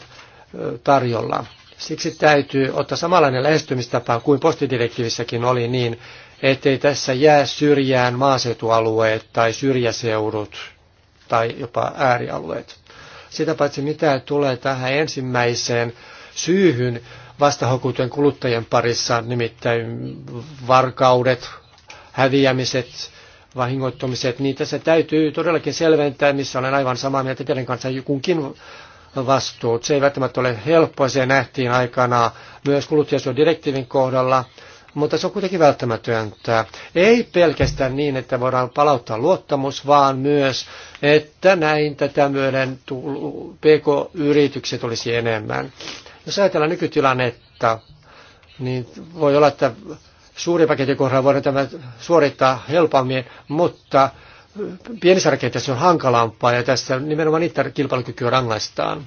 tarjolla. Siksi täytyy ottaa samanlainen lähestymistapa kuin postidirektiivissäkin oli niin, ettei tässä jää syrjään maaseutualueet tai syrjäseudut tai jopa äärialueet. Sitä paitsi mitä tulee tähän ensimmäiseen syyhyn vastahokuuteen kuluttajien parissa, nimittäin varkaudet, häviämiset, vahingoittumiset, niin tässä täytyy todellakin selventää, missä olen aivan samaa mieltä teidän kanssa jokunkin vastuut. Se ei välttämättä ole helppoa, se nähtiin aikana myös kuluttajasuojadirektiivin kohdalla, mutta se on kuitenkin välttämätöntä. Ei pelkästään niin, että voidaan palauttaa luottamus, vaan myös, että näin tätä myöden PK-yritykset olisi enemmän. Jos ajatellaan nykytilannetta, niin voi olla, että suuri paketin kohdalla voidaan tämä suorittaa helpommin, mutta pienissä rakenteissa on hankalampaa ja tässä nimenomaan niitä kilpailukykyä rangaistaan.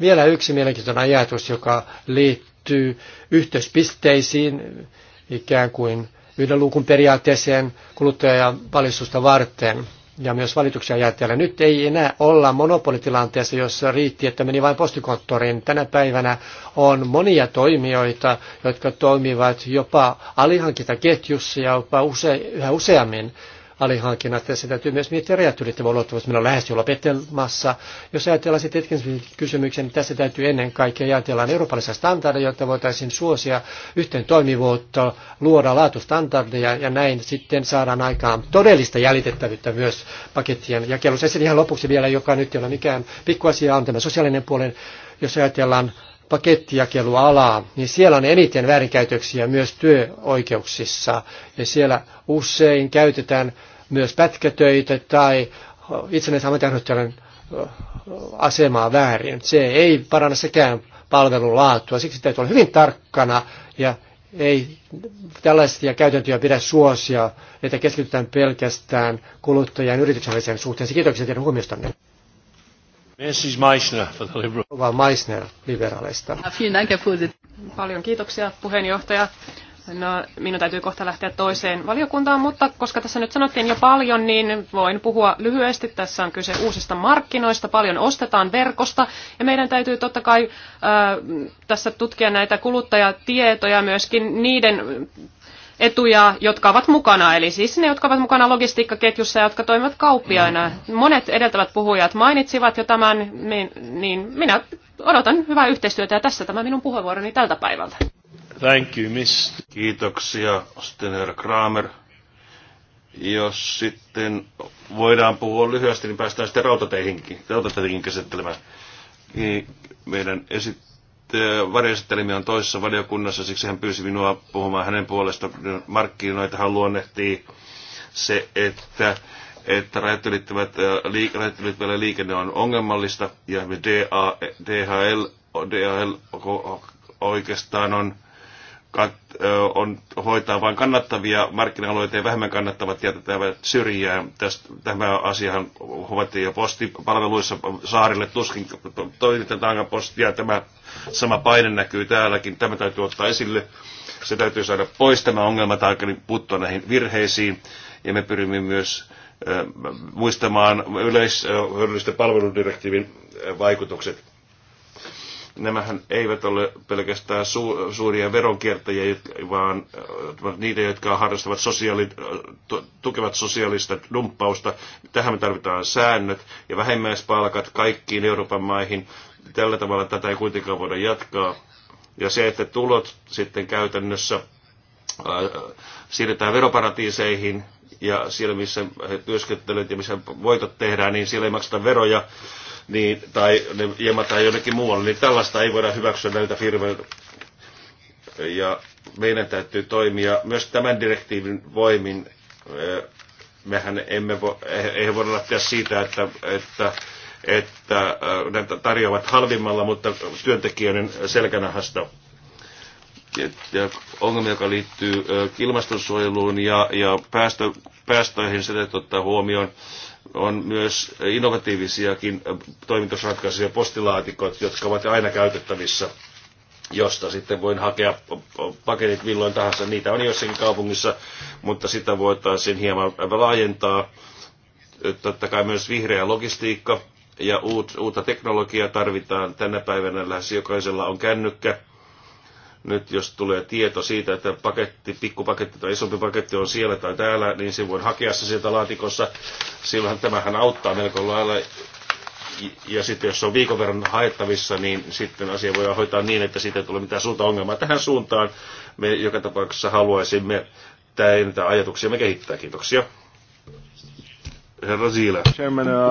Vielä yksi mielenkiintoinen ajatus, joka liittyy yhteyspisteisiin, ikään kuin yhden luukun periaatteeseen kuluttajan valistusta varten ja myös valituksia ajatellen. Nyt ei enää olla monopolitilanteessa, jossa riitti, että meni vain postikonttoriin. Tänä päivänä on monia toimijoita, jotka toimivat jopa alihankintaketjussa ja jopa use, yhä useammin alihankinnat. Tässä täytyy myös miettiä rajat ylittävä ulottuvuus. Meillä on lähes jo lopettelemassa. Jos ajatellaan sitten Atkinsonin kysymyksen, niin tässä täytyy ennen kaikkea ajatella eurooppalaisia standardeja, jotta voitaisiin suosia yhteen toimivuutta, luoda laatustandardeja ja näin sitten saadaan aikaan todellista jäljitettävyyttä myös pakettien jakelussa. Ja sitten ihan lopuksi vielä, joka nyt ei ole mikään pikkuasia, on tämä sosiaalinen puolen, jos ajatellaan pakettijakelualaa, niin siellä on eniten väärinkäytöksiä myös työoikeuksissa. Ja siellä usein käytetään myös pätkätöitä tai itsenäisen ammattiharjoittajan asemaa väärin. Se ei paranna sekään palvelun laatua. Siksi täytyy olla hyvin tarkkana ja ei tällaisia käytäntöjä pidä suosia, että keskitytään pelkästään kuluttajan yrityksen suhteen. Kiitoksia teidän huomiostanne. Mrs. Meissner for the Liberal. Ova Meissner liberaaleista. Paljon kiitoksia puheenjohtaja. No, minun täytyy kohta lähteä toiseen valiokuntaan, mutta koska tässä nyt sanottiin jo paljon, niin voin puhua lyhyesti. Tässä on kyse uusista markkinoista, paljon ostetaan verkosta ja meidän täytyy totta kai äh, tässä tutkia näitä kuluttajatietoja myöskin niiden etuja, jotka ovat mukana, eli siis ne, jotka ovat mukana logistiikkaketjussa ja jotka toimivat kauppiaina. Monet edeltävät puhujat mainitsivat jo tämän, niin minä odotan hyvää yhteistyötä ja tässä tämä minun puheenvuoroni tältä päivältä. Thank you, miss. Kiitoksia, sitten Kramer. Jos sitten voidaan puhua lyhyesti, niin päästään sitten rautateihinkin, rautateihinkin käsittelemään. Niin, meidän esittää varjoesittelimi on toisessa valiokunnassa, siksi hän pyysi minua puhumaan hänen puolesta. hän luonnehtii se, että että rajat ylittävällä liikenne on ongelmallista ja DHL, DHL oikeastaan on on, hoitaa vain kannattavia markkina-alueita ja vähemmän kannattavat jätetään syrjään. Tästä, tämä asiahan huomattiin jo postipalveluissa saarille tuskin toimitetaan postia. Tämä sama paine näkyy täälläkin. Tämä täytyy ottaa esille. Se täytyy saada pois tämä ongelma tai puuttua näihin virheisiin. Ja me pyrimme myös muistamaan yleishyödyllisten palveludirektiivin vaikutukset nämähän eivät ole pelkästään su- suuria veronkiertäjiä, vaan äh, niitä, jotka harrastavat sosiaali- äh, tukevat sosiaalista dumppausta. Tähän me tarvitaan säännöt ja vähimmäispalkat kaikkiin Euroopan maihin. Tällä tavalla tätä ei kuitenkaan voida jatkaa. Ja se, että tulot sitten käytännössä äh, siirretään veroparatiiseihin ja siellä, missä he työskentelevät ja missä voitot tehdään, niin siellä ei makseta veroja niin, tai ne jemataan jonnekin muualle, niin tällaista ei voida hyväksyä näiltä firmoilta. Ja meidän täytyy toimia myös tämän direktiivin voimin. Mehän emme vo, eh, ei voida lähteä siitä, että, että että näitä tarjoavat halvimmalla, mutta työntekijöiden selkänahasta ja ongelmia, joka liittyy ilmastonsuojeluun ja, ja päästö, päästöihin, se täytyy ottaa huomioon on myös innovatiivisiakin äh, toimitusratkaisuja, postilaatikot, jotka ovat aina käytettävissä, josta sitten voin hakea paketit milloin tahansa. Niitä on jossakin kaupungissa, mutta sitä voitaisiin hieman laajentaa. Totta kai myös vihreä logistiikka ja uutta teknologiaa tarvitaan. Tänä päivänä lähes jokaisella on kännykkä nyt jos tulee tieto siitä, että paketti, pikkupaketti tai isompi paketti on siellä tai täällä, niin sen voi hakea se sieltä laatikossa. Silloin tämähän auttaa melko lailla. Ja sitten jos se on viikon verran haettavissa, niin sitten asia voi hoitaa niin, että siitä ei tule mitään suunta ongelmaa tähän suuntaan. Me joka tapauksessa haluaisimme näitä ajatuksia me kehittää. Kiitoksia. Herra Ziilä.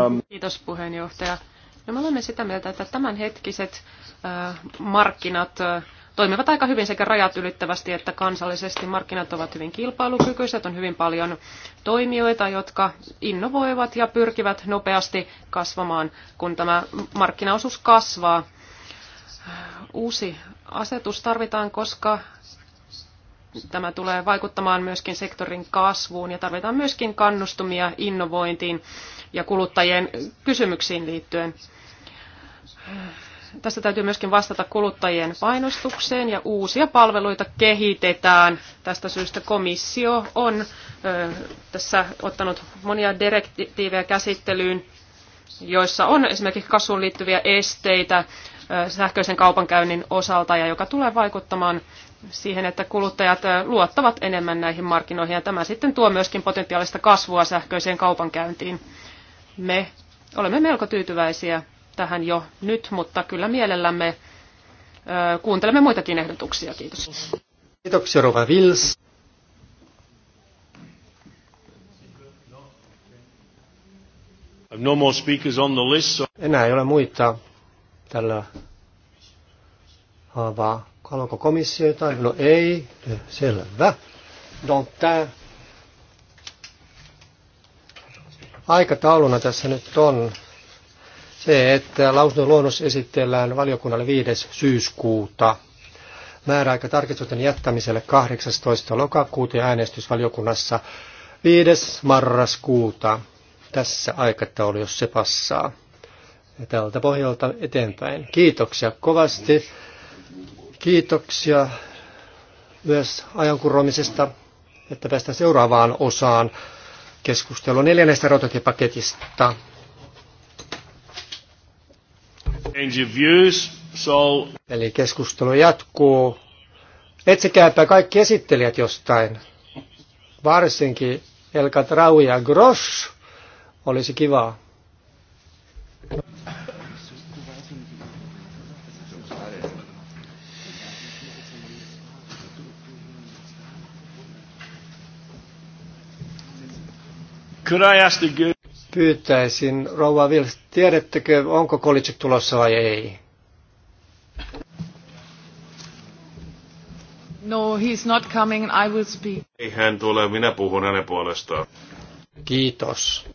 Um, Kiitos puheenjohtaja. No me olemme sitä mieltä, että tämänhetkiset äh, markkinat äh, toimivat aika hyvin sekä rajat ylittävästi että kansallisesti. Markkinat ovat hyvin kilpailukykyiset, on hyvin paljon toimijoita, jotka innovoivat ja pyrkivät nopeasti kasvamaan, kun tämä markkinaosuus kasvaa. Uusi asetus tarvitaan, koska tämä tulee vaikuttamaan myöskin sektorin kasvuun ja tarvitaan myöskin kannustumia innovointiin ja kuluttajien kysymyksiin liittyen tässä täytyy myöskin vastata kuluttajien painostukseen ja uusia palveluita kehitetään. Tästä syystä komissio on tässä ottanut monia direktiivejä käsittelyyn, joissa on esimerkiksi kasvuun liittyviä esteitä sähköisen kaupankäynnin osalta ja joka tulee vaikuttamaan siihen, että kuluttajat luottavat enemmän näihin markkinoihin ja tämä sitten tuo myöskin potentiaalista kasvua sähköiseen kaupankäyntiin. Me olemme melko tyytyväisiä tähän jo nyt, mutta kyllä mielellämme kuuntelemme muitakin ehdotuksia. Kiitos. Kiitoksia Rova Vils. No more speakers on the list, so... Enää ei ole muita tällä haavaa. Haluanko komissio jotain? No ei. Selvä. No tää. Aikatauluna tässä nyt on se, että lausunnon luonnos esitellään valiokunnalle 5. syyskuuta. Määräaika tarkistusten jättämiselle 18. lokakuuta ja äänestysvaliokunnassa 5. marraskuuta. Tässä aikataulu, jos se passaa. Ja tältä pohjalta eteenpäin. Kiitoksia kovasti. Kiitoksia myös ajankurromisesta, että päästään seuraavaan osaan keskustelua neljännestä rotatiepaketista. Eli keskustelu jatkuu. Etsikääpä kaikki esittelijät jostain. Varsinkin Elka Trau ja Grosch. Olisi kivaa. Could I ask the good pyytäisin, rouva vielä tiedättekö, onko Kolitsik tulossa vai ei? No, he's not coming. I will speak. Ei hän tule, minä puhun hänen puolestaan. Kiitos.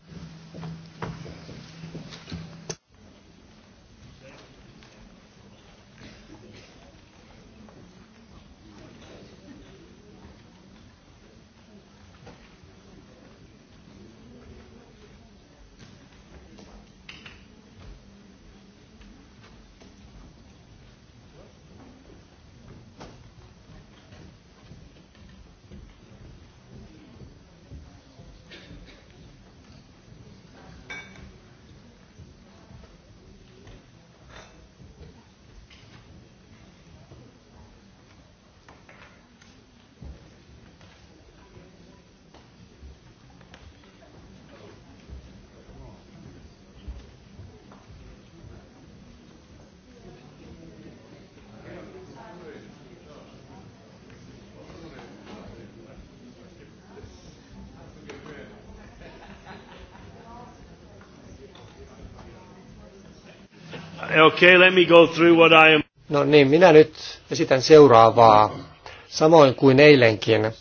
Okay, let me go through what I am... No niin, minä nyt esitän seuraavaa, samoin kuin eilenkin.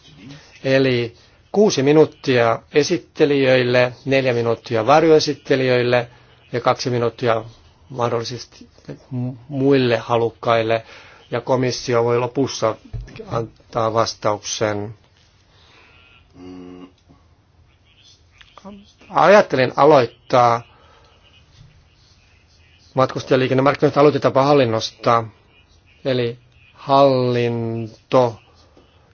Eli kuusi minuuttia esittelijöille, neljä minuuttia varjoesittelijöille ja kaksi minuuttia mahdollisesti muille halukkaille. Ja komissio voi lopussa antaa vastauksen. Ajattelin aloittaa matkustajaliikennemarkkinoista aloitetaanpa hallinnosta, eli hallinto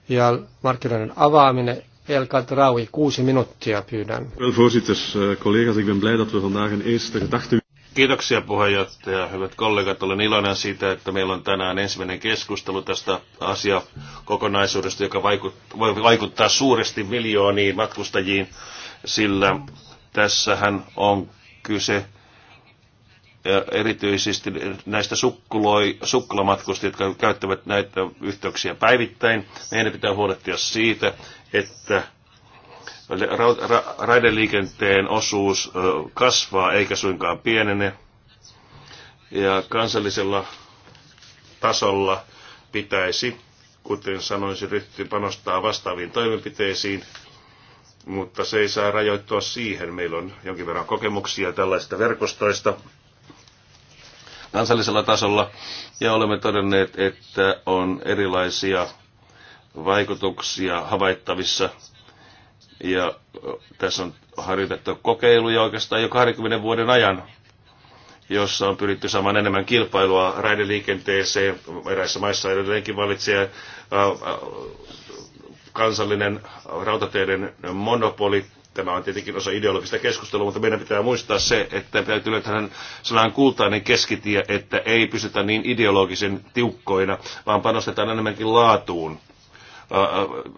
ja markkinoiden avaaminen. Elka Draui, kuusi minuuttia pyydän. Eh, Kiitoksia puheenjohtaja. Hyvät kollegat, olen iloinen siitä, että meillä on tänään ensimmäinen keskustelu tästä asiakokonaisuudesta, joka vaikuttaa, voi vaikuttaa suuresti miljooniin matkustajiin, sillä tässähän on kyse erityisesti näistä sukkuloi, sukkulamatkustajista, jotka käyttävät näitä yhteyksiä päivittäin. Meidän pitää huolehtia siitä, että raideliikenteen osuus kasvaa eikä suinkaan pienene. Ja kansallisella tasolla pitäisi, kuten sanoisin, ryhtyä panostaa vastaaviin toimenpiteisiin, mutta se ei saa rajoittua siihen. Meillä on jonkin verran kokemuksia tällaisista verkostoista, kansallisella tasolla, ja olemme todenneet, että on erilaisia vaikutuksia havaittavissa, ja tässä on harjoitettu kokeiluja oikeastaan jo 20 vuoden ajan, jossa on pyritty saamaan enemmän kilpailua raideliikenteeseen. Eräissä maissa edelleenkin valitsee kansallinen rautateiden monopoli, Tämä on tietenkin osa ideologista keskustelua, mutta meidän pitää muistaa se, että täytyy löytää sellainen kultainen keskitie, että ei pysytä niin ideologisen tiukkoina, vaan panostetaan enemmänkin laatuun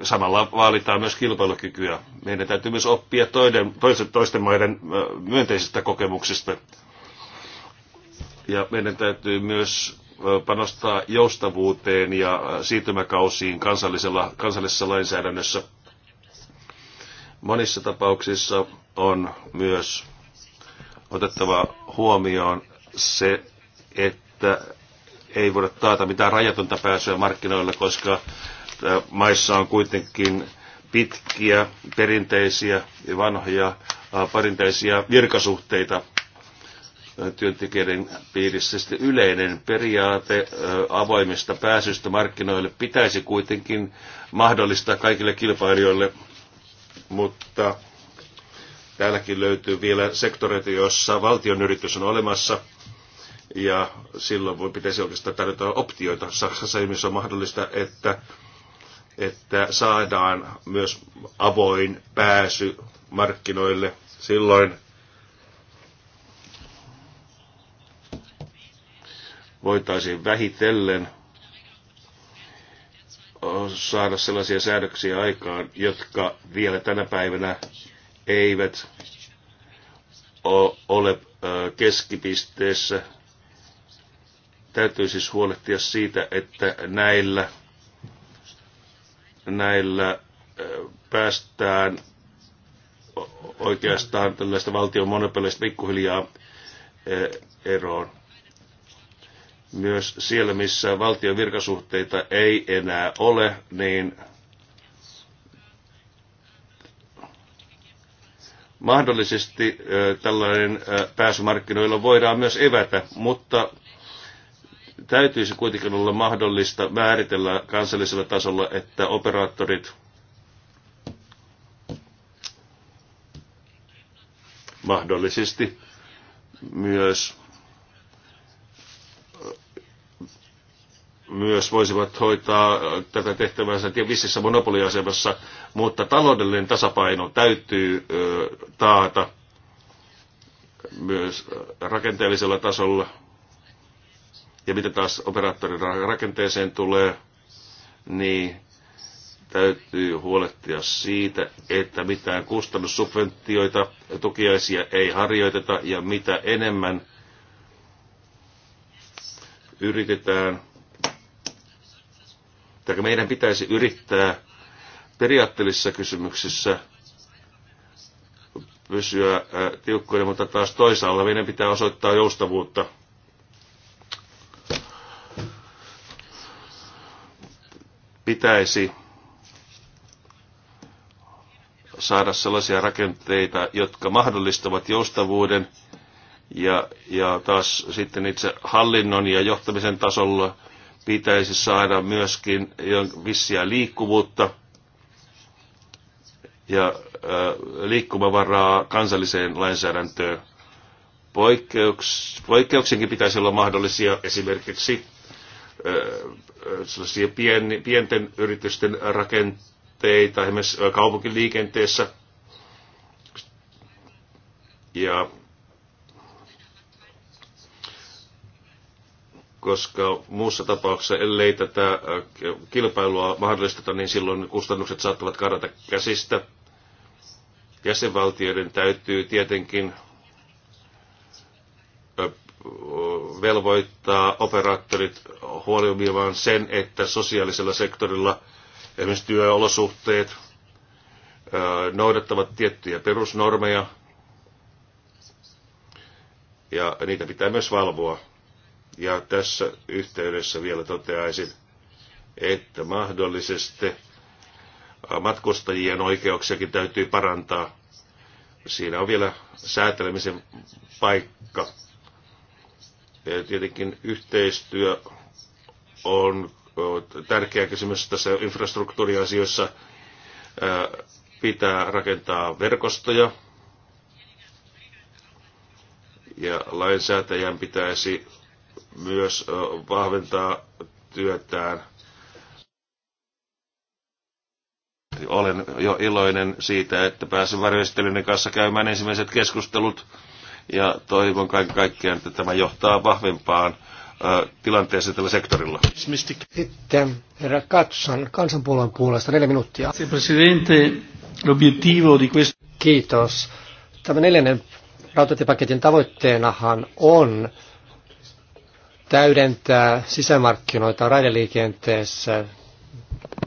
samalla vaalitaan myös kilpailukykyä. Meidän täytyy myös oppia toiden, toisten, toisten maiden myönteisistä kokemuksista. Ja meidän täytyy myös panostaa joustavuuteen ja siirtymäkausiin kansallisella, kansallisessa lainsäädännössä. Monissa tapauksissa on myös otettava huomioon se, että ei voida taata mitään rajatonta pääsyä markkinoille, koska maissa on kuitenkin pitkiä, perinteisiä ja vanhoja perinteisiä virkasuhteita työntekijöiden piirissä. Sitten yleinen periaate avoimesta pääsystä markkinoille pitäisi kuitenkin mahdollistaa kaikille kilpailijoille – mutta täälläkin löytyy vielä sektoreita, joissa valtion yritys on olemassa, ja silloin voi pitäisi oikeastaan tarjota optioita. Saksassa esimerkiksi on mahdollista, että, että saadaan myös avoin pääsy markkinoille. Silloin voitaisiin vähitellen saada sellaisia säädöksiä aikaan, jotka vielä tänä päivänä eivät ole keskipisteessä. Täytyy siis huolehtia siitä, että näillä, näillä päästään oikeastaan tällaista valtion monopolista pikkuhiljaa eroon myös siellä, missä valtion virkasuhteita ei enää ole, niin mahdollisesti tällainen pääsymarkkinoilla voidaan myös evätä, mutta täytyisi kuitenkin olla mahdollista määritellä kansallisella tasolla, että operaattorit mahdollisesti myös myös voisivat hoitaa äh, tätä tehtävänsä vississä monopoliasemassa, mutta taloudellinen tasapaino täytyy taata myös äh, rakenteellisella tasolla. Ja mitä taas operaattorin rakenteeseen tulee, niin täytyy huolehtia siitä, että mitään kustannussubventioita ja tukiaisia ei harjoiteta ja mitä enemmän yritetään että meidän pitäisi yrittää periaatteellisissa kysymyksissä pysyä äh, tiukkoina, mutta taas toisaalla meidän pitää osoittaa joustavuutta. Pitäisi saada sellaisia rakenteita, jotka mahdollistavat joustavuuden ja, ja taas sitten itse hallinnon ja johtamisen tasolla – pitäisi saada myöskin vissiä liikkuvuutta ja äh, liikkumavaraa kansalliseen lainsäädäntöön. Poikkeuksienkin pitäisi olla mahdollisia esimerkiksi äh, sellaisia pieni, pienten yritysten rakenteita esimerkiksi kaupunkiliikenteessä. Ja koska muussa tapauksessa, ellei tätä äh, kilpailua mahdollisteta, niin silloin kustannukset saattavat karata käsistä. Jäsenvaltioiden täytyy tietenkin velvoittaa operaattorit huolioimaan sen, että sosiaalisella sektorilla esimerkiksi työolosuhteet noudattavat tiettyjä perusnormeja, ja niitä pitää myös valvoa ja tässä yhteydessä vielä toteaisin, että mahdollisesti matkustajien oikeuksiakin täytyy parantaa. Siinä on vielä säätelemisen paikka. Ja tietenkin yhteistyö on tärkeä kysymys tässä infrastruktuuriasioissa. Pitää rakentaa verkostoja ja lainsäätäjän pitäisi myös vahventaa työtään. Olen jo iloinen siitä, että pääsen varjoistelijoiden kanssa käymään ensimmäiset keskustelut ja toivon kaiken kaikkiaan, että tämä johtaa vahvempaan tilanteeseen tällä sektorilla. Sitten herra Katsan kansanpuolueen puolesta neljä minuuttia. Kiitos. Tämä neljännen rautatiepaketin tavoitteenahan on täydentää sisämarkkinoita raideliikenteessä,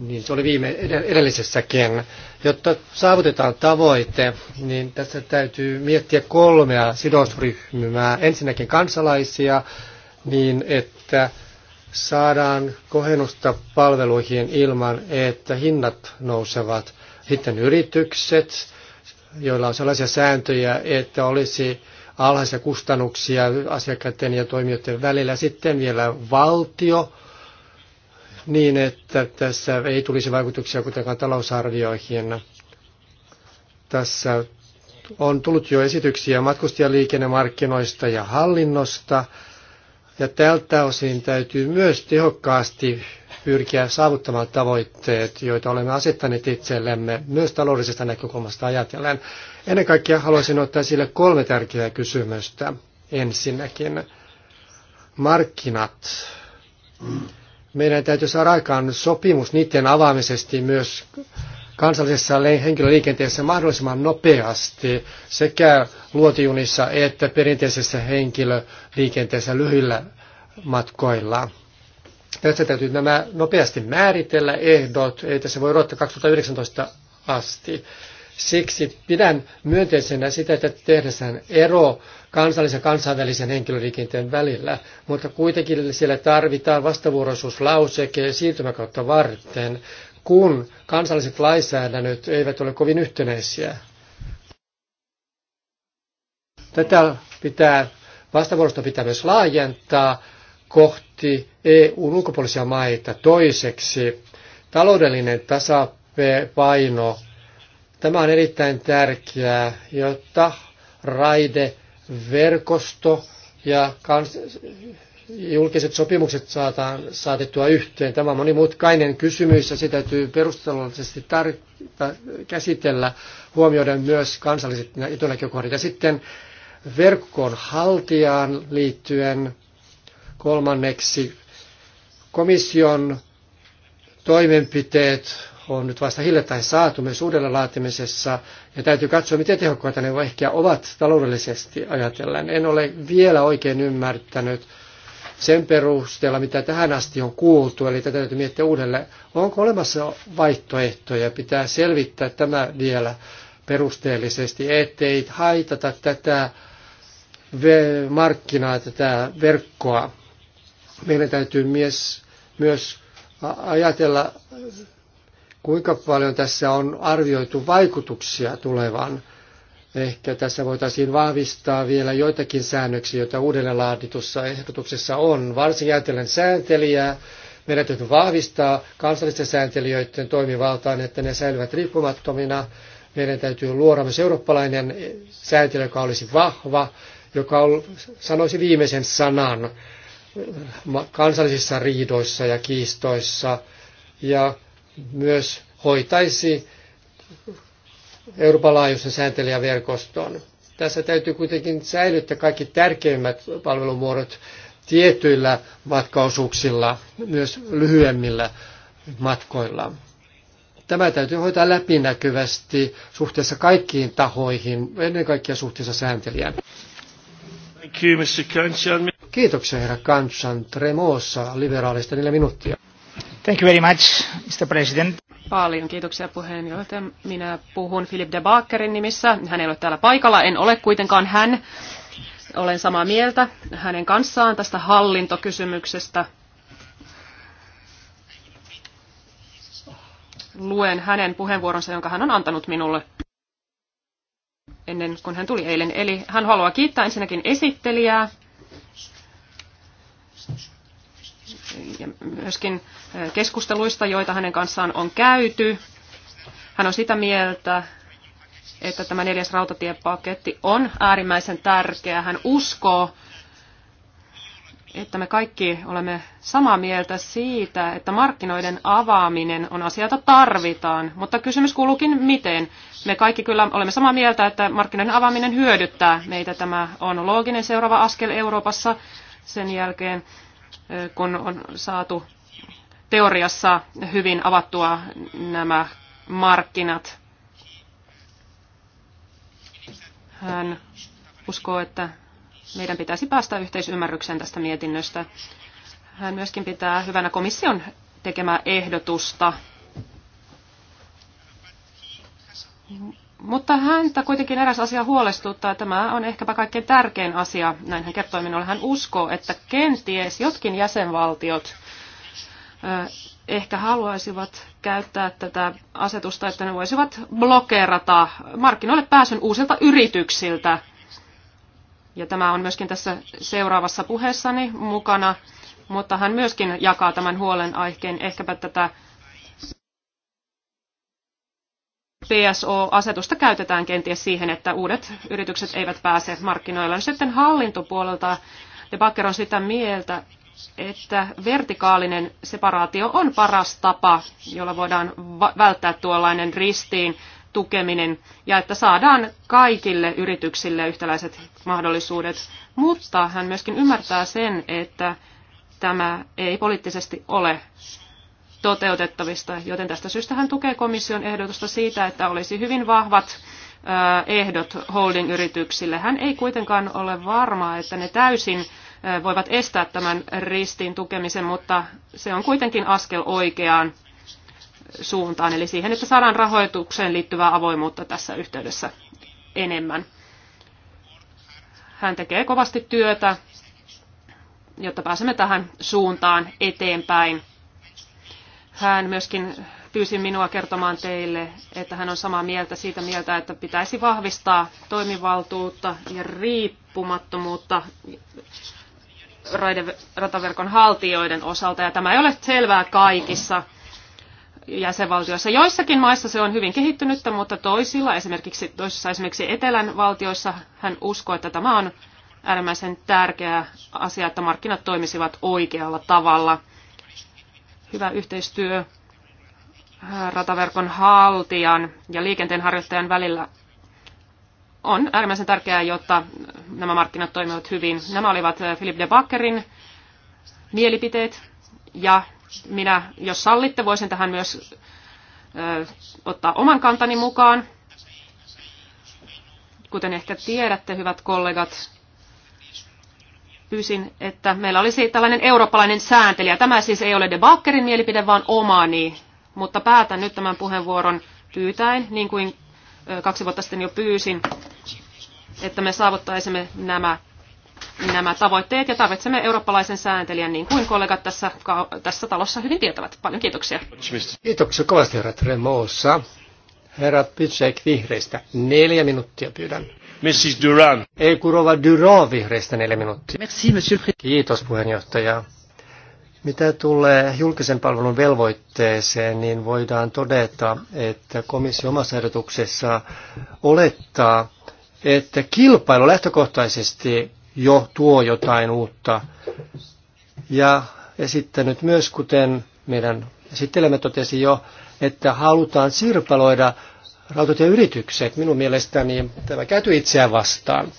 niin se oli viime edellisessäkin. Jotta saavutetaan tavoite, niin tässä täytyy miettiä kolmea sidosryhmää. Ensinnäkin kansalaisia, niin että saadaan kohennusta palveluihin ilman, että hinnat nousevat. Sitten yritykset, joilla on sellaisia sääntöjä, että olisi alhaisia kustannuksia asiakkaiden ja toimijoiden välillä. Sitten vielä valtio, niin että tässä ei tulisi vaikutuksia kuitenkaan talousarvioihin. Tässä on tullut jo esityksiä matkustajaliikennemarkkinoista ja hallinnosta, ja tältä osin täytyy myös tehokkaasti pyrkiä saavuttamaan tavoitteet, joita olemme asettaneet itsellemme myös taloudellisesta näkökulmasta ajatellen. Ennen kaikkea haluaisin ottaa sille kolme tärkeää kysymystä. Ensinnäkin markkinat. Meidän täytyy saada aikaan sopimus niiden avaamisesti myös kansallisessa henkilöliikenteessä mahdollisimman nopeasti sekä luotijunissa että perinteisessä henkilöliikenteessä lyhyillä matkoilla. Tässä täytyy nämä nopeasti määritellä ehdot, että se voi odottaa 2019 asti. Siksi pidän myönteisenä sitä, että tehdään ero kansallisen ja kansainvälisen henkilöliikenteen välillä, mutta kuitenkin siellä tarvitaan vastavuoroisuuslauseke siirtymäkautta varten, kun kansalliset lainsäädännöt eivät ole kovin yhtenäisiä. Tätä pitää vastavuorosta pitää myös laajentaa kohti EUn ulkopuolisia maita. Toiseksi taloudellinen tasapaino Tämä on erittäin tärkeää, jotta raide, verkosto ja kans, julkiset sopimukset saataan saatettua yhteen. Tämä on monimutkainen kysymys ja sitä täytyy perustellisesti käsitellä, huomioiden myös kansalliset etunäkökohdat. Ja sitten verkon haltijaan liittyen kolmanneksi komission toimenpiteet on nyt vasta hiljattain saatu myös uudella laatimisessa, ja täytyy katsoa, miten tehokkaita ne ehkä ovat taloudellisesti ajatellen. En ole vielä oikein ymmärtänyt sen perusteella, mitä tähän asti on kuultu, eli tätä täytyy miettiä uudelleen. Onko olemassa vaihtoehtoja? Pitää selvittää tämä vielä perusteellisesti, ettei haitata tätä markkinaa, tätä verkkoa. Meidän täytyy myös, myös ajatella kuinka paljon tässä on arvioitu vaikutuksia tulevan. Ehkä tässä voitaisiin vahvistaa vielä joitakin säännöksiä, joita uudelleen laaditussa ehdotuksessa on. Varsinkin ajatellen sääntelijää, meidän täytyy vahvistaa kansallisten sääntelijöiden toimivaltaan, että ne säilyvät riippumattomina. Meidän täytyy luoda myös eurooppalainen sääntely, joka olisi vahva, joka sanoisi viimeisen sanan kansallisissa riidoissa ja kiistoissa. Ja myös hoitaisi Euroopan laajuisen sääntelijäverkoston. Tässä täytyy kuitenkin säilyttää kaikki tärkeimmät palvelumuodot tietyillä matkaosuuksilla, myös lyhyemmillä matkoilla. Tämä täytyy hoitaa läpinäkyvästi suhteessa kaikkiin tahoihin, ennen kaikkea suhteessa sääntelijään. Kiitoksia herra Kansan Tremossa liberaalista neljä minuuttia. Thank you very much, Mr. President. Paljon kiitoksia puheenjohtaja. Minä puhun Philip de Bakkerin nimissä. Hän ei ole täällä paikalla, en ole kuitenkaan hän. Olen samaa mieltä hänen kanssaan tästä hallintokysymyksestä. Luen hänen puheenvuoronsa, jonka hän on antanut minulle ennen kuin hän tuli eilen. Eli hän haluaa kiittää ensinnäkin esittelijää ja myöskin keskusteluista, joita hänen kanssaan on käyty. Hän on sitä mieltä, että tämä neljäs rautatiepaketti on äärimmäisen tärkeä. Hän uskoo, että me kaikki olemme samaa mieltä siitä, että markkinoiden avaaminen on asia, jota tarvitaan. Mutta kysymys kuuluukin, miten? Me kaikki kyllä olemme samaa mieltä, että markkinoiden avaaminen hyödyttää meitä. Tämä on looginen seuraava askel Euroopassa sen jälkeen, kun on saatu teoriassa hyvin avattua nämä markkinat. Hän uskoo, että meidän pitäisi päästä yhteisymmärrykseen tästä mietinnöstä. Hän myöskin pitää hyvänä komission tekemää ehdotusta mutta häntä kuitenkin eräs asia huolestuttaa. Tämä on ehkäpä kaikkein tärkein asia. Näin hän kertoi minulle. Hän uskoo, että kenties jotkin jäsenvaltiot ehkä haluaisivat käyttää tätä asetusta, että ne voisivat blokerata markkinoille pääsyn uusilta yrityksiltä. Ja tämä on myöskin tässä seuraavassa puheessani mukana, mutta hän myöskin jakaa tämän huolen aiheen ehkäpä tätä PSO-asetusta käytetään kenties siihen, että uudet yritykset eivät pääse markkinoille. Sitten hallintopuolelta De Bakker on sitä mieltä, että vertikaalinen separaatio on paras tapa, jolla voidaan välttää tuollainen ristiin tukeminen ja että saadaan kaikille yrityksille yhtäläiset mahdollisuudet. Mutta hän myöskin ymmärtää sen, että tämä ei poliittisesti ole toteutettavista, joten tästä syystä hän tukee komission ehdotusta siitä, että olisi hyvin vahvat ehdot holding-yrityksille. Hän ei kuitenkaan ole varma, että ne täysin voivat estää tämän ristin tukemisen, mutta se on kuitenkin askel oikeaan suuntaan, eli siihen, että saadaan rahoitukseen liittyvää avoimuutta tässä yhteydessä enemmän. Hän tekee kovasti työtä, jotta pääsemme tähän suuntaan eteenpäin. Hän myöskin pyysi minua kertomaan teille, että hän on samaa mieltä siitä mieltä, että pitäisi vahvistaa toimivaltuutta ja riippumattomuutta raide, rataverkon haltijoiden osalta. Ja tämä ei ole selvää kaikissa jäsenvaltioissa. Joissakin maissa se on hyvin kehittynyttä, mutta toisilla, esimerkiksi, toisissa esimerkiksi etelän valtioissa, hän uskoo, että tämä on äärimmäisen tärkeä asia, että markkinat toimisivat oikealla tavalla hyvä yhteistyö äh, rataverkon haltijan ja liikenteenharjoittajan välillä on äärimmäisen tärkeää, jotta nämä markkinat toimivat hyvin. Nämä olivat äh, Philip de Bakkerin mielipiteet ja minä, jos sallitte, voisin tähän myös äh, ottaa oman kantani mukaan. Kuten ehkä tiedätte, hyvät kollegat, pyysin, että meillä olisi tällainen eurooppalainen sääntelijä. Tämä siis ei ole debakkerin mielipide, vaan omani, mutta päätän nyt tämän puheenvuoron pyytäen, niin kuin kaksi vuotta sitten jo pyysin, että me saavuttaisimme nämä, nämä tavoitteet ja tarvitsemme eurooppalaisen sääntelijän, niin kuin kollegat tässä, tässä talossa hyvin tietävät. Paljon kiitoksia. Kiitoksia kovasti herra Tremossa. Herra Pitsek vihreistä, neljä minuuttia pyydän. Mrs. Duran. Ei kurova Duran vihreistä neljä minuuttia. Merci, monsieur le Kiitos puheenjohtaja. Mitä tulee julkisen palvelun velvoitteeseen, niin voidaan todeta, että komissio omassa ehdotuksessa olettaa, että kilpailu lähtökohtaisesti jo tuo jotain uutta. Ja esittänyt myös, kuten meidän esittelemme totesi jo, että halutaan sirpaloida rautatieyritykset. Minun mielestäni tämä käyty itseään vastaan.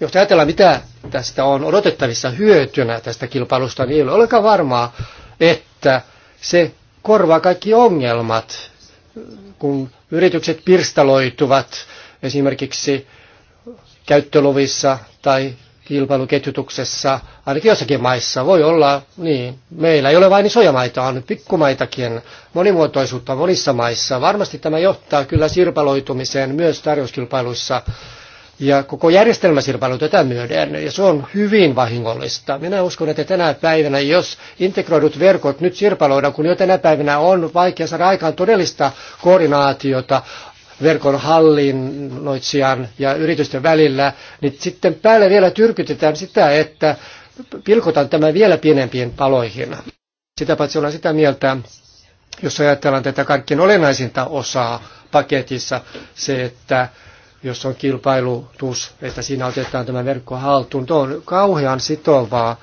Jos ajatellaan, mitä tästä on odotettavissa hyötynä tästä kilpailusta, niin ei ole olekaan varmaa, että se korvaa kaikki ongelmat, kun yritykset pirstaloituvat esimerkiksi käyttöluvissa tai kilpailuketjutuksessa, ainakin jossakin maissa voi olla, niin meillä ei ole vain isoja maita, on pikkumaitakin, monimuotoisuutta monissa maissa. Varmasti tämä johtaa kyllä sirpaloitumiseen myös tarjouskilpailuissa ja koko järjestelmä sirpailu tätä myöden, ja se on hyvin vahingollista. Minä uskon, että tänä päivänä, jos integroidut verkot nyt sirpaloidaan, kun jo tänä päivänä on vaikea saada aikaan todellista koordinaatiota verkon hallinnoitsijan ja yritysten välillä, niin sitten päälle vielä tyrkytetään sitä, että pilkotaan tämä vielä pienempiin paloihin. Sitä paitsi ollaan sitä mieltä, jos ajatellaan tätä kaikkien olennaisinta osaa paketissa, se, että jos on kilpailutus, että siinä otetaan tämä verkko haltuun. Tuo on kauhean sitovaa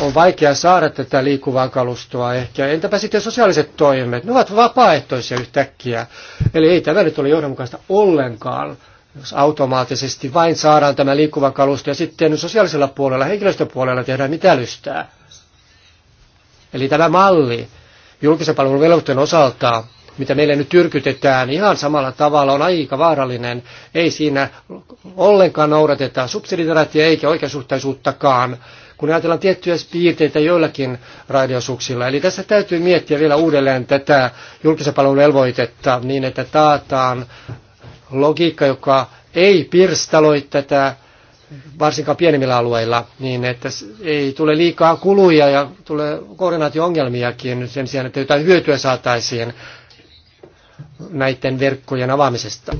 on vaikea saada tätä liikkuvaa kalustoa ehkä. Entäpä sitten sosiaaliset toimet? Ne ovat vapaaehtoisia yhtäkkiä. Eli ei tämä nyt ole johdonmukaista ollenkaan, jos automaattisesti vain saadaan tämä liikkuva kalusto ja sitten sosiaalisella puolella, henkilöstöpuolella tehdään mitä lystää. Eli tämä malli julkisen palvelun velvoitteen osalta, mitä meille nyt tyrkytetään ihan samalla tavalla, on aika vaarallinen. Ei siinä ollenkaan noudateta subsidiaratia eikä oikeasuhtaisuuttakaan kun ajatellaan tiettyjä piirteitä joillakin raideosuuksilla. Eli tässä täytyy miettiä vielä uudelleen tätä julkisen palvelun velvoitetta niin, että taataan logiikka, joka ei pirstaloi tätä varsinkaan pienemmillä alueilla, niin että ei tule liikaa kuluja ja tulee koordinaatio-ongelmiakin sen sijaan, että jotain hyötyä saataisiin näiden verkkojen avaamisesta.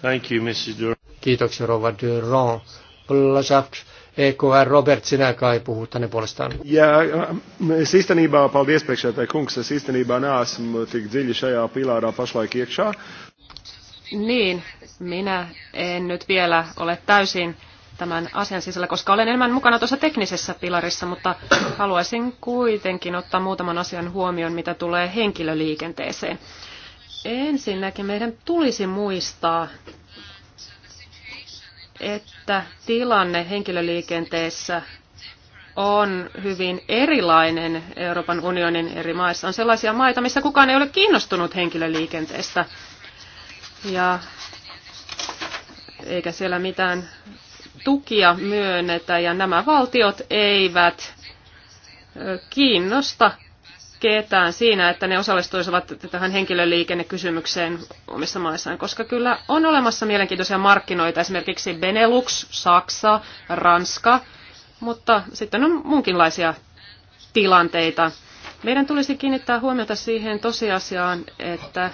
Thank you, Mrs. Durand. Kiitoksia, Rova Durand. Blasat EKR Robert, sinä kai puhut tänne puolestaan. Ja es īstenībā, paldies priekšētāji kungs, es īstenībā neesmu tik dziļi šajā pilārā pašlaik iekšā. Niin, minä en nyt vielä ole täysin tämän asian sisällä, koska olen enemmän mukana tuossa teknisessä pilarissa, mutta haluaisin kuitenkin ottaa muutaman asian huomioon, mitä tulee henkilöliikenteeseen. Ensinnäkin meidän tulisi muistaa, että tilanne henkilöliikenteessä on hyvin erilainen Euroopan unionin eri maissa. On sellaisia maita, missä kukaan ei ole kiinnostunut henkilöliikenteestä. Ja eikä siellä mitään tukia myönnetä ja nämä valtiot eivät kiinnosta ketään siinä, että ne osallistuisivat tähän henkilöliikennekysymykseen omissa maissaan, koska kyllä on olemassa mielenkiintoisia markkinoita, esimerkiksi Benelux, Saksa, Ranska, mutta sitten on muunkinlaisia tilanteita. Meidän tulisi kiinnittää huomiota siihen tosiasiaan, että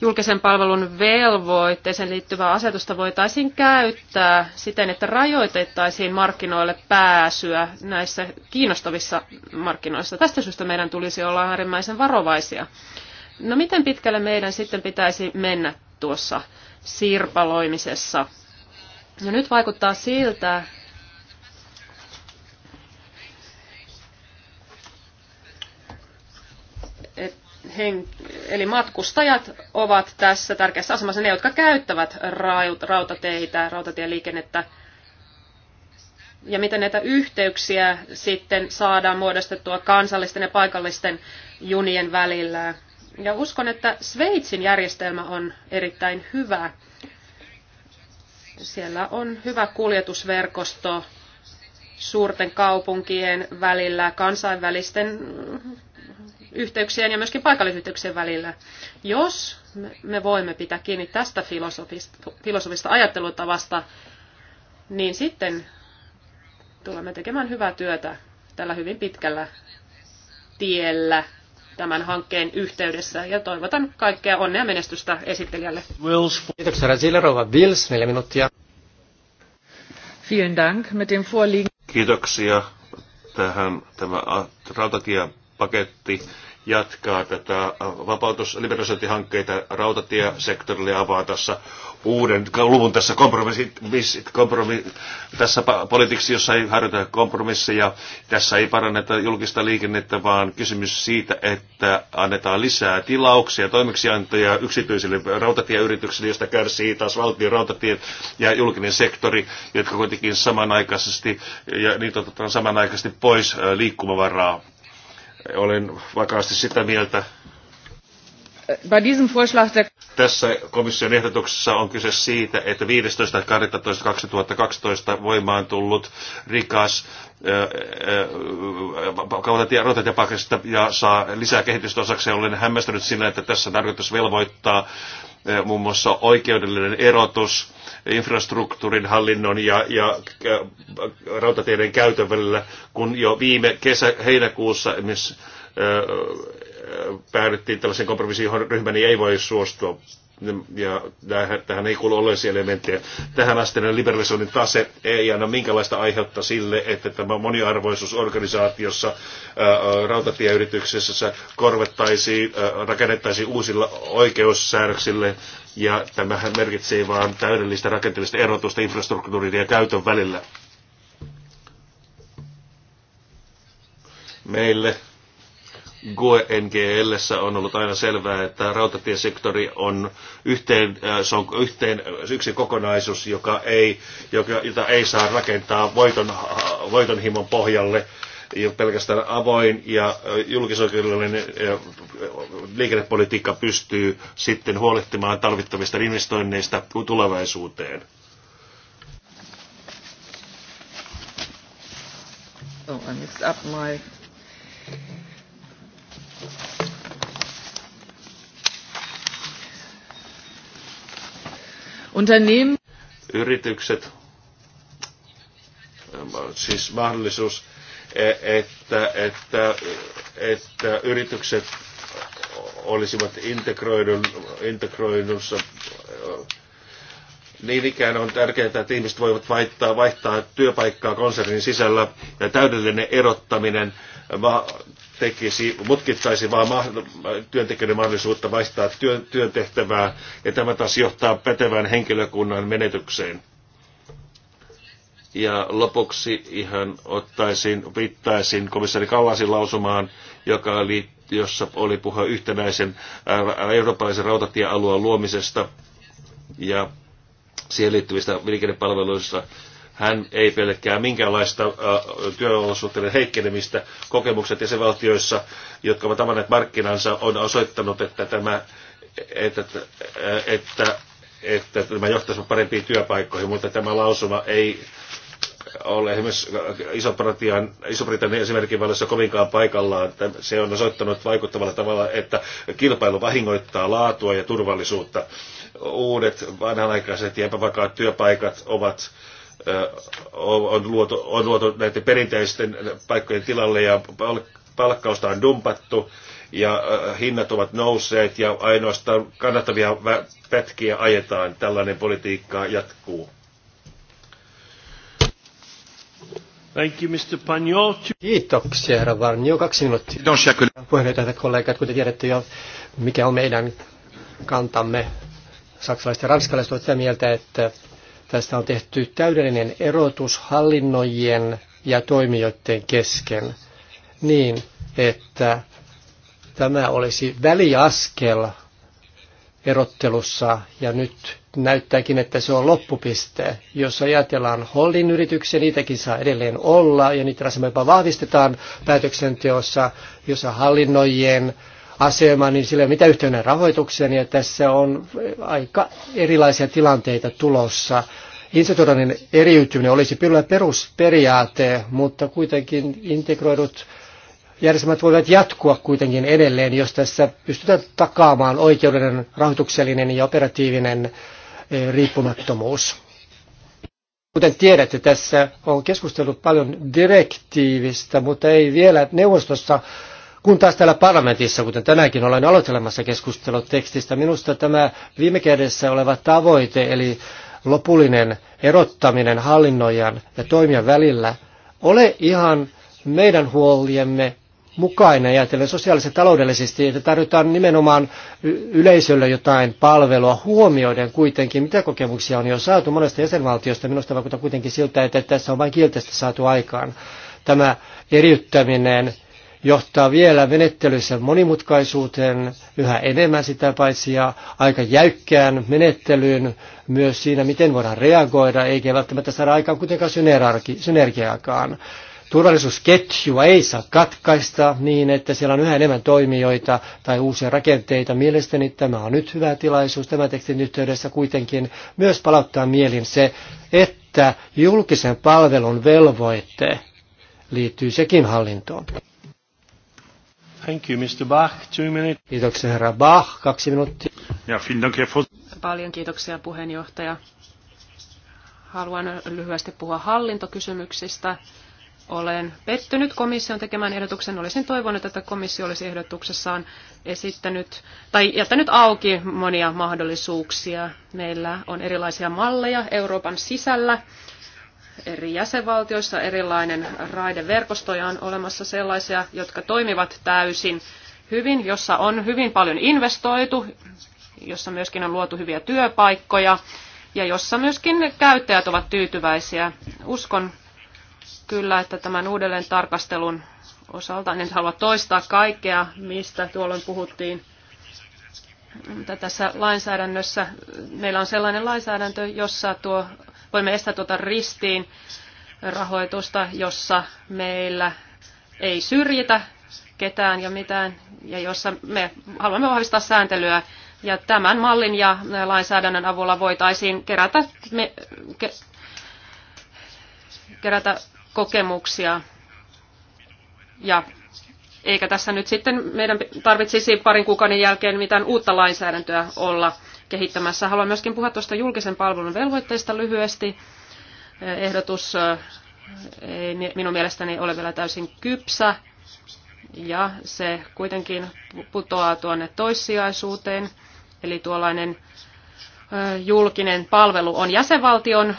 julkisen palvelun velvoitteeseen liittyvää asetusta voitaisiin käyttää siten, että rajoitettaisiin markkinoille pääsyä näissä kiinnostavissa markkinoissa. Tästä syystä meidän tulisi olla äärimmäisen varovaisia. No miten pitkälle meidän sitten pitäisi mennä tuossa sirpaloimisessa? No nyt vaikuttaa siltä, eli matkustajat ovat tässä tärkeässä asemassa, ne jotka käyttävät rautateitä, rautatieliikennettä, ja miten näitä yhteyksiä sitten saadaan muodostettua kansallisten ja paikallisten junien välillä. Ja uskon, että Sveitsin järjestelmä on erittäin hyvä. Siellä on hyvä kuljetusverkosto suurten kaupunkien välillä, kansainvälisten yhteyksien ja myöskin paikallisyhteyksien välillä. Jos me voimme pitää kiinni tästä filosofista, filosofista ajattelutavasta, niin sitten tulemme tekemään hyvää työtä tällä hyvin pitkällä tiellä tämän hankkeen yhteydessä ja toivotan kaikkea onnea menestystä esittelijälle. Wills. Kiitoksia Rova Wills, neljä minuuttia. Vielen Dank mit dem Vorliegen. Kiitoksia tähän tämä rautatie paketti jatkaa tätä äh, vapautus- liberalisointihankkeita rautatiesektorille ja avaa tässä uuden luvun tässä kompromissi, tässä politiikassa, jossa ei harjoita kompromisseja, tässä ei paranneta julkista liikennettä, vaan kysymys siitä, että annetaan lisää tilauksia, toimeksiantoja yksityisille rautatieyrityksille, joista kärsii taas valtion rautatiet ja julkinen sektori, jotka kuitenkin samanaikaisesti, ja niitä otetaan samanaikaisesti pois äh, liikkumavaraa olen vakaasti sitä mieltä. Bei diesem Vorschlag der tässä komission ehdotuksessa on kyse siitä, että 15.12.2012 voimaan tullut rikas rautatiepaketista ja saa lisää kehitystä osakseen. Olen hämmästynyt sillä, että tässä tarkoitus velvoittaa muun muassa oikeudellinen erotus infrastruktuurin hallinnon ja, ja rautateiden käytön välillä, kun jo viime kesä, heinäkuussa esimerkiksi päädyttiin tällaisen kompromissiin, johon ryhmäni ei voi suostua ja tähän ei kuulu oleellisia elementtejä. Tähän astinen liberalisoinnin tase ei anna minkälaista aihetta sille, että tämä moniarvoisuus organisaatiossa, äh, rautatieyrityksessä korvettaisiin, äh, rakennettaisiin uusilla oikeussäädöksille, ja tämähän merkitsee vain täydellistä rakenteellista erotusta infrastruktuurin ja käytön välillä. Meille GUE on ollut aina selvää, että rautatiesektori on yhteen, äh, se on yhteen yksi kokonaisuus, joka ei, joka, jota ei saa rakentaa voiton, äh, voitonhimon pohjalle pelkästään avoin ja äh, julkisoikeudellinen liikennepolitiikka pystyy sitten huolehtimaan tarvittavista investoinneista tulevaisuuteen. Oh, I mixed up my Unternehmen. Yritykset, siis mahdollisuus, e-, että, että, että yritykset olisivat integroidun, integroidussa. E-, niin ikään on tärkeää, että ihmiset voivat vaihtaa, vaihtaa työpaikkaa konsernin sisällä ja täydellinen erottaminen tekisi, mutkittaisi vaan työntekijöiden mahdollisuutta vaihtaa työn, ja tämä taas johtaa pätevän henkilökunnan menetykseen. Ja lopuksi ihan ottaisin, viittaisin komissaari Kallasin lausumaan, joka oli, jossa oli puhe yhtenäisen eurooppalaisen rautatiealueen luomisesta ja siihen liittyvistä liikennepalveluista hän ei pelkää minkäänlaista työolosuhteiden heikkenemistä. Kokemukset jäsenvaltioissa, jotka ovat avanneet markkinansa, on osoittanut, että tämä, että, että, että tämä johtaisi parempiin työpaikkoihin, mutta tämä lausuma ei ole esimerkiksi Iso-Britannian, iso esimerkin valossa kovinkaan paikallaan. Se on osoittanut vaikuttavalla tavalla, että kilpailu vahingoittaa laatua ja turvallisuutta. Uudet vanhanaikaiset ja epävakaat työpaikat ovat on luotu, on luotu näiden perinteisten paikkojen tilalle ja palkkausta on dumpattu ja hinnat ovat nousseet ja ainoastaan kannattavia pätkiä ajetaan. Tällainen politiikka jatkuu. Thank you, Mr. Pagnol. Kiitoksia, herra Varnio. Kaksi minuuttia. Puheenjohtajat ja kollegat, kuten tiedätte jo, mikä on meidän kantamme. Saksalaiset ja ranskalaiset ovat sitä mieltä, että Tästä on tehty täydellinen erotus hallinnoijien ja toimijoiden kesken niin, että tämä olisi väliaskel erottelussa ja nyt näyttääkin, että se on loppupiste. Jos ajatellaan hollin yrityksiä, niitäkin saa edelleen olla ja niitä asema jopa vahvistetaan päätöksenteossa, jossa hallinnoijien asema, niin sillä ei ole mitään yhteyden rahoitukseen, ja tässä on aika erilaisia tilanteita tulossa. Instituutioiden eriytyminen olisi kyllä perusperiaate, mutta kuitenkin integroidut järjestelmät voivat jatkua kuitenkin edelleen, jos tässä pystytään takaamaan oikeudellinen, rahoituksellinen ja operatiivinen eh, riippumattomuus. Kuten tiedätte, tässä on keskustellut paljon direktiivistä, mutta ei vielä neuvostossa kun taas täällä parlamentissa, kuten tänäänkin olen aloittelemassa keskustelua tekstistä, minusta tämä viime kädessä oleva tavoite, eli lopullinen erottaminen hallinnoijan ja toimijan välillä, ole ihan meidän huoliemme mukainen ajatellen sosiaalisesti taloudellisesti, että tarjotaan nimenomaan yleisölle jotain palvelua huomioiden kuitenkin, mitä kokemuksia on jo saatu monesta jäsenvaltiosta. Minusta vaikuttaa kuitenkin siltä, että tässä on vain kielteistä saatu aikaan tämä eriyttäminen johtaa vielä menettelyssä monimutkaisuuteen yhä enemmän sitä paitsi ja aika jäykkään menettelyyn myös siinä, miten voidaan reagoida, eikä välttämättä saada aikaan kuitenkaan synergiaakaan. Turvallisuusketjua ei saa katkaista niin, että siellä on yhä enemmän toimijoita tai uusia rakenteita. Mielestäni tämä on nyt hyvä tilaisuus tämän tekstin yhteydessä kuitenkin myös palauttaa mielin se, että julkisen palvelun velvoitte liittyy sekin hallintoon. Thank you, Mr. Bach. Two minutes. Kiitoksia, herra Bach. Kaksi minuuttia. Ja, dank, Paljon kiitoksia, puheenjohtaja. Haluan lyhyesti puhua hallintokysymyksistä. Olen pettynyt komission tekemään ehdotuksen. Olisin toivonut, että komissio olisi ehdotuksessaan esittänyt tai jättänyt auki monia mahdollisuuksia. Meillä on erilaisia malleja Euroopan sisällä eri jäsenvaltioissa erilainen raideverkosto ja on olemassa sellaisia, jotka toimivat täysin hyvin, jossa on hyvin paljon investoitu, jossa myöskin on luotu hyviä työpaikkoja ja jossa myöskin käyttäjät ovat tyytyväisiä. Uskon kyllä, että tämän uudelleen tarkastelun osalta, en halua toistaa kaikkea, mistä tuolloin puhuttiin, mutta tässä lainsäädännössä meillä on sellainen lainsäädäntö, jossa tuo voimme estää tuota ristiin rahoitusta, jossa meillä ei syrjitä ketään ja mitään, ja jossa me haluamme vahvistaa sääntelyä. Ja tämän mallin ja lainsäädännön avulla voitaisiin kerätä, me, ke, kerätä kokemuksia. Ja eikä tässä nyt sitten meidän tarvitsisi parin kuukauden jälkeen mitään uutta lainsäädäntöä olla kehittämässä. Haluan myöskin puhua tuosta julkisen palvelun velvoitteista lyhyesti. Ehdotus ei minun mielestäni ole vielä täysin kypsä ja se kuitenkin putoaa tuonne toissijaisuuteen. Eli tuollainen julkinen palvelu on jäsenvaltion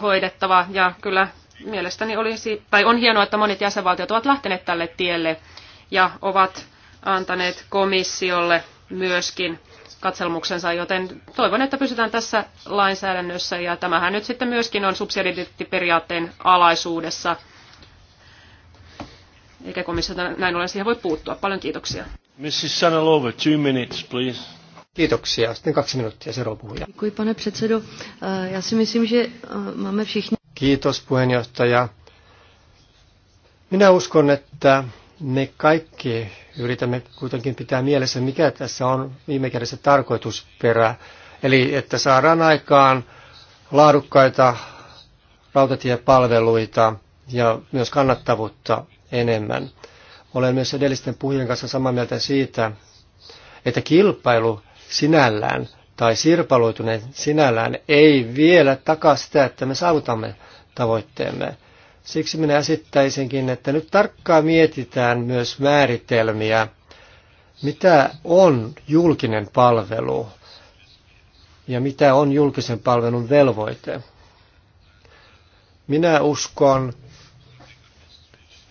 hoidettava ja kyllä mielestäni olisi, tai on hienoa, että monet jäsenvaltiot ovat lähteneet tälle tielle ja ovat antaneet komissiolle myöskin katselmuksensa, joten toivon, että pysytään tässä lainsäädännössä ja tämähän nyt sitten myöskin on subsidiariteettiperiaatteen alaisuudessa. Eikä komissio näin ollen siihen voi puuttua. Paljon kiitoksia. Mrs. Sanalova, two minutes, please. Kiitoksia. Sitten kaksi minuuttia, se puhuja. pane eh, eh, Kiitos, puheenjohtaja. Minä uskon, että me kaikki Yritämme kuitenkin pitää mielessä, mikä tässä on viime kädessä tarkoitusperä. Eli että saadaan aikaan laadukkaita rautatiepalveluita ja myös kannattavuutta enemmän. Olen myös edellisten puhujien kanssa samaa mieltä siitä, että kilpailu sinällään tai sirpaloituneen sinällään ei vielä takaa sitä, että me saavutamme tavoitteemme. Siksi minä esittäisinkin, että nyt tarkkaan mietitään myös määritelmiä, mitä on julkinen palvelu ja mitä on julkisen palvelun velvoite. Minä uskon,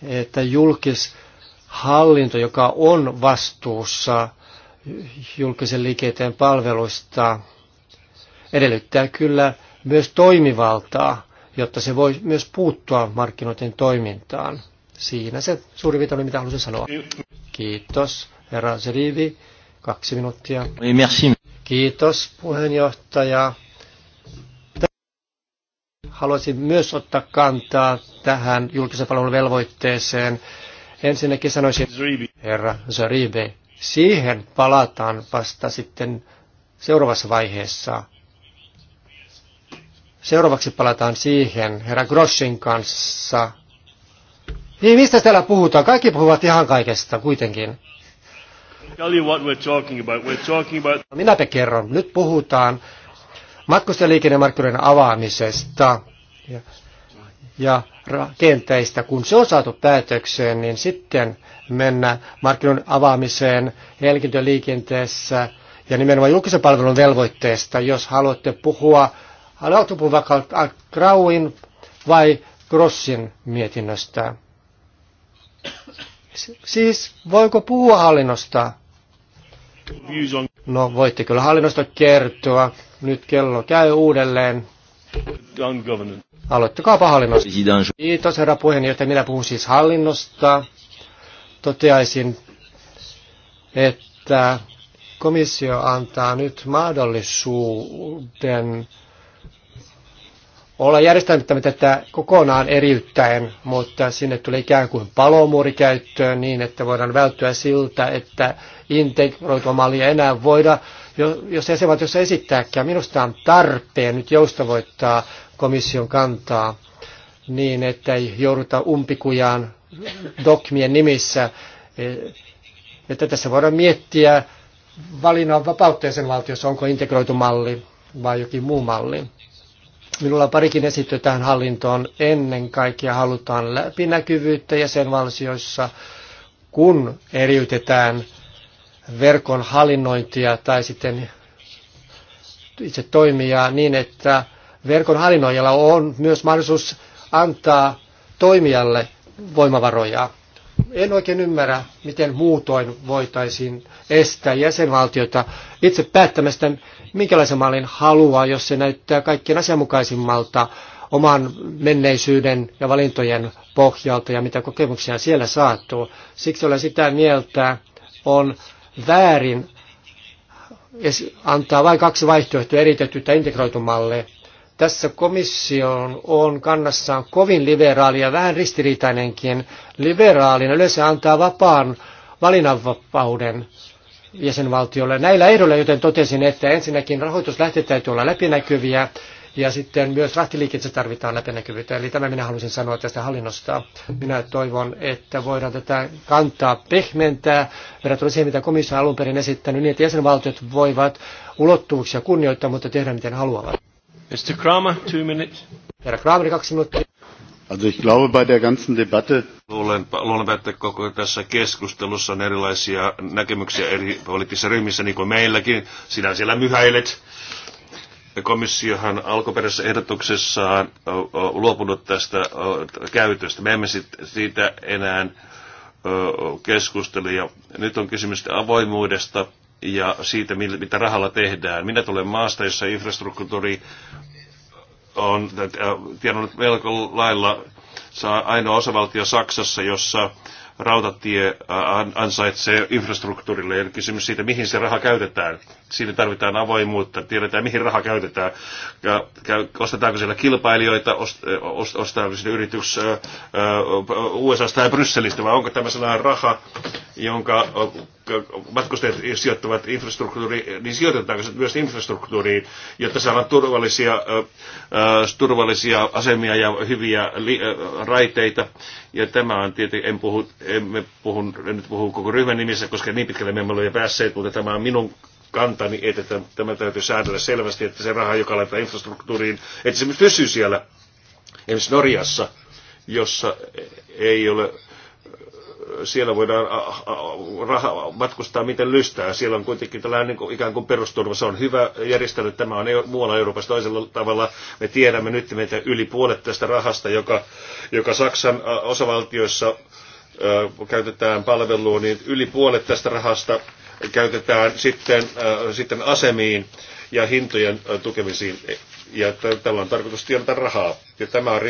että julkishallinto, joka on vastuussa julkisen liikenteen palveluista, edellyttää kyllä myös toimivaltaa jotta se voi myös puuttua markkinoiden toimintaan. Siinä se suuri piirtein oli, mitä halusin sanoa. Kiitos, herra Zeridi. Kaksi minuuttia. Kiitos, puheenjohtaja. Haluaisin myös ottaa kantaa tähän julkisen palvelun velvoitteeseen. Ensinnäkin sanoisin, herra Zaribe, siihen palataan vasta sitten seuraavassa vaiheessa – Seuraavaksi palataan siihen herra Grossin kanssa. Niin mistä täällä puhutaan? Kaikki puhuvat ihan kaikesta kuitenkin. Minäpä kerron. Nyt puhutaan matkustajaliikennemarkkinoiden avaamisesta ja, ja rakenteista. Kun se on saatu päätökseen, niin sitten mennä markkinoiden avaamiseen henkilöliikenteessä ja nimenomaan julkisen palvelun velvoitteesta, jos haluatte puhua Alautupu Krauin vai Grossin mietinnöstä? Siis voiko puhua hallinnosta? No voitte kyllä hallinnosta kertoa. Nyt kello käy uudelleen. Aloittakaa hallinnosta. Kiitos herra puheenjohtaja. Minä puhun siis hallinnosta. Toteaisin, että komissio antaa nyt mahdollisuuden olla järjestämättä tätä kokonaan eriyttäen, mutta sinne tulee ikään kuin palomuuri käyttöön niin, että voidaan välttyä siltä, että integroitua mallia enää voida, jos jäsenvaltiossa esittääkään. Minusta on tarpeen nyt joustavoittaa komission kantaa niin, että ei jouduta umpikujaan dogmien nimissä, että tässä voidaan miettiä valinnan vapautta jäsenvaltiossa, onko integroitu malli vai jokin muu malli. Minulla on parikin esitty tähän hallintoon. Ennen kaikkea halutaan läpinäkyvyyttä jäsenvaltioissa, kun eriytetään verkon hallinnointia tai sitten itse toimijaa niin, että verkon hallinnoijalla on myös mahdollisuus antaa toimijalle voimavaroja en oikein ymmärrä, miten muutoin voitaisiin estää jäsenvaltiota itse päättämästä, minkälaisen mallin haluaa, jos se näyttää kaikkien asianmukaisimmalta oman menneisyyden ja valintojen pohjalta ja mitä kokemuksia siellä saattuu. Siksi olen sitä mieltä, on väärin antaa vain kaksi vaihtoehtoa eritetty tai integroitu malli. Tässä komissio on kannassaan kovin liberaali ja vähän ristiriitainenkin. liberaalin. yleensä antaa vapaan valinnanvapauden jäsenvaltiolle näillä ehdoilla, joten totesin, että ensinnäkin rahoituslähteet täytyy olla läpinäkyviä ja sitten myös rahtiliikettä tarvitaan läpinäkyvyyttä. Eli tämä minä halusin sanoa tästä hallinnosta. Minä toivon, että voidaan tätä kantaa pehmentää verrattuna siihen, mitä komissio on alun perin esittänyt, niin että jäsenvaltiot voivat ulottuvuuksia kunnioittaa, mutta tehdä miten haluavat. Mr. Kramer, two minutes. Herra Kramer, kaksi minuuttia. Also ich glaube bei der ganzen Debatte Luulen, luulen, että koko tässä keskustelussa on erilaisia näkemyksiä eri poliittisissa ryhmissä, niin kuin meilläkin. Sinä siellä myhäilet. Komissiohan alkuperäisessä ehdotuksessaan luopunut tästä käytöstä. Me emme siitä enää keskustele. Ja nyt on kysymys avoimuudesta ja siitä, mitä rahalla tehdään. Minä tulen maasta, jossa infrastruktuuri on äh, tiennyt melko lailla saa ainoa osavaltio Saksassa, jossa rautatie äh, ansaitsee infrastruktuurille. Eli kysymys siitä, mihin se raha käytetään. Siinä tarvitaan avoimuutta, tiedetään mihin raha käytetään. Ja, ostetaanko siellä kilpailijoita, ostetaanko äh, siellä yritys USA tai Brysselistä, vai onko tämä sellainen raha, jonka matkustajat sijoittavat infrastruktuuriin, niin sijoitetaanko se myös infrastruktuuriin, jotta saadaan turvallisia, turvallisia asemia ja hyviä raiteita. Ja tämä on tietenkin, en, puhu, en, puhun, en nyt puhu koko ryhmän nimissä, koska niin pitkälle me emme ole päässeet, mutta tämä on minun kantani, että tämä täytyy säädellä selvästi, että se raha, joka laitetaan infrastruktuuriin, että se pysyy siellä, esimerkiksi Norjassa, jossa ei ole siellä voidaan raha matkustaa miten lystää. Siellä on kuitenkin tällainen niin kuin, ikään kuin perusturva, se on hyvä järjestely, tämä on e, muualla Euroopassa toisella tavalla. Me tiedämme nyt meitä yli puolet tästä rahasta, joka, joka Saksan osavaltioissa käytetään palveluun, niin yli puolet tästä rahasta käytetään sitten, sitten asemiin ja hintojen tukemisiin ja tällä on tarkoitus tienata rahaa. Ja tämä on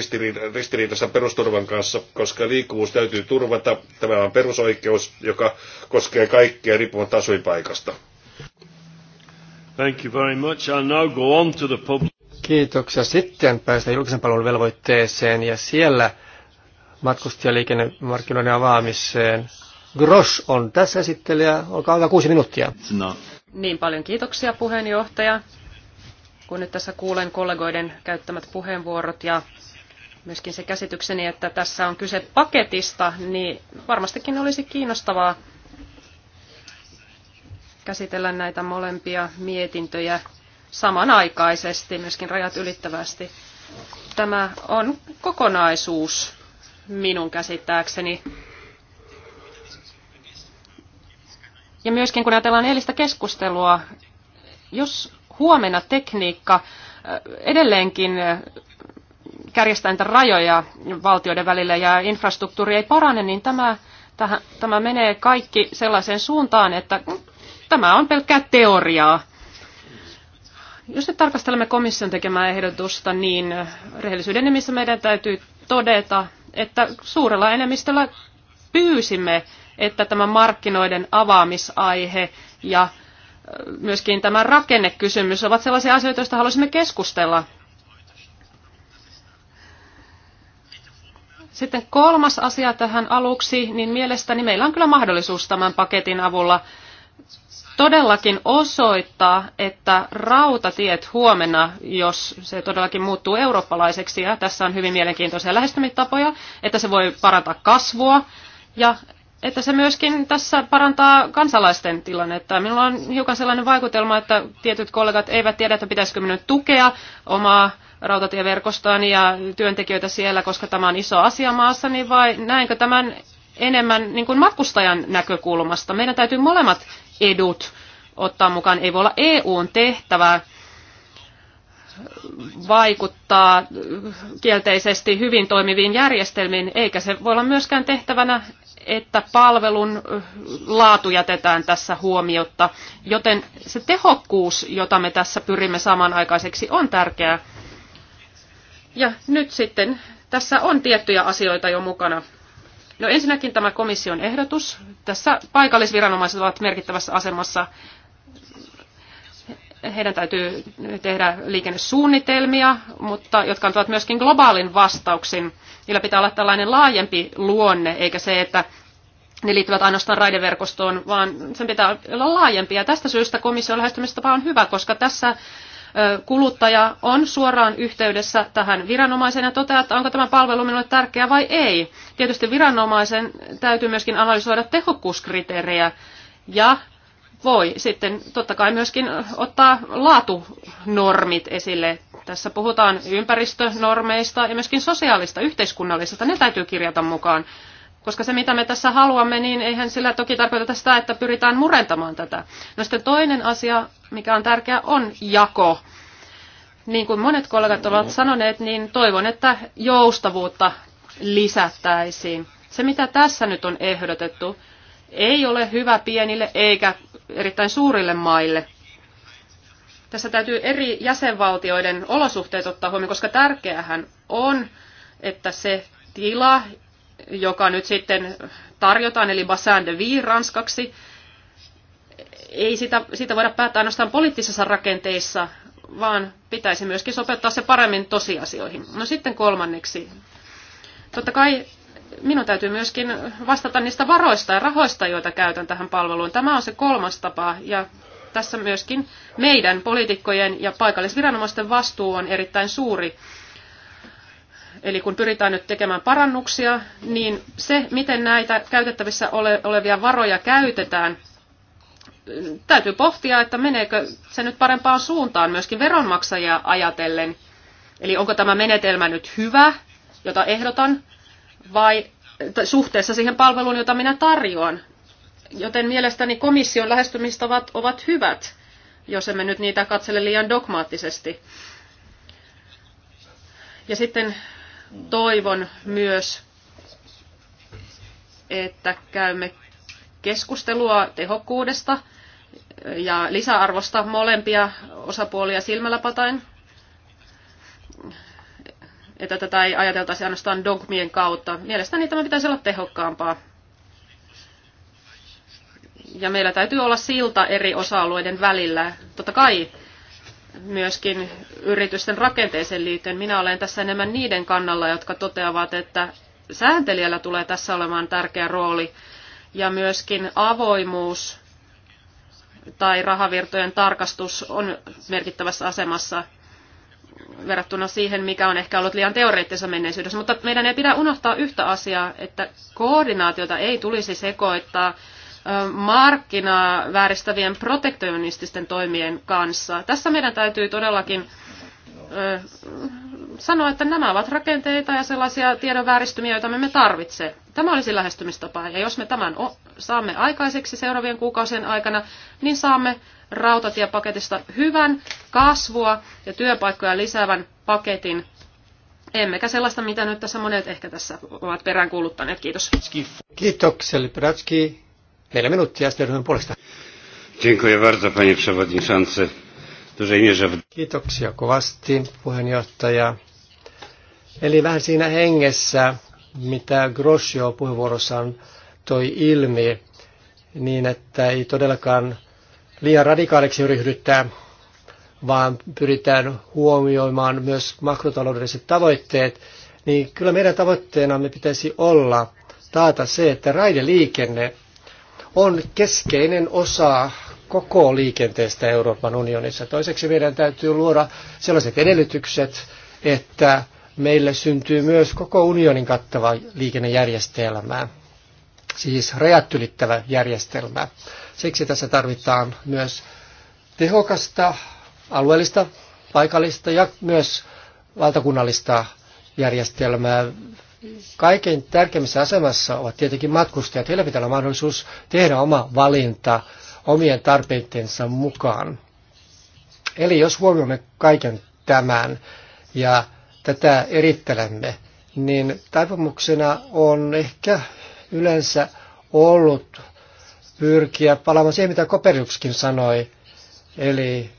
ristiriidassa perusturvan kanssa, koska liikkuvuus täytyy turvata. Tämä on perusoikeus, joka koskee kaikkea riippumatta asuinpaikasta. Thank you very much. I'll now go on to the public. Kiitoksia. Sitten päästään julkisen palvelun velvoitteeseen ja siellä matkustajaliikennemarkkinoiden avaamiseen. Grosh on tässä esittelijä. Olkaa hyvä, kuusi minuuttia. No. Niin paljon kiitoksia puheenjohtaja kun nyt tässä kuulen kollegoiden käyttämät puheenvuorot ja myöskin se käsitykseni, että tässä on kyse paketista, niin varmastikin olisi kiinnostavaa käsitellä näitä molempia mietintöjä samanaikaisesti, myöskin rajat ylittävästi. Tämä on kokonaisuus minun käsittääkseni. Ja myöskin kun ajatellaan eilistä keskustelua, jos huomenna tekniikka edelleenkin kärjestää niitä rajoja valtioiden välillä ja infrastruktuuri ei parane, niin tämä, tähän, tämä menee kaikki sellaiseen suuntaan, että tämä on pelkkää teoriaa. Jos nyt tarkastelemme komission tekemää ehdotusta, niin rehellisyyden nimissä meidän täytyy todeta, että suurella enemmistöllä pyysimme, että tämä markkinoiden avaamisaihe ja myöskin tämä rakennekysymys ovat sellaisia asioita, joista haluaisimme keskustella. Sitten kolmas asia tähän aluksi, niin mielestäni meillä on kyllä mahdollisuus tämän paketin avulla todellakin osoittaa, että rautatiet huomenna, jos se todellakin muuttuu eurooppalaiseksi, ja tässä on hyvin mielenkiintoisia lähestymistapoja, että se voi parantaa kasvua, ja että se myöskin tässä parantaa kansalaisten tilannetta. Minulla on hiukan sellainen vaikutelma, että tietyt kollegat eivät tiedä, että pitäisikö minun tukea omaa rautatieverkostoani ja työntekijöitä siellä, koska tämä on iso asia maassani, niin vai näinkö tämän enemmän niin kuin matkustajan näkökulmasta. Meidän täytyy molemmat edut ottaa mukaan. Ei voi olla EUn tehtävää vaikuttaa kielteisesti hyvin toimiviin järjestelmiin, eikä se voi olla myöskään tehtävänä, että palvelun laatu jätetään tässä huomiotta. Joten se tehokkuus, jota me tässä pyrimme samanaikaiseksi, on tärkeää. Ja nyt sitten tässä on tiettyjä asioita jo mukana. No ensinnäkin tämä komission ehdotus. Tässä paikallisviranomaiset ovat merkittävässä asemassa heidän täytyy tehdä liikennesuunnitelmia, mutta jotka antavat myöskin globaalin vastauksin. Niillä pitää olla tällainen laajempi luonne, eikä se, että ne liittyvät ainoastaan raideverkostoon, vaan sen pitää olla laajempi. Ja tästä syystä komission lähestymistapa on hyvä, koska tässä kuluttaja on suoraan yhteydessä tähän viranomaiseen ja toteaa, että onko tämä palvelu minulle tärkeä vai ei. Tietysti viranomaisen täytyy myöskin analysoida tehokkuuskriteerejä ja voi sitten totta kai myöskin ottaa laatunormit esille. Tässä puhutaan ympäristönormeista ja myöskin sosiaalista, yhteiskunnallisista. Ne täytyy kirjata mukaan, koska se mitä me tässä haluamme, niin eihän sillä toki tarkoiteta sitä, että pyritään murentamaan tätä. No sitten toinen asia, mikä on tärkeä, on jako. Niin kuin monet kollegat ovat sanoneet, niin toivon, että joustavuutta lisättäisiin. Se, mitä tässä nyt on ehdotettu, ei ole hyvä pienille eikä erittäin suurille maille. Tässä täytyy eri jäsenvaltioiden olosuhteet ottaa huomioon, koska tärkeähän on, että se tila, joka nyt sitten tarjotaan, eli bassin de vie ranskaksi, ei sitä, siitä voida päättää ainoastaan poliittisissa rakenteissa, vaan pitäisi myöskin sopeuttaa se paremmin tosiasioihin. No sitten kolmanneksi. Totta kai minun täytyy myöskin vastata niistä varoista ja rahoista, joita käytän tähän palveluun. Tämä on se kolmas tapa ja tässä myöskin meidän poliitikkojen ja paikallisviranomaisten vastuu on erittäin suuri. Eli kun pyritään nyt tekemään parannuksia, niin se, miten näitä käytettävissä ole, olevia varoja käytetään, täytyy pohtia, että meneekö se nyt parempaan suuntaan myöskin veronmaksajia ajatellen. Eli onko tämä menetelmä nyt hyvä, jota ehdotan, vai suhteessa siihen palveluun, jota minä tarjoan. Joten mielestäni komission lähestymistavat ovat hyvät, jos emme nyt niitä katsele liian dogmaattisesti. Ja sitten toivon myös, että käymme keskustelua tehokkuudesta ja lisäarvosta molempia osapuolia silmällä patain että tätä ei ajateltaisi ainoastaan dogmien kautta. Mielestäni tämä pitäisi olla tehokkaampaa. Ja meillä täytyy olla silta eri osa-alueiden välillä. Totta kai myöskin yritysten rakenteeseen liittyen. Minä olen tässä enemmän niiden kannalla, jotka toteavat, että sääntelijällä tulee tässä olemaan tärkeä rooli. Ja myöskin avoimuus tai rahavirtojen tarkastus on merkittävässä asemassa – verrattuna siihen, mikä on ehkä ollut liian teoreettisessa menneisyydessä. Mutta meidän ei pidä unohtaa yhtä asiaa, että koordinaatiota ei tulisi sekoittaa markkinaa vääristävien protektionististen toimien kanssa. Tässä meidän täytyy todellakin sanoa, että nämä ovat rakenteita ja sellaisia tiedon vääristymiä, joita me tarvitse. Tämä olisi lähestymistapa, ja jos me tämän saamme aikaiseksi seuraavien kuukausien aikana, niin saamme rautatiepaketista hyvän, kasvua ja työpaikkoja lisäävän paketin. Emmekä sellaista, mitä nyt tässä monet ehkä tässä ovat peräänkuuluttaneet. Kiitos. Kiitoksia, Lipratski. Neljä minuuttia SDRn puolesta. Dziękuję bardzo, panie przewodniczący. Dużej mierze... Kiitoksia kovasti, puheenjohtaja. Eli vähän siinä hengessä, mitä Grosio puheenvuorossaan toi ilmi, niin että ei todellakaan liian radikaaliksi ryhdyttää, vaan pyritään huomioimaan myös makrotaloudelliset tavoitteet, niin kyllä meidän tavoitteena me pitäisi olla taata se, että raideliikenne on keskeinen osa koko liikenteestä Euroopan unionissa. Toiseksi meidän täytyy luoda sellaiset edellytykset, että meille syntyy myös koko unionin kattava liikennejärjestelmä, siis rajat ylittävä järjestelmä. Siksi tässä tarvitaan myös tehokasta, alueellista, paikallista ja myös valtakunnallista järjestelmää. Kaiken tärkeimmässä asemassa ovat tietenkin matkustajat. Heillä pitää olla mahdollisuus tehdä oma valinta omien tarpeittensa mukaan. Eli jos huomioimme kaiken tämän ja tätä erittelemme, niin taipumuksena on ehkä yleensä ollut pyrkiä palaamaan siihen, mitä Koperiukskin sanoi. Eli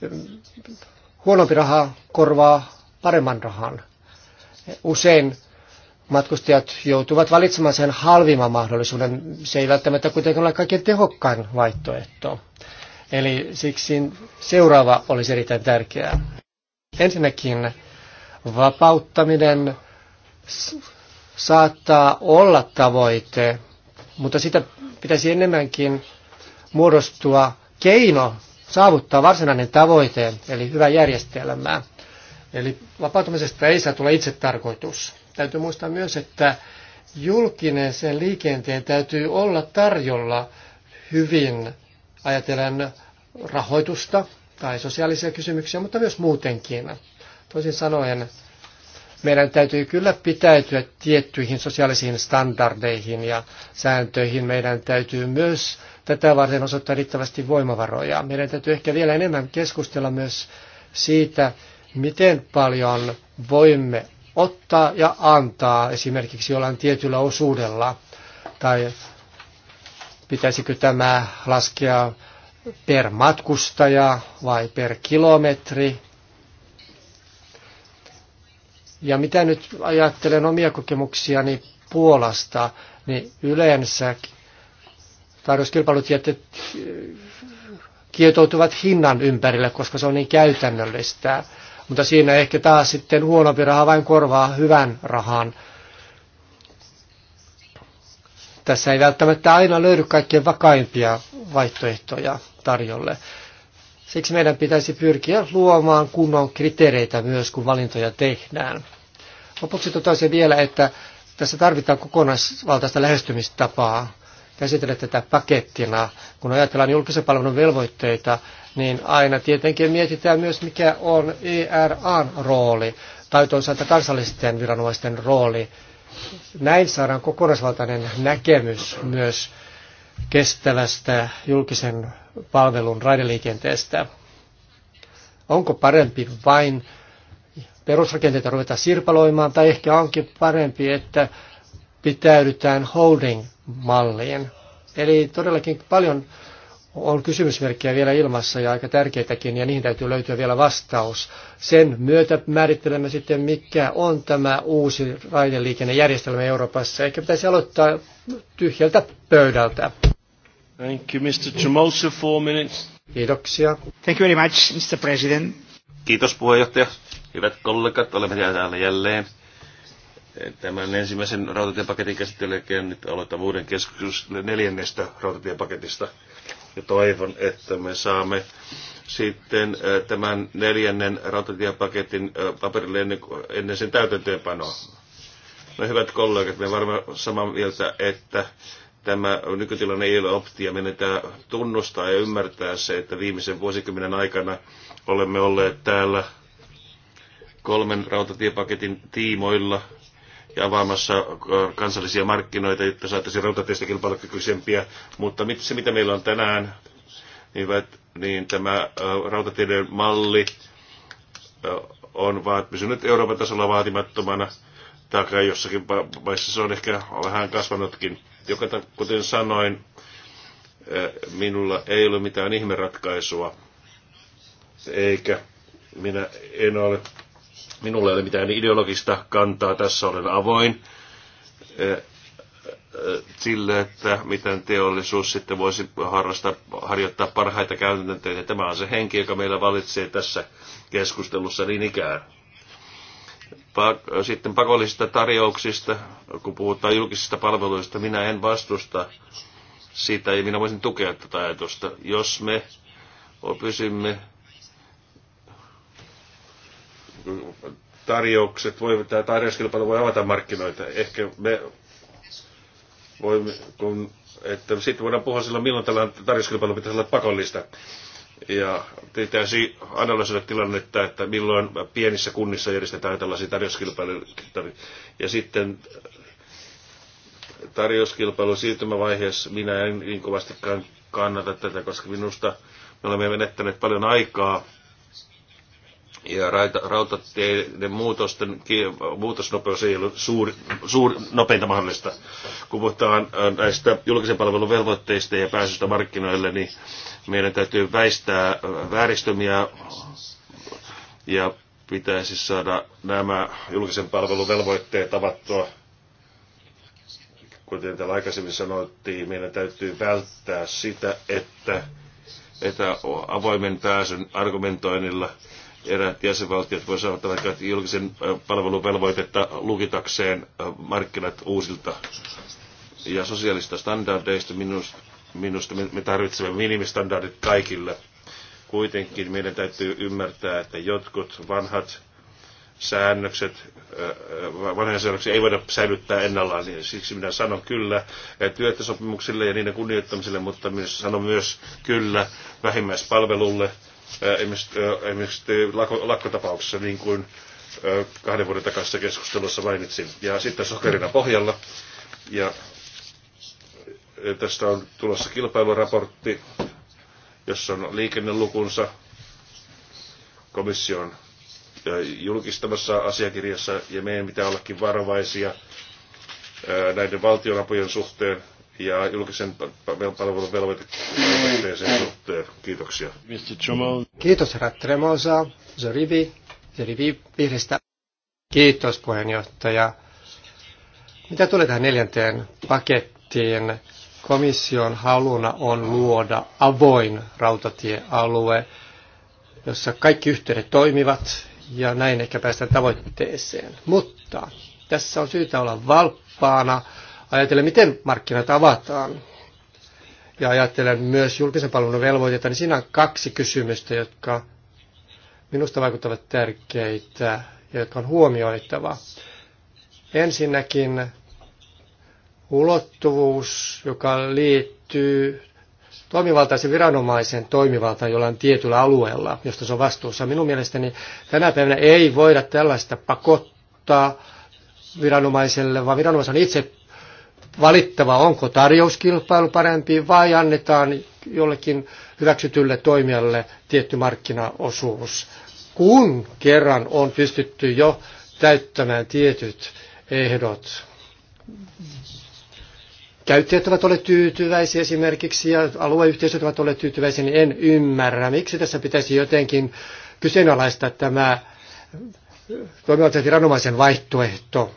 huonompi raha korvaa paremman rahan. Usein matkustajat joutuvat valitsemaan sen halvimman mahdollisuuden. Se ei välttämättä kuitenkaan ole kaikkein tehokkain vaihtoehto. Eli siksi seuraava olisi erittäin tärkeää. Ensinnäkin vapauttaminen saattaa olla tavoite, mutta sitä pitäisi enemmänkin muodostua keino saavuttaa varsinainen tavoite, eli hyvä järjestelmää. Eli vapautumisesta ei saa tulla itsetarkoitus. Täytyy muistaa myös, että julkinen sen liikenteen täytyy olla tarjolla hyvin, ajatellen rahoitusta tai sosiaalisia kysymyksiä, mutta myös muutenkin. Toisin sanoen, meidän täytyy kyllä pitäytyä tiettyihin sosiaalisiin standardeihin ja sääntöihin. Meidän täytyy myös tätä varten osoittaa riittävästi voimavaroja. Meidän täytyy ehkä vielä enemmän keskustella myös siitä, miten paljon voimme ottaa ja antaa esimerkiksi jollain tietyllä osuudella, tai pitäisikö tämä laskea per matkustaja vai per kilometri, ja mitä nyt ajattelen omia kokemuksiani Puolasta, niin yleensä tarjouskilpailut äh, kietoutuvat hinnan ympärille, koska se on niin käytännöllistä. Mutta siinä ehkä taas sitten huonompi raha vain korvaa hyvän rahan. Tässä ei välttämättä aina löydy kaikkein vakaimpia vaihtoehtoja tarjolle. Siksi meidän pitäisi pyrkiä luomaan kunnon kriteereitä myös, kun valintoja tehdään. Lopuksi totaisin vielä, että tässä tarvitaan kokonaisvaltaista lähestymistapaa käsitellä tätä pakettina. Kun ajatellaan julkisen palvelun velvoitteita, niin aina tietenkin mietitään myös, mikä on ERAn rooli tai toisaalta kansallisten viranomaisten rooli. Näin saadaan kokonaisvaltainen näkemys myös kestävästä julkisen palvelun raideliikenteestä. Onko parempi vain perusrakenteita ruveta sirpaloimaan, tai ehkä onkin parempi, että pitäydytään holding mallien Eli todellakin paljon on kysymysmerkkejä vielä ilmassa ja aika tärkeitäkin, ja niihin täytyy löytyä vielä vastaus. Sen myötä määrittelemme sitten, mikä on tämä uusi raideliikennejärjestelmä Euroopassa. Ehkä pitäisi aloittaa tyhjältä pöydältä. Thank you, Mr. Tremosa, four minutes. Kiitoksia. Thank you very much, Mr. President. Kiitos puheenjohtaja. Hyvät kollegat, olemme täällä jälleen. Tämän ensimmäisen rautatiepaketin käsittelyn nyt aloitan uuden keskustelun neljännestä rautatiepaketista. Ja toivon, että me saamme sitten tämän neljännen rautatiepaketin paperille ennen, ennen sen täytäntöönpanoa. No hyvät kollegat, me varmaan samaa mieltä, että tämä nykytilanne ei ole optia. Meidän pitää tunnustaa ja ymmärtää se, että viimeisen vuosikymmenen aikana olemme olleet täällä kolmen rautatiepaketin tiimoilla ja avaamassa kansallisia markkinoita, jotta saataisiin rautateistä kilpailukykyisempiä. Mutta se, mitä meillä on tänään, niin, niin tämä rautatieden malli on vaan pysynyt Euroopan tasolla vaatimattomana, tai jossakin vaiheessa se on ehkä vähän kasvanutkin. Joka, kuten sanoin, minulla ei ole mitään ihmeratkaisua, eikä minä en ole Minulla ei ole mitään ideologista kantaa, tässä olen avoin eh, eh, sille, että miten teollisuus sitten voisi harrastaa, harjoittaa parhaita käytäntöjä. Tämä on se henki, joka meillä valitsee tässä keskustelussa niin ikään. Sitten pakollisista tarjouksista, kun puhutaan julkisista palveluista, minä en vastusta sitä ja minä voisin tukea tätä ajatusta. Jos me pysymme tarjoukset, voi, tämä tarjouskilpailu voi avata markkinoita. Ehkä me voimme, kun, että sitten voidaan puhua sillä, milloin tällainen tarjouskilpailu pitäisi olla pakollista. Ja pitäisi analysoida tilannetta, että milloin pienissä kunnissa järjestetään tällaisia tarjouskilpailuja. Ja sitten tarjouskilpailu siirtymävaiheessa minä en niin kovastikaan kannata tätä, koska minusta me olemme menettäneet paljon aikaa ja rautateiden muutosten, muutosnopeus ei ole suuri suuri, nopeinta mahdollista. Kun puhutaan äh, näistä julkisen palvelun velvoitteista ja pääsystä markkinoille, niin meidän täytyy väistää äh, vääristymiä ja pitäisi saada nämä julkisen palvelun velvoitteet avattua. Kuten täällä aikaisemmin sanottiin, meidän täytyy välttää sitä, että, että avoimen pääsyn argumentoinnilla – eräät jäsenvaltiot voi saada vaikka julkisen velvoitetta lukitakseen markkinat uusilta ja sosiaalista standardeista. Minusta, minusta me tarvitsemme minimistandardit kaikille. Kuitenkin meidän täytyy ymmärtää, että jotkut vanhat säännökset, vanhoja säännöksiä ei voida säilyttää ennallaan. Niin siksi minä sanon kyllä eh, työtösopimuksille ja niiden kunnioittamiselle, mutta myös sanon myös kyllä vähimmäispalvelulle esimerkiksi lakkotapauksessa, niin kuin kahden vuoden takaisessa keskustelussa mainitsin. Ja sitten sokerina pohjalla. Ja tästä on tulossa kilpailuraportti, jossa on liikennelukunsa komission julkistamassa asiakirjassa, ja meidän pitää ollakin varovaisia näiden valtionapujen suhteen, ja julkisen palvelun velvoitteeseen suhteen. Kiitoksia. Kiitos herra Tremosa, Zorivi, Zorivi vihreistä. Kiitos puheenjohtaja. Mitä tulee tähän neljänteen pakettiin, komission haluna on luoda avoin rautatiealue, jossa kaikki yhteydet toimivat ja näin ehkä päästään tavoitteeseen. Mutta tässä on syytä olla valppaana ajatellen, miten markkinat avataan, ja ajattelen myös julkisen palvelun velvoitetta, niin siinä on kaksi kysymystä, jotka minusta vaikuttavat tärkeitä ja jotka on huomioitava. Ensinnäkin ulottuvuus, joka liittyy toimivaltaisen viranomaisen toimivaltaan jollain tietyllä alueella, josta se on vastuussa. Minun mielestäni tänä päivänä ei voida tällaista pakottaa viranomaiselle, vaan viranomaisen on itse valittava, onko tarjouskilpailu parempi vai annetaan jollekin hyväksytylle toimijalle tietty markkinaosuus. Kun kerran on pystytty jo täyttämään tietyt ehdot. Käyttäjät ovat olleet tyytyväisiä esimerkiksi ja alueyhteisöt ovat olleet tyytyväisiä, niin en ymmärrä, miksi tässä pitäisi jotenkin kyseenalaistaa tämä toimivaltaisen viranomaisen vaihtoehto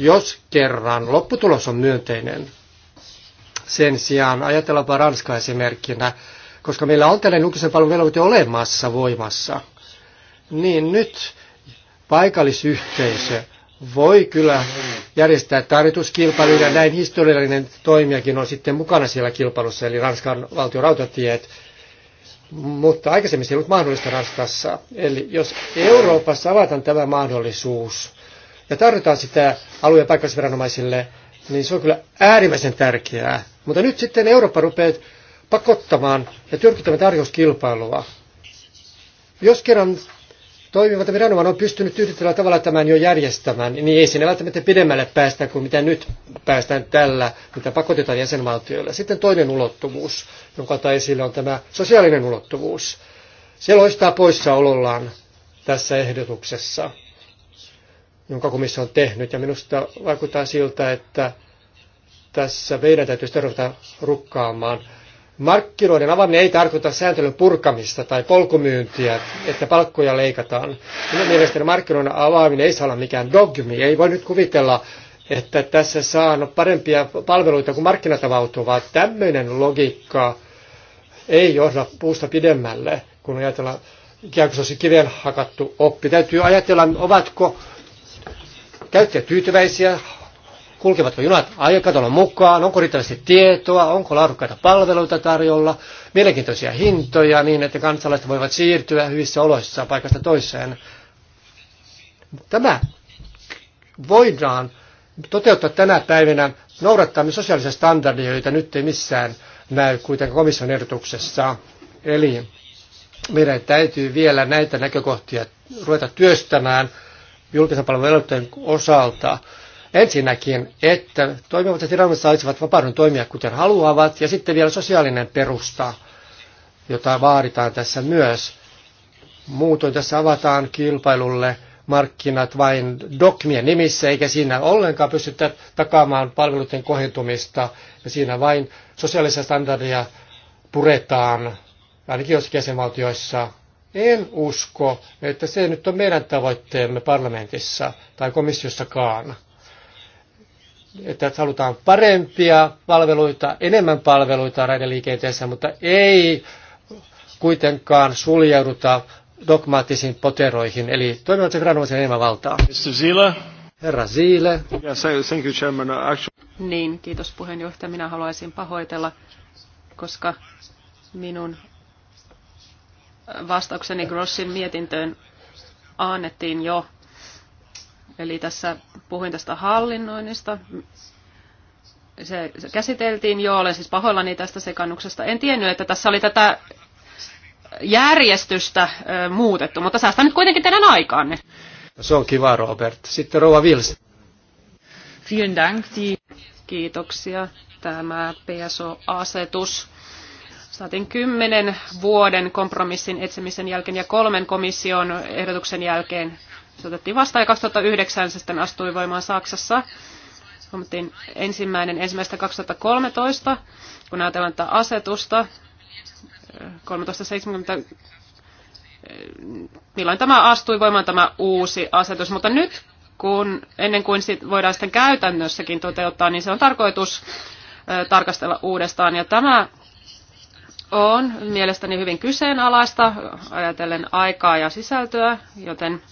jos kerran lopputulos on myönteinen. Sen sijaan ajatellaanpa Ranska esimerkkinä, koska meillä on tällainen julkisen palvelun velvoite olemassa voimassa, niin nyt paikallisyhteisö voi kyllä järjestää tarjotuskilpailuja. Näin historiallinen toimijakin on sitten mukana siellä kilpailussa, eli Ranskan valtion rautatiet. Mutta aikaisemmin se ei ollut mahdollista Ranskassa. Eli jos Euroopassa avataan tämä mahdollisuus, ja tarjotaan sitä alueen paikallisviranomaisille, niin se on kyllä äärimmäisen tärkeää. Mutta nyt sitten Eurooppa rupeaa pakottamaan ja tyrkyttämään tarjouskilpailua. Jos kerran toimivat viranomainen on pystynyt tyydyttävällä tavalla tämän jo järjestämään, niin ei siinä välttämättä pidemmälle päästä kuin mitä nyt päästään tällä, mitä pakotetaan jäsenvaltioille. Sitten toinen ulottuvuus, jonka ottaa esille, on tämä sosiaalinen ulottuvuus. Se loistaa poissaolollaan tässä ehdotuksessa jonka komissio on tehnyt. Ja minusta vaikuttaa siltä, että tässä meidän täytyisi ruveta rukkaamaan. Markkinoiden avaaminen ei tarkoita sääntelyn purkamista tai polkumyyntiä, että palkkoja leikataan. Minun mielestäni markkinoiden avaaminen ei saa olla mikään dogmi. Ei voi nyt kuvitella, että tässä saa no, parempia palveluita kuin markkinat avautuvat. Tämmöinen logiikka ei johda puusta pidemmälle, kun ajatellaan ikään kuin se olisi kiven hakattu oppi. Täytyy ajatella, ovatko käyttäjät tyytyväisiä, kulkevatko junat aikataulun mukaan, onko riittävästi tietoa, onko laadukkaita palveluita tarjolla, mielenkiintoisia hintoja niin, että kansalaiset voivat siirtyä hyvissä oloissa paikasta toiseen. Tämä voidaan toteuttaa tänä päivänä noudattamme sosiaalisia standardeja, joita nyt ei missään näy kuitenkaan komission ehdotuksessa. Eli meidän täytyy vielä näitä näkökohtia ruveta työstämään julkisen palvelun osalta ensinnäkin, että toimivat viranomaiset saisivat vapauden toimia kuten haluavat, ja sitten vielä sosiaalinen perusta, jota vaaditaan tässä myös. Muutoin tässä avataan kilpailulle markkinat vain dogmien nimissä, eikä siinä ollenkaan pystytä takaamaan palveluiden kohentumista, ja siinä vain sosiaalisia standardeja puretaan, ainakin jossakin jäsenvaltioissa, en usko, että se nyt on meidän tavoitteemme parlamentissa tai komissiossakaan. Että halutaan parempia palveluita, enemmän palveluita raideliikenteessä, mutta ei kuitenkaan suljeuduta dogmaattisiin poteroihin. Eli toimivat se viranomaisen enemmän valtaa. Mr. Zila. Herra Ziele. thank uh, Niin, kiitos puheenjohtaja. Minä haluaisin pahoitella, koska minun vastaukseni Grossin mietintöön annettiin jo. Eli tässä puhuin tästä hallinnoinnista. Se, se käsiteltiin jo, olen siis pahoillani tästä sekannuksesta. En tiennyt, että tässä oli tätä järjestystä ö, muutettu, mutta säästän nyt kuitenkin teidän aikaanne. Se on kiva, Robert. Sitten Rova Vils. Vielen Dank. Kiitoksia. Tämä PSO-asetus saatiin kymmenen vuoden kompromissin etsimisen jälkeen ja kolmen komission ehdotuksen jälkeen se otettiin vastaan ja 2009 se sitten astui voimaan Saksassa. Huomattiin ensimmäinen ensimmäistä 2013, kun ajatellaan tätä asetusta, 1370, eh, milloin tämä astui voimaan tämä uusi asetus, mutta nyt kun, ennen kuin sit voidaan sitten käytännössäkin toteuttaa, niin se on tarkoitus eh, tarkastella uudestaan. Ja tämä on mielestäni hyvin kyseenalaista ajatellen aikaa ja sisältöä, joten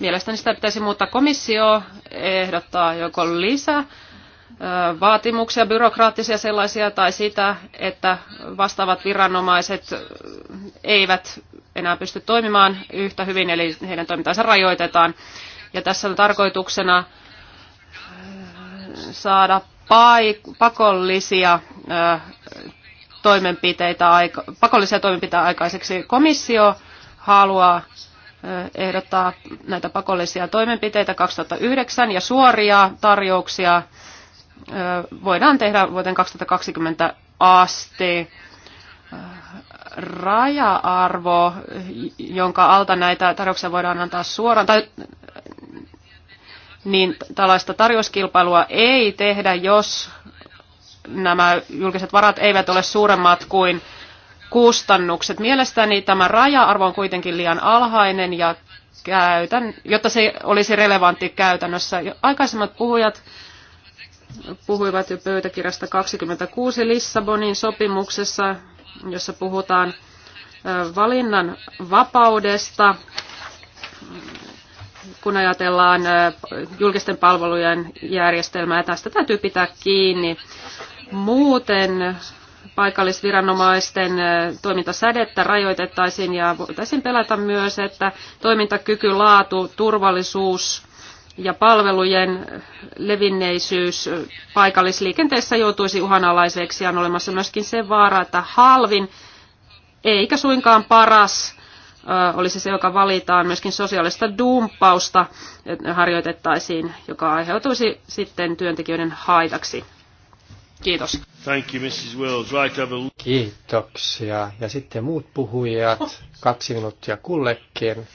mielestäni sitä pitäisi muuttaa. Komissio ehdottaa joko lisää vaatimuksia, byrokraattisia sellaisia, tai sitä, että vastaavat viranomaiset eivät enää pysty toimimaan yhtä hyvin, eli heidän toimintansa rajoitetaan. Ja tässä on tarkoituksena saada pakollisia toimenpiteitä, pakollisia toimenpiteitä aikaiseksi. Komissio haluaa ehdottaa näitä pakollisia toimenpiteitä 2009 ja suoria tarjouksia voidaan tehdä vuoteen 2020 asti. Raja-arvo, jonka alta näitä tarjouksia voidaan antaa suoraan, tai, niin tällaista tarjouskilpailua ei tehdä, jos nämä julkiset varat eivät ole suuremmat kuin kustannukset. Mielestäni tämä raja-arvo on kuitenkin liian alhainen, ja käytän, jotta se olisi relevantti käytännössä. Aikaisemmat puhujat puhuivat jo pöytäkirjasta 26 Lissabonin sopimuksessa, jossa puhutaan valinnan vapaudesta, kun ajatellaan julkisten palvelujen järjestelmää. Tästä täytyy pitää kiinni. Muuten paikallisviranomaisten toimintasädettä rajoitettaisiin ja voitaisiin pelätä myös, että toimintakyky, laatu, turvallisuus ja palvelujen levinneisyys paikallisliikenteessä joutuisi uhanalaiseksi ja on olemassa myöskin se vaara, että halvin eikä suinkaan paras olisi se, joka valitaan myöskin sosiaalista dumppausta harjoitettaisiin, joka aiheutuisi sitten työntekijöiden haitaksi. Kiitos. Thank you, Mrs. Wells. Right, have a... Kiitoksia. Ja sitten muut puhujat, kaksi minuuttia kullekin,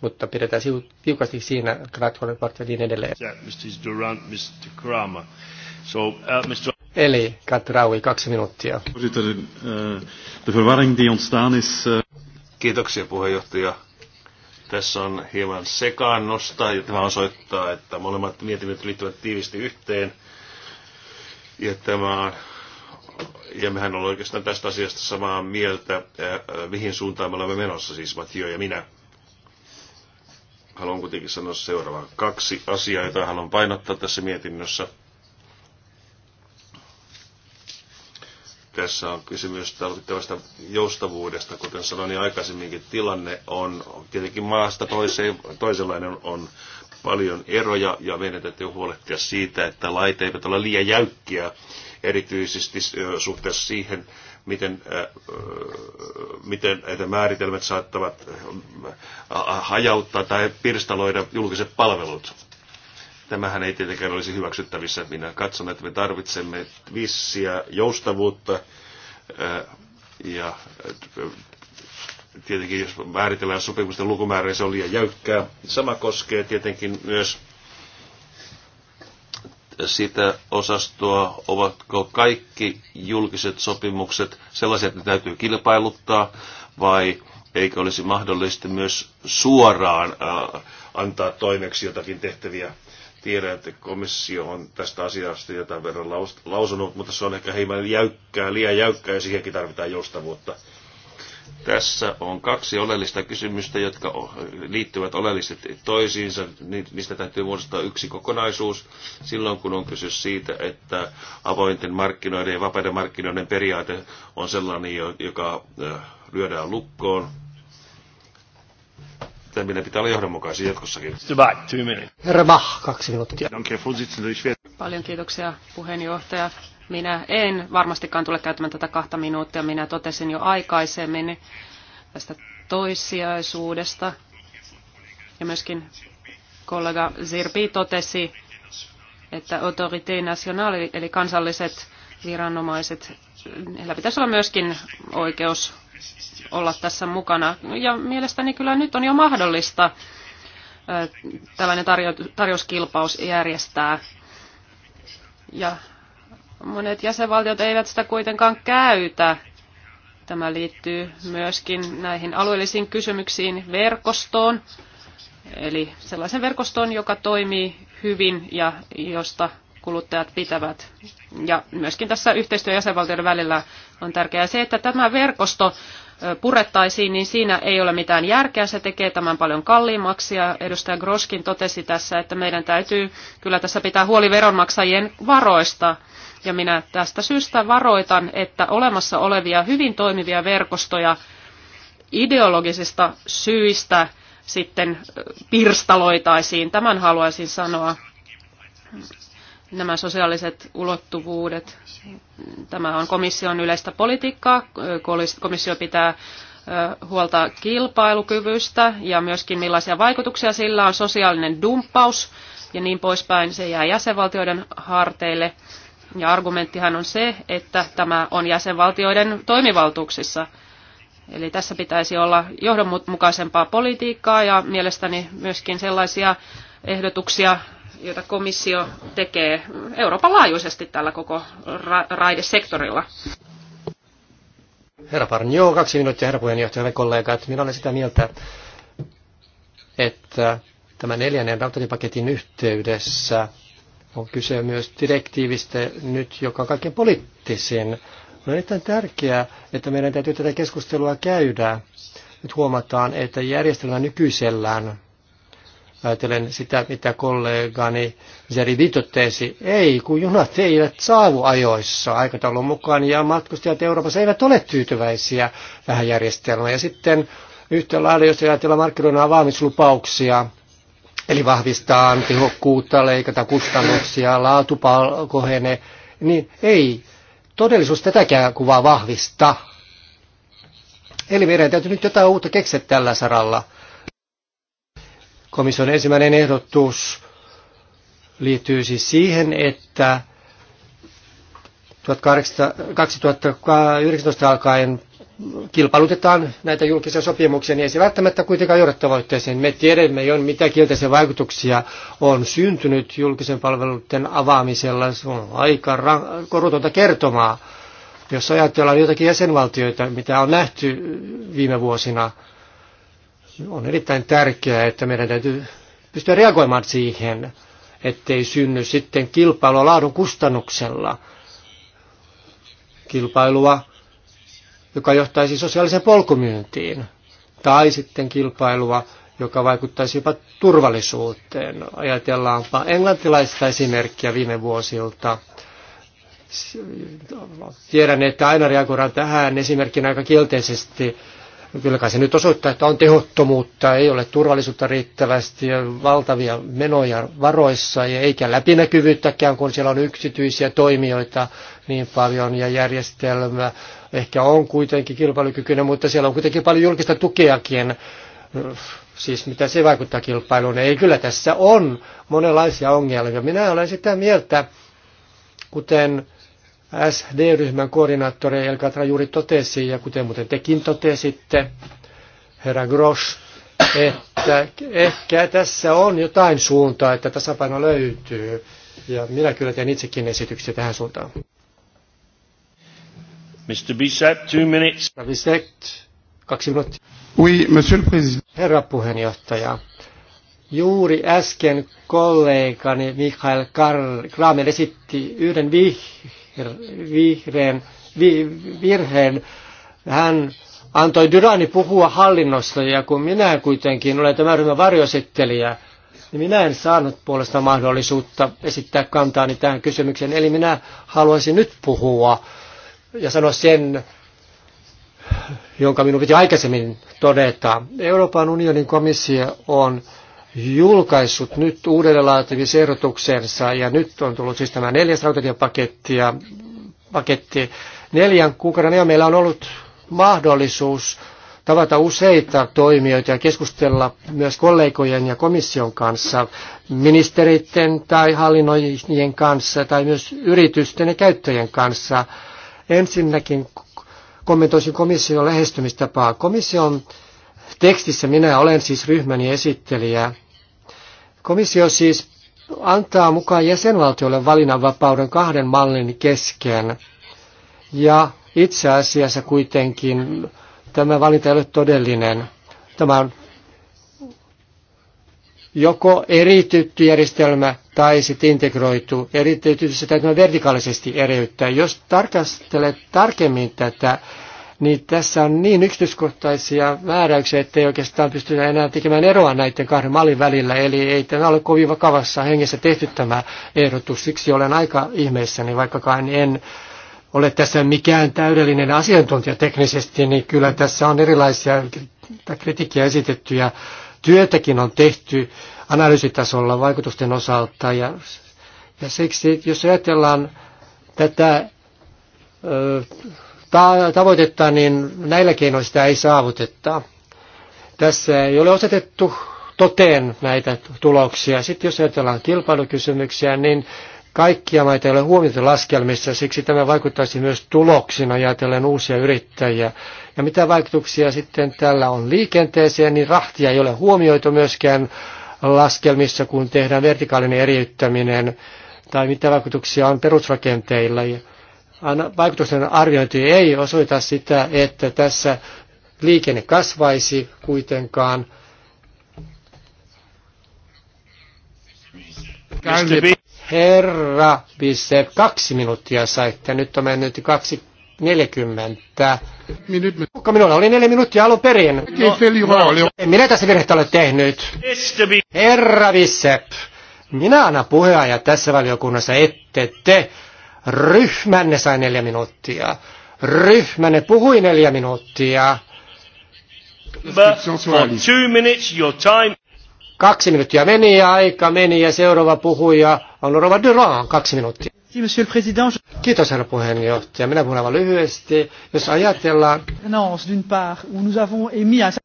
mutta pidetään tiukasti siinä, Gratkoneport ja niin edelleen. Yeah, Mrs. Durant, Mr. Kramer. So, uh, Mr. Eli Katraui, kaksi minuuttia. Eh, de verwarring die ontstaan is... Eh, Kiitoksia puheenjohtaja. Tässä on hieman sekaannosta ja tämä osoittaa, että molemmat mietinnöt liittyvät tiivisti yhteen – ja tämä on ja mehän ollaan oikeastaan tästä asiasta samaa mieltä, mihin suuntaan me olemme menossa, siis Matio ja minä. Haluan kuitenkin sanoa seuraavaa kaksi asiaa, joita haluan painottaa tässä mietinnössä. Tässä on kysymys tarvittavasta joustavuudesta. Kuten sanoin niin aikaisemminkin, tilanne on tietenkin maasta toiseen, toisenlainen on paljon eroja ja meidän täytyy huolehtia siitä, että laite eivät ole liian jäykkiä, erityisesti suhteessa siihen, miten, miten että määritelmät saattavat hajauttaa tai pirstaloida julkiset palvelut. Tämähän ei tietenkään olisi hyväksyttävissä. Minä katson, että me tarvitsemme vissiä joustavuutta ja tietenkin jos määritellään sopimusten lukumäärä, se on liian jäykkää. Sama koskee tietenkin myös sitä osastoa, ovatko kaikki julkiset sopimukset sellaisia, että ne täytyy kilpailuttaa, vai eikö olisi mahdollista myös suoraan antaa toimeksi jotakin tehtäviä. Tiedän, että komissio on tästä asiasta jotain verran lausunut, mutta se on ehkä hieman jäykkää, liian jäykkää ja siihenkin tarvitaan joustavuutta. Tässä on kaksi oleellista kysymystä, jotka liittyvät oleellisesti toisiinsa. Niistä täytyy muodostaa yksi kokonaisuus silloin, kun on kysymys siitä, että avointen markkinoiden ja vapaiden markkinoiden periaate on sellainen, joka lyödään lukkoon. Tämä pitää olla johdonmukaisia jatkossakin. Herra Bach, kaksi minuuttia. Paljon kiitoksia puheenjohtaja minä en varmastikaan tule käyttämään tätä kahta minuuttia. Minä totesin jo aikaisemmin tästä toissijaisuudesta. Ja myöskin kollega Zirpi totesi, että autorité nationale, eli kansalliset viranomaiset, heillä pitäisi olla myöskin oikeus olla tässä mukana. Ja mielestäni kyllä nyt on jo mahdollista tällainen tarjo, tarjouskilpaus järjestää. Ja Monet jäsenvaltiot eivät sitä kuitenkaan käytä. Tämä liittyy myöskin näihin alueellisiin kysymyksiin verkostoon, eli sellaisen verkostoon, joka toimii hyvin ja josta kuluttajat pitävät. Ja myöskin tässä yhteistyö jäsenvaltioiden välillä on tärkeää se, että tämä verkosto purettaisiin, niin siinä ei ole mitään järkeä. Se tekee tämän paljon kalliimmaksi ja edustaja Groskin totesi tässä, että meidän täytyy kyllä tässä pitää huoli veronmaksajien varoista. Ja minä tästä syystä varoitan, että olemassa olevia hyvin toimivia verkostoja ideologisista syistä sitten pirstaloitaisiin. Tämän haluaisin sanoa nämä sosiaaliset ulottuvuudet. Tämä on komission yleistä politiikkaa. Komissio pitää huolta kilpailukyvystä ja myöskin millaisia vaikutuksia sillä on sosiaalinen dumppaus ja niin poispäin. Se jää jäsenvaltioiden harteille. Ja argumenttihan on se, että tämä on jäsenvaltioiden toimivaltuuksissa. Eli tässä pitäisi olla johdonmukaisempaa politiikkaa ja mielestäni myöskin sellaisia ehdotuksia, jota komissio tekee Euroopan laajuisesti tällä koko ra- raidesektorilla. Herra Parnio, kaksi minuuttia, herra puheenjohtaja, hyvät kollegat. Minä olen sitä mieltä, että tämän neljännen rautatiepaketin yhteydessä on kyse myös direktiivistä nyt, joka on kaikkein poliittisin. On erittäin tärkeää, että meidän täytyy tätä keskustelua käydä. Nyt huomataan, että järjestelmä nykyisellään Ajatellen sitä, mitä kollegani Zeridi totesi, ei, kun junat eivät saavu ajoissa aikataulun mukaan ja matkustajat Euroopassa eivät ole tyytyväisiä tähän järjestelmään. Ja sitten yhtä lailla, jos ajatellaan markkinoiden avaamislupauksia, eli vahvistaa tehokkuutta, leikata kustannuksia, laatu niin ei todellisuus tätäkään kuvaa vahvista. Eli meidän täytyy nyt jotain uutta keksiä tällä saralla. Komission ensimmäinen ehdotus liittyy siis siihen, että 2019 alkaen kilpailutetaan näitä julkisia sopimuksia, niin ei se välttämättä kuitenkaan johda tavoitteeseen. Me tiedämme jo, mitä kielteisiä vaikutuksia on syntynyt julkisen palveluiden avaamisella. Se on aika korutonta kertomaa. Jos ajatellaan jotakin jäsenvaltioita, mitä on nähty viime vuosina, on erittäin tärkeää, että meidän täytyy pystyä reagoimaan siihen, ettei synny sitten kilpailua laadun kustannuksella. Kilpailua, joka johtaisi sosiaaliseen polkumyyntiin. Tai sitten kilpailua, joka vaikuttaisi jopa turvallisuuteen. Ajatellaanpa englantilaista esimerkkiä viime vuosilta. Tiedän, että aina reagoidaan tähän esimerkkinä aika kielteisesti Kyllä kai se nyt osoittaa, että on tehottomuutta, ei ole turvallisuutta riittävästi ja valtavia menoja varoissa ja eikä läpinäkyvyyttäkään, kun siellä on yksityisiä toimijoita niin paljon ja järjestelmä ehkä on kuitenkin kilpailukykyinen, mutta siellä on kuitenkin paljon julkista tukeakin siis mitä se vaikuttaa kilpailuun. Ei kyllä tässä on monenlaisia ongelmia. Minä olen sitä mieltä, kuten SD-ryhmän koordinaattori Elkatra juuri totesi, ja kuten muuten tekin totesitte, herra Grosch, että ehkä tässä on jotain suuntaa, että tasapaino löytyy. Ja minä kyllä teen itsekin esityksiä tähän suuntaan. Mr. Bissett, two minutes. Bissett, kaksi minuuttia. Oui, monsieur le président. Herra puheenjohtaja, juuri äsken kollegani Mikael Kramer esitti yhden vih- vihreän, vi, virheen. Hän antoi Dyrani puhua hallinnosta ja kun minä kuitenkin olen tämän ryhmän varjosittelijä, niin minä en saanut puolesta mahdollisuutta esittää kantaani tähän kysymykseen. Eli minä haluaisin nyt puhua ja sanoa sen, jonka minun piti aikaisemmin todeta. Euroopan unionin komissio on julkaissut nyt uudelleenlaatimisehdotuksensa ja nyt on tullut siis tämä neljäs rautatiepaketti ja paketti. Neljän kuukauden ajan meillä on ollut mahdollisuus tavata useita toimijoita ja keskustella myös kollegojen ja komission kanssa, ministeritten tai hallinnoijien kanssa tai myös yritysten ja käyttäjien kanssa. Ensinnäkin kommentoisin komission lähestymistapaa. Komission tekstissä minä olen siis ryhmäni esittelijä. Komissio siis antaa mukaan jäsenvaltiolle valinnanvapauden kahden mallin kesken. Ja itse asiassa kuitenkin tämä valinta ei ole todellinen. Tämä on joko eriytetty järjestelmä tai sitten integroitu. Eriytetty se täytyy vertikaalisesti eriyttää. Jos tarkastelet tarkemmin tätä niin tässä on niin yksityiskohtaisia että ei oikeastaan pystytä enää tekemään eroa näiden kahden mallin välillä. Eli ei tämä ole kovin vakavassa hengessä tehty tämä ehdotus. Siksi olen aika ihmeissäni, vaikkakaan en ole tässä mikään täydellinen asiantuntija teknisesti, niin kyllä tässä on erilaisia kritiikkiä esitetty ja työtäkin on tehty analyysitasolla vaikutusten osalta. Ja, ja siksi, jos ajatellaan tätä ö, tavoitetta, niin näillä keinoilla sitä ei saavuteta. Tässä ei ole osoitettu toteen näitä tuloksia. Sitten jos ajatellaan kilpailukysymyksiä, niin kaikkia maita ei ole huomioitu laskelmissa, siksi tämä vaikuttaisi myös tuloksina ajatellen uusia yrittäjiä. Ja mitä vaikutuksia sitten tällä on liikenteeseen, niin rahtia ei ole huomioitu myöskään laskelmissa, kun tehdään vertikaalinen eriyttäminen, tai mitä vaikutuksia on perusrakenteilla vaikutusten arviointi ei osoita sitä, että tässä liikenne kasvaisi kuitenkaan. Herra Bisep, kaksi minuuttia saitte. Nyt on mennyt kaksi neljäkymmentä Kuka minulla oli neljä minuuttia alun perin? No, no. En minä tässä virhettä ole tehnyt. Herra Bissep, minä annan ja tässä valiokunnassa, ette te. Ryhmänne sai neljä minuuttia. Ryhmänne puhui neljä minuuttia. Kaksi minuuttia meni ja aika meni ja seuraava puhuja on Rova Duran, kaksi minuuttia. Kiitos, herra puheenjohtaja. Minä puhun aivan lyhyesti. Jos ajatellaan,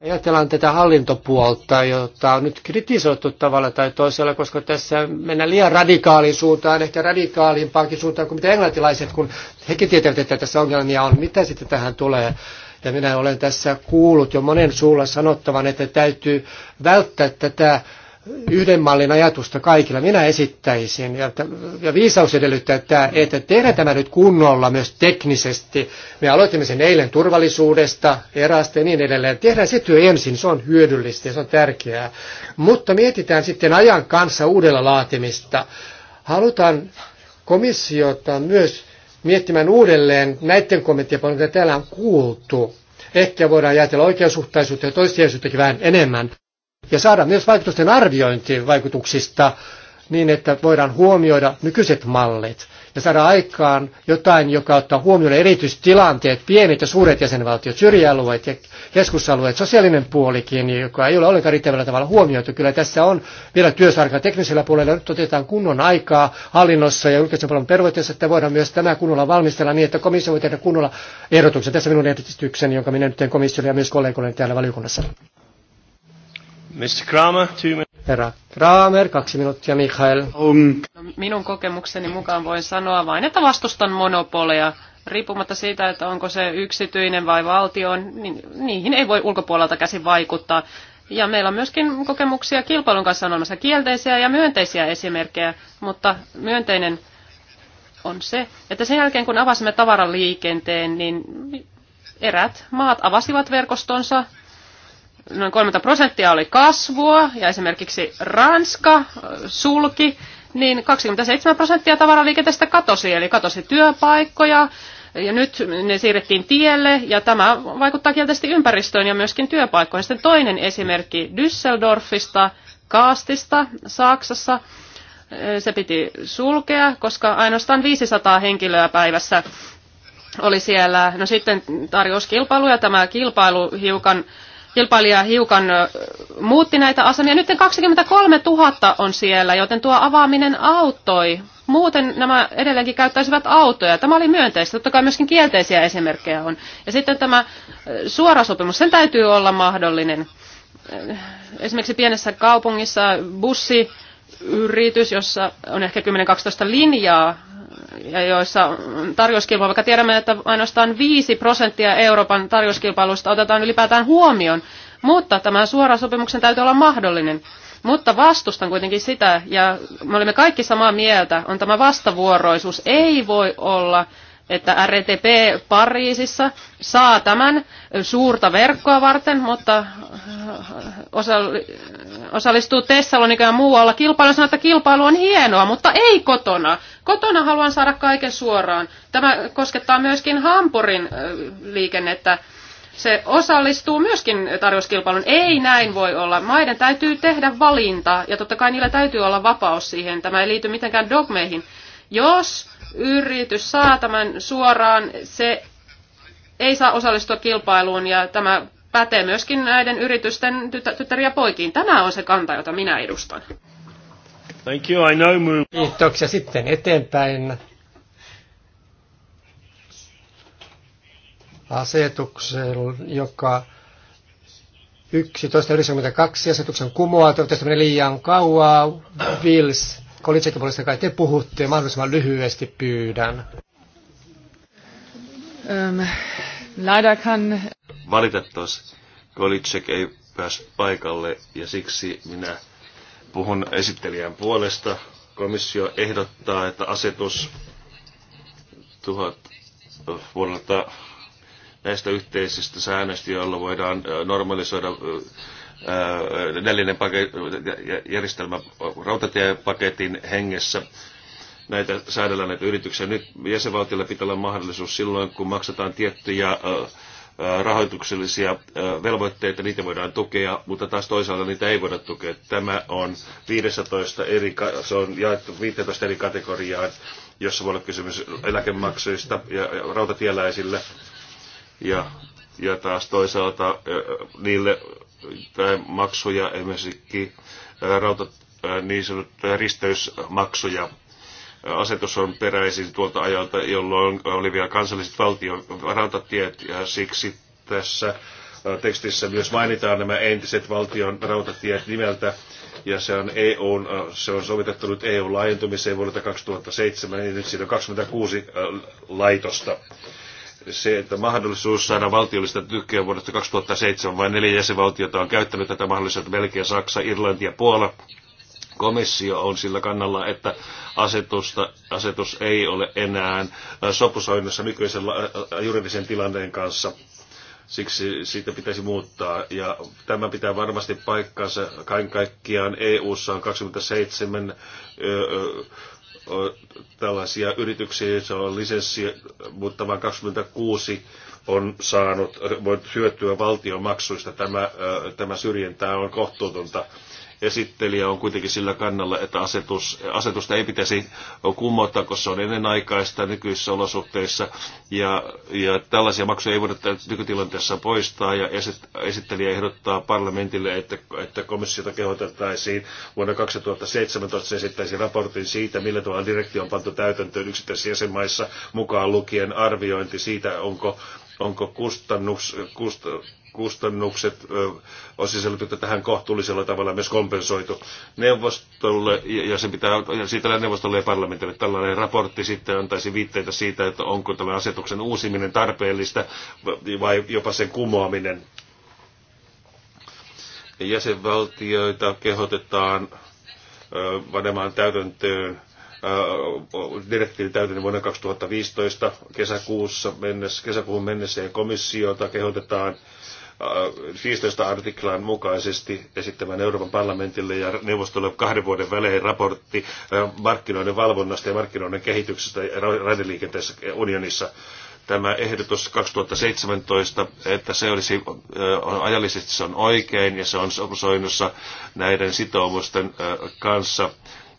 ajatellaan tätä hallintopuolta, jota on nyt kritisoitu tavalla tai toisella, koska tässä mennään liian radikaaliin suuntaan, ehkä radikaalimpaankin suuntaan kuin mitä englantilaiset, kun hekin tietävät, että tässä ongelmia on. Mitä sitten tähän tulee? Ja minä olen tässä kuullut jo monen suulla sanottavan, että täytyy välttää tätä yhden mallin ajatusta kaikilla. Minä esittäisin, ja, ja viisaus edellyttää, että, että tehdään tämä nyt kunnolla myös teknisesti. Me aloitimme sen eilen turvallisuudesta, erästä ja niin edelleen. Tehdään se työ ensin, se on hyödyllistä ja se on tärkeää. Mutta mietitään sitten ajan kanssa uudella laatimista. Halutaan komissiota myös miettimään uudelleen näiden kommenttien paljon, mitä täällä on kuultu. Ehkä voidaan ajatella oikeasuhtaisuutta ja toissijaisuuttakin vähän enemmän ja saada myös vaikutusten arviointi vaikutuksista niin, että voidaan huomioida nykyiset mallit ja saada aikaan jotain, joka ottaa huomioon erityistilanteet, pienet ja suuret jäsenvaltiot, syrjäalueet ja keskusalueet, sosiaalinen puolikin, joka ei ole ollenkaan riittävällä tavalla huomioitu. Kyllä tässä on vielä työsarka teknisellä puolella. Nyt otetaan kunnon aikaa hallinnossa ja julkisen palvelun pervoitteessa, että voidaan myös tämä kunnolla valmistella niin, että komissio voi tehdä kunnolla ehdotuksen. Tässä minun ehdotukseni, jonka minä nyt teen komissiolle ja myös kollegoille täällä valiokunnassa. Mr. Kramer, two minutes. Herra Kramer, kaksi minuuttia, Mikael. Um. No, minun kokemukseni mukaan voin sanoa vain, että vastustan monopoleja. Riippumatta siitä, että onko se yksityinen vai valtio, niin niihin ei voi ulkopuolelta käsin vaikuttaa. Ja meillä on myöskin kokemuksia kilpailun kanssa on olemassa kielteisiä ja myönteisiä esimerkkejä, mutta myönteinen on se, että sen jälkeen kun avasimme tavaraliikenteen, niin erät maat avasivat verkostonsa noin 30 prosenttia oli kasvua, ja esimerkiksi Ranska äh, sulki, niin 27 prosenttia tavaraliikenteestä katosi, eli katosi työpaikkoja, ja nyt ne siirrettiin tielle, ja tämä vaikuttaa kielteisesti ympäristöön ja myöskin työpaikkoihin. Sitten toinen esimerkki Düsseldorfista, Kaastista, Saksassa. Äh, se piti sulkea, koska ainoastaan 500 henkilöä päivässä oli siellä. No sitten tarjouskilpailu, ja tämä kilpailu hiukan kilpailija hiukan muutti näitä asemia. Nyt 23 000 on siellä, joten tuo avaaminen auttoi. Muuten nämä edelleenkin käyttäisivät autoja. Tämä oli myönteistä. Totta kai myöskin kielteisiä esimerkkejä on. Ja sitten tämä suorasopimus, sen täytyy olla mahdollinen. Esimerkiksi pienessä kaupungissa bussi yritys, jossa on ehkä 10-12 linjaa, ja joissa on tarjouskilpailu, vaikka tiedämme, että ainoastaan 5 prosenttia Euroopan tarjouskilpailusta otetaan ylipäätään huomioon, mutta tämä suoran sopimuksen täytyy olla mahdollinen. Mutta vastustan kuitenkin sitä, ja me olemme kaikki samaa mieltä, on tämä vastavuoroisuus. Ei voi olla että RTP Pariisissa saa tämän suurta verkkoa varten, mutta äh, osallistuu Tessalonika ja muualla kilpailu sanoo, että kilpailu on hienoa, mutta ei kotona. Kotona haluan saada kaiken suoraan. Tämä koskettaa myöskin Hampurin äh, liikennettä. Se osallistuu myöskin tarjouskilpailuun. Ei näin voi olla. Maiden täytyy tehdä valinta ja totta kai niillä täytyy olla vapaus siihen. Tämä ei liity mitenkään dogmeihin. Jos yritys saa tämän suoraan, se ei saa osallistua kilpailuun ja tämä pätee myöskin näiden yritysten tyttäriä poikiin. Tämä on se kanta, jota minä edustan. Thank you, I know move. Kiitoksia sitten eteenpäin. Asetuksen, joka 11.92 asetuksen kumoaa, toivottavasti liian kauaa, Wills Kolitsekin puolesta kai te puhutte, mahdollisimman lyhyesti pyydän. Ähm, kann... Valitettavasti Kolitsek ei päässyt paikalle ja siksi minä puhun esittelijän puolesta. Komissio ehdottaa, että asetus tuhat äh, vuodelta näistä yhteisistä säännöistä, joilla voidaan äh, normalisoida äh, neljännen äh, järjestelmä rautatiepaketin hengessä näitä säädellään näitä yrityksiä. Nyt jäsenvaltiolla pitää olla mahdollisuus silloin, kun maksetaan tiettyjä äh, äh, rahoituksellisia velvoitteita, niitä voidaan tukea, mutta taas toisaalta niitä ei voida tukea. Tämä on 15 eri, se on jaettu 15 eri kategoriaan, jossa voi olla kysymys eläkemaksuista ja rautatieläisille ja, ja taas toisaalta niille tai maksuja, esimerkiksi rauta, niin sanottuja risteysmaksuja. Asetus on peräisin tuolta ajalta, jolloin oli vielä kansalliset valtion rautatiet, ja siksi tässä tekstissä myös mainitaan nämä entiset valtion rautatiet nimeltä, ja se on, EU, se on sovitettu nyt eu laajentumiseen vuodelta 2007, niin nyt siinä on 26 laitosta se, että mahdollisuus saada valtiollista tykkää vuodesta 2007, vain neljä jäsenvaltiota on käyttänyt tätä mahdollisuutta, Belgia, Saksa, Irlanti ja Puola. Komissio on sillä kannalla, että asetusta, asetus ei ole enää sopusoinnussa nykyisen äh, äh, juridisen tilanteen kanssa siksi siitä pitäisi muuttaa. Ja tämä pitää varmasti paikkaansa. Kaiken kaikkiaan EU-ssa on 27 tällaisia yrityksiä, joissa on lisenssi, mutta vain 26 on saanut, voinut hyötyä valtion maksuista. Tämä, tämä syrjintää on kohtuutonta esittelijä on kuitenkin sillä kannalla, että asetus, asetusta ei pitäisi kumota, koska se on ennenaikaista nykyisissä olosuhteissa. Ja, ja tällaisia maksuja ei voida nykytilanteessa poistaa. Ja esittelijä ehdottaa parlamentille, että, että komissiota kehotettaisiin vuonna 2017 se esittäisi raportin siitä, millä tavalla direktio on pantu täytäntöön yksittäisissä jäsenmaissa mukaan lukien arviointi siitä, onko onko kustannus, kust, kustannukset osisällytetty tähän kohtuullisella tavalla myös kompensoitu neuvostolle, ja, se pitää, ja siitä neuvostolle ja parlamentille tällainen raportti sitten antaisi viitteitä siitä, että onko tämä asetuksen uusiminen tarpeellista vai jopa sen kumoaminen. Jäsenvaltioita kehotetaan vanemaan täytäntöön Äh, direktiivi täytyy vuonna 2015 kesäkuussa mennessä, kesäkuun mennessä ja komissiota kehotetaan 15 äh, artiklan mukaisesti esittämään Euroopan parlamentille ja neuvostolle kahden vuoden välein raportti äh, markkinoiden valvonnasta ja markkinoiden kehityksestä raideliikenteessä unionissa. Tämä ehdotus 2017, että se olisi ajallisesti se on oikein ja se on sopusoinnussa näiden sitoumusten kanssa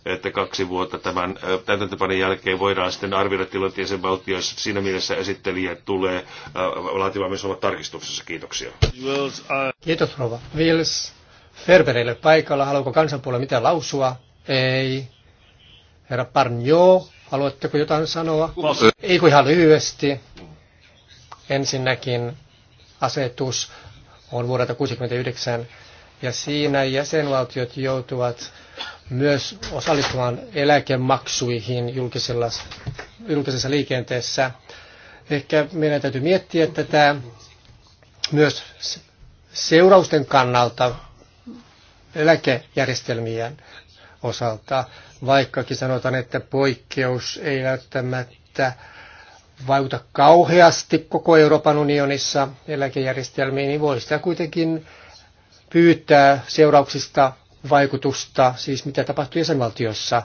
että kaksi vuotta tämän täytäntöpanon jälkeen voidaan sitten arvioida tilanteen sen valtioissa. Siinä mielessä esittelijä tulee laatimaan myös olla tarkistuksessa. Kiitoksia. Kiitos Rova. Vils Ferbereille paikalla. Haluaako kansanpuolella mitään lausua? Ei. Herra Parnjo, haluatteko jotain sanoa? Ei kun ihan lyhyesti. Ensinnäkin asetus on vuodelta 1969 ja siinä jäsenvaltiot joutuvat myös osallistumaan eläkemaksuihin julkisella, julkisessa liikenteessä. Ehkä meidän täytyy miettiä tätä myös seurausten kannalta eläkejärjestelmien osalta, vaikkakin sanotaan, että poikkeus ei välttämättä vaikuta kauheasti koko Euroopan unionissa eläkejärjestelmiin, niin voi sitä kuitenkin pyytää seurauksista vaikutusta, siis mitä tapahtuu jäsenvaltiossa.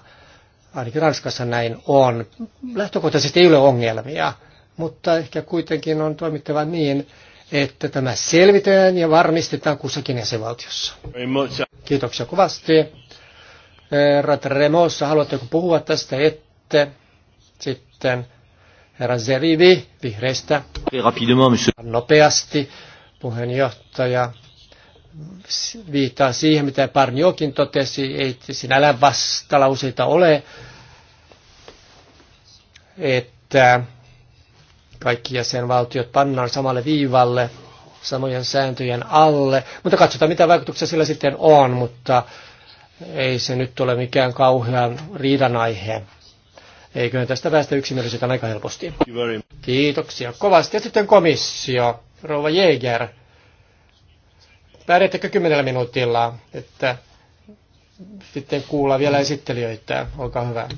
Ainakin Ranskassa näin on. Lähtökohtaisesti ei ole ongelmia, mutta ehkä kuitenkin on toimittava niin, että tämä selvitään ja varmistetaan kussakin jäsenvaltiossa. Kiitoksia kovasti. Herra Tremossa, haluatteko puhua tästä ette? Sitten herra Zerivi vihreistä. Nopeasti puheenjohtaja viittaan siihen, mitä Parniokin totesi, ei sinällään vastalauseita ole, että kaikki jäsenvaltiot pannaan samalle viivalle, samojen sääntöjen alle, mutta katsotaan mitä vaikutuksia sillä sitten on, mutta ei se nyt ole mikään kauhean riidan aihe. Eiköhän tästä päästä yksimielisyyttä aika helposti. Kiitoksia kovasti. Ja sitten komissio, rouva Jäger. Pärjättekö kymmenellä minuutilla, että sitten kuulla vielä esittelijöitä. Olkaa hyvä.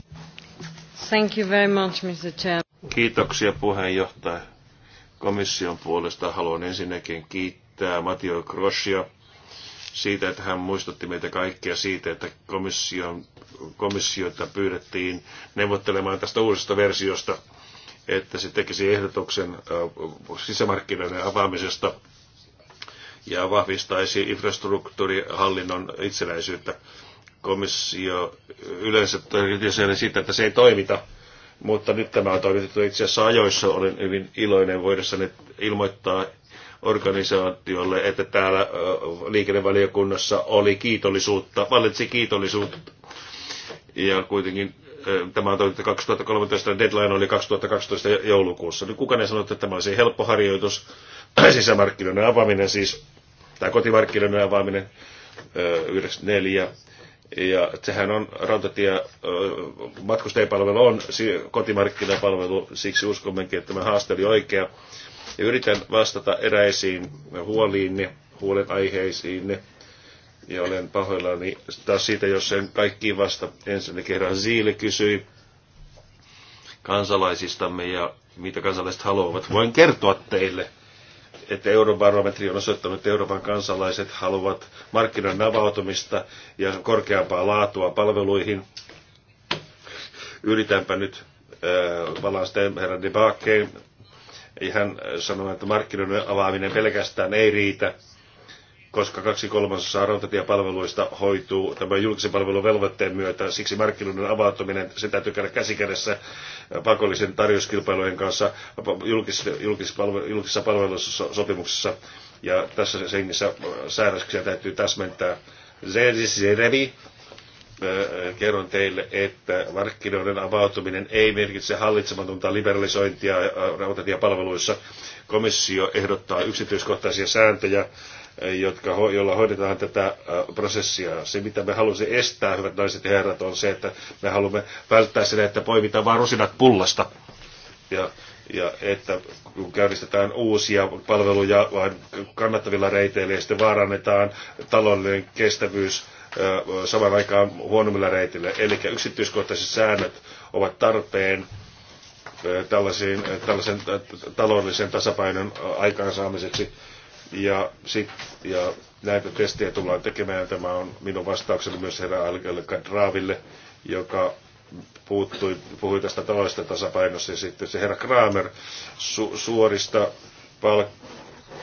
Thank you very much, Mr. Chair. Kiitoksia puheenjohtaja. Komission puolesta haluan ensinnäkin kiittää Matio Grosia siitä, että hän muistutti meitä kaikkia siitä, että komission, komissiota pyydettiin neuvottelemaan tästä uudesta versiosta, että se tekisi ehdotuksen äh, sisämarkkinoiden avaamisesta ja vahvistaisi infrastruktuurihallinnon itsenäisyyttä. Komissio yleensä kritisoidaan sitä, että se ei toimita, mutta nyt tämä on toimitettu itse asiassa ajoissa. Olen hyvin iloinen voidessani ilmoittaa organisaatiolle, että täällä liikennevaliokunnassa oli kiitollisuutta, vallitsi kiitollisuutta. Ja kuitenkin tämä on toimittu 2013, deadline oli 2012 joulukuussa. Nyt kukaan ei sanonut, että tämä olisi helppo harjoitus, sisämarkkinoiden avaaminen siis, tai kotimarkkinoiden avaaminen 94. Ja sehän on rautatie, matkustajapalvelu on kotimarkkinapalvelu, siksi uskommekin, että tämä haaste oli oikea. Ja yritän vastata eräisiin huoliinne, huolenaiheisiinne ja olen pahoillani taas siitä, jos en kaikkiin vasta. Ensinnäkin kerran Ziile kysyi kansalaisistamme ja mitä kansalaiset haluavat. Voin kertoa teille, että eurobarometri on osoittanut, että Euroopan kansalaiset haluavat markkinan avautumista ja korkeampaa laatua palveluihin. Yritänpä nyt äh, valaista herra Debakkeen. Hän sanoi, että markkinoiden avaaminen pelkästään ei riitä koska kaksi kolmasosaa rautatiepalveluista hoituu tämän julkisen palvelun velvoitteen myötä. Siksi markkinoiden avautuminen, se täytyy käydä käsikädessä pakollisen tarjouskilpailujen kanssa julkis, julkis, julkisessa palvelussa sopimuksessa. Ja tässä sengissä säädöksiä täytyy täsmentää. Zerevi, kerron teille, että markkinoiden avautuminen ei merkitse hallitsematonta liberalisointia rautatiepalveluissa. Komissio ehdottaa yksityiskohtaisia sääntöjä jotka, joilla hoidetaan tätä prosessia. Se, mitä me haluamme estää, hyvät naiset ja herrat, on se, että me haluamme välttää sen, että poimitaan vain rusinat pullasta. Ja, ja että kun käynnistetään uusia palveluja vain kannattavilla reiteillä ja sitten vaarannetaan taloudellinen kestävyys saman aikaan huonommilla reiteillä. Eli yksityiskohtaiset säännöt ovat tarpeen tällaisen taloudellisen tasapainon aikaansaamiseksi ja, sit, ja näitä testejä tullaan tekemään. Tämä on minun vastaukseni myös herra Algelle Kadraaville, joka puuttui, puhui tästä taloudesta tasapainossa. ja sitten se herra Kramer su, suorista palk,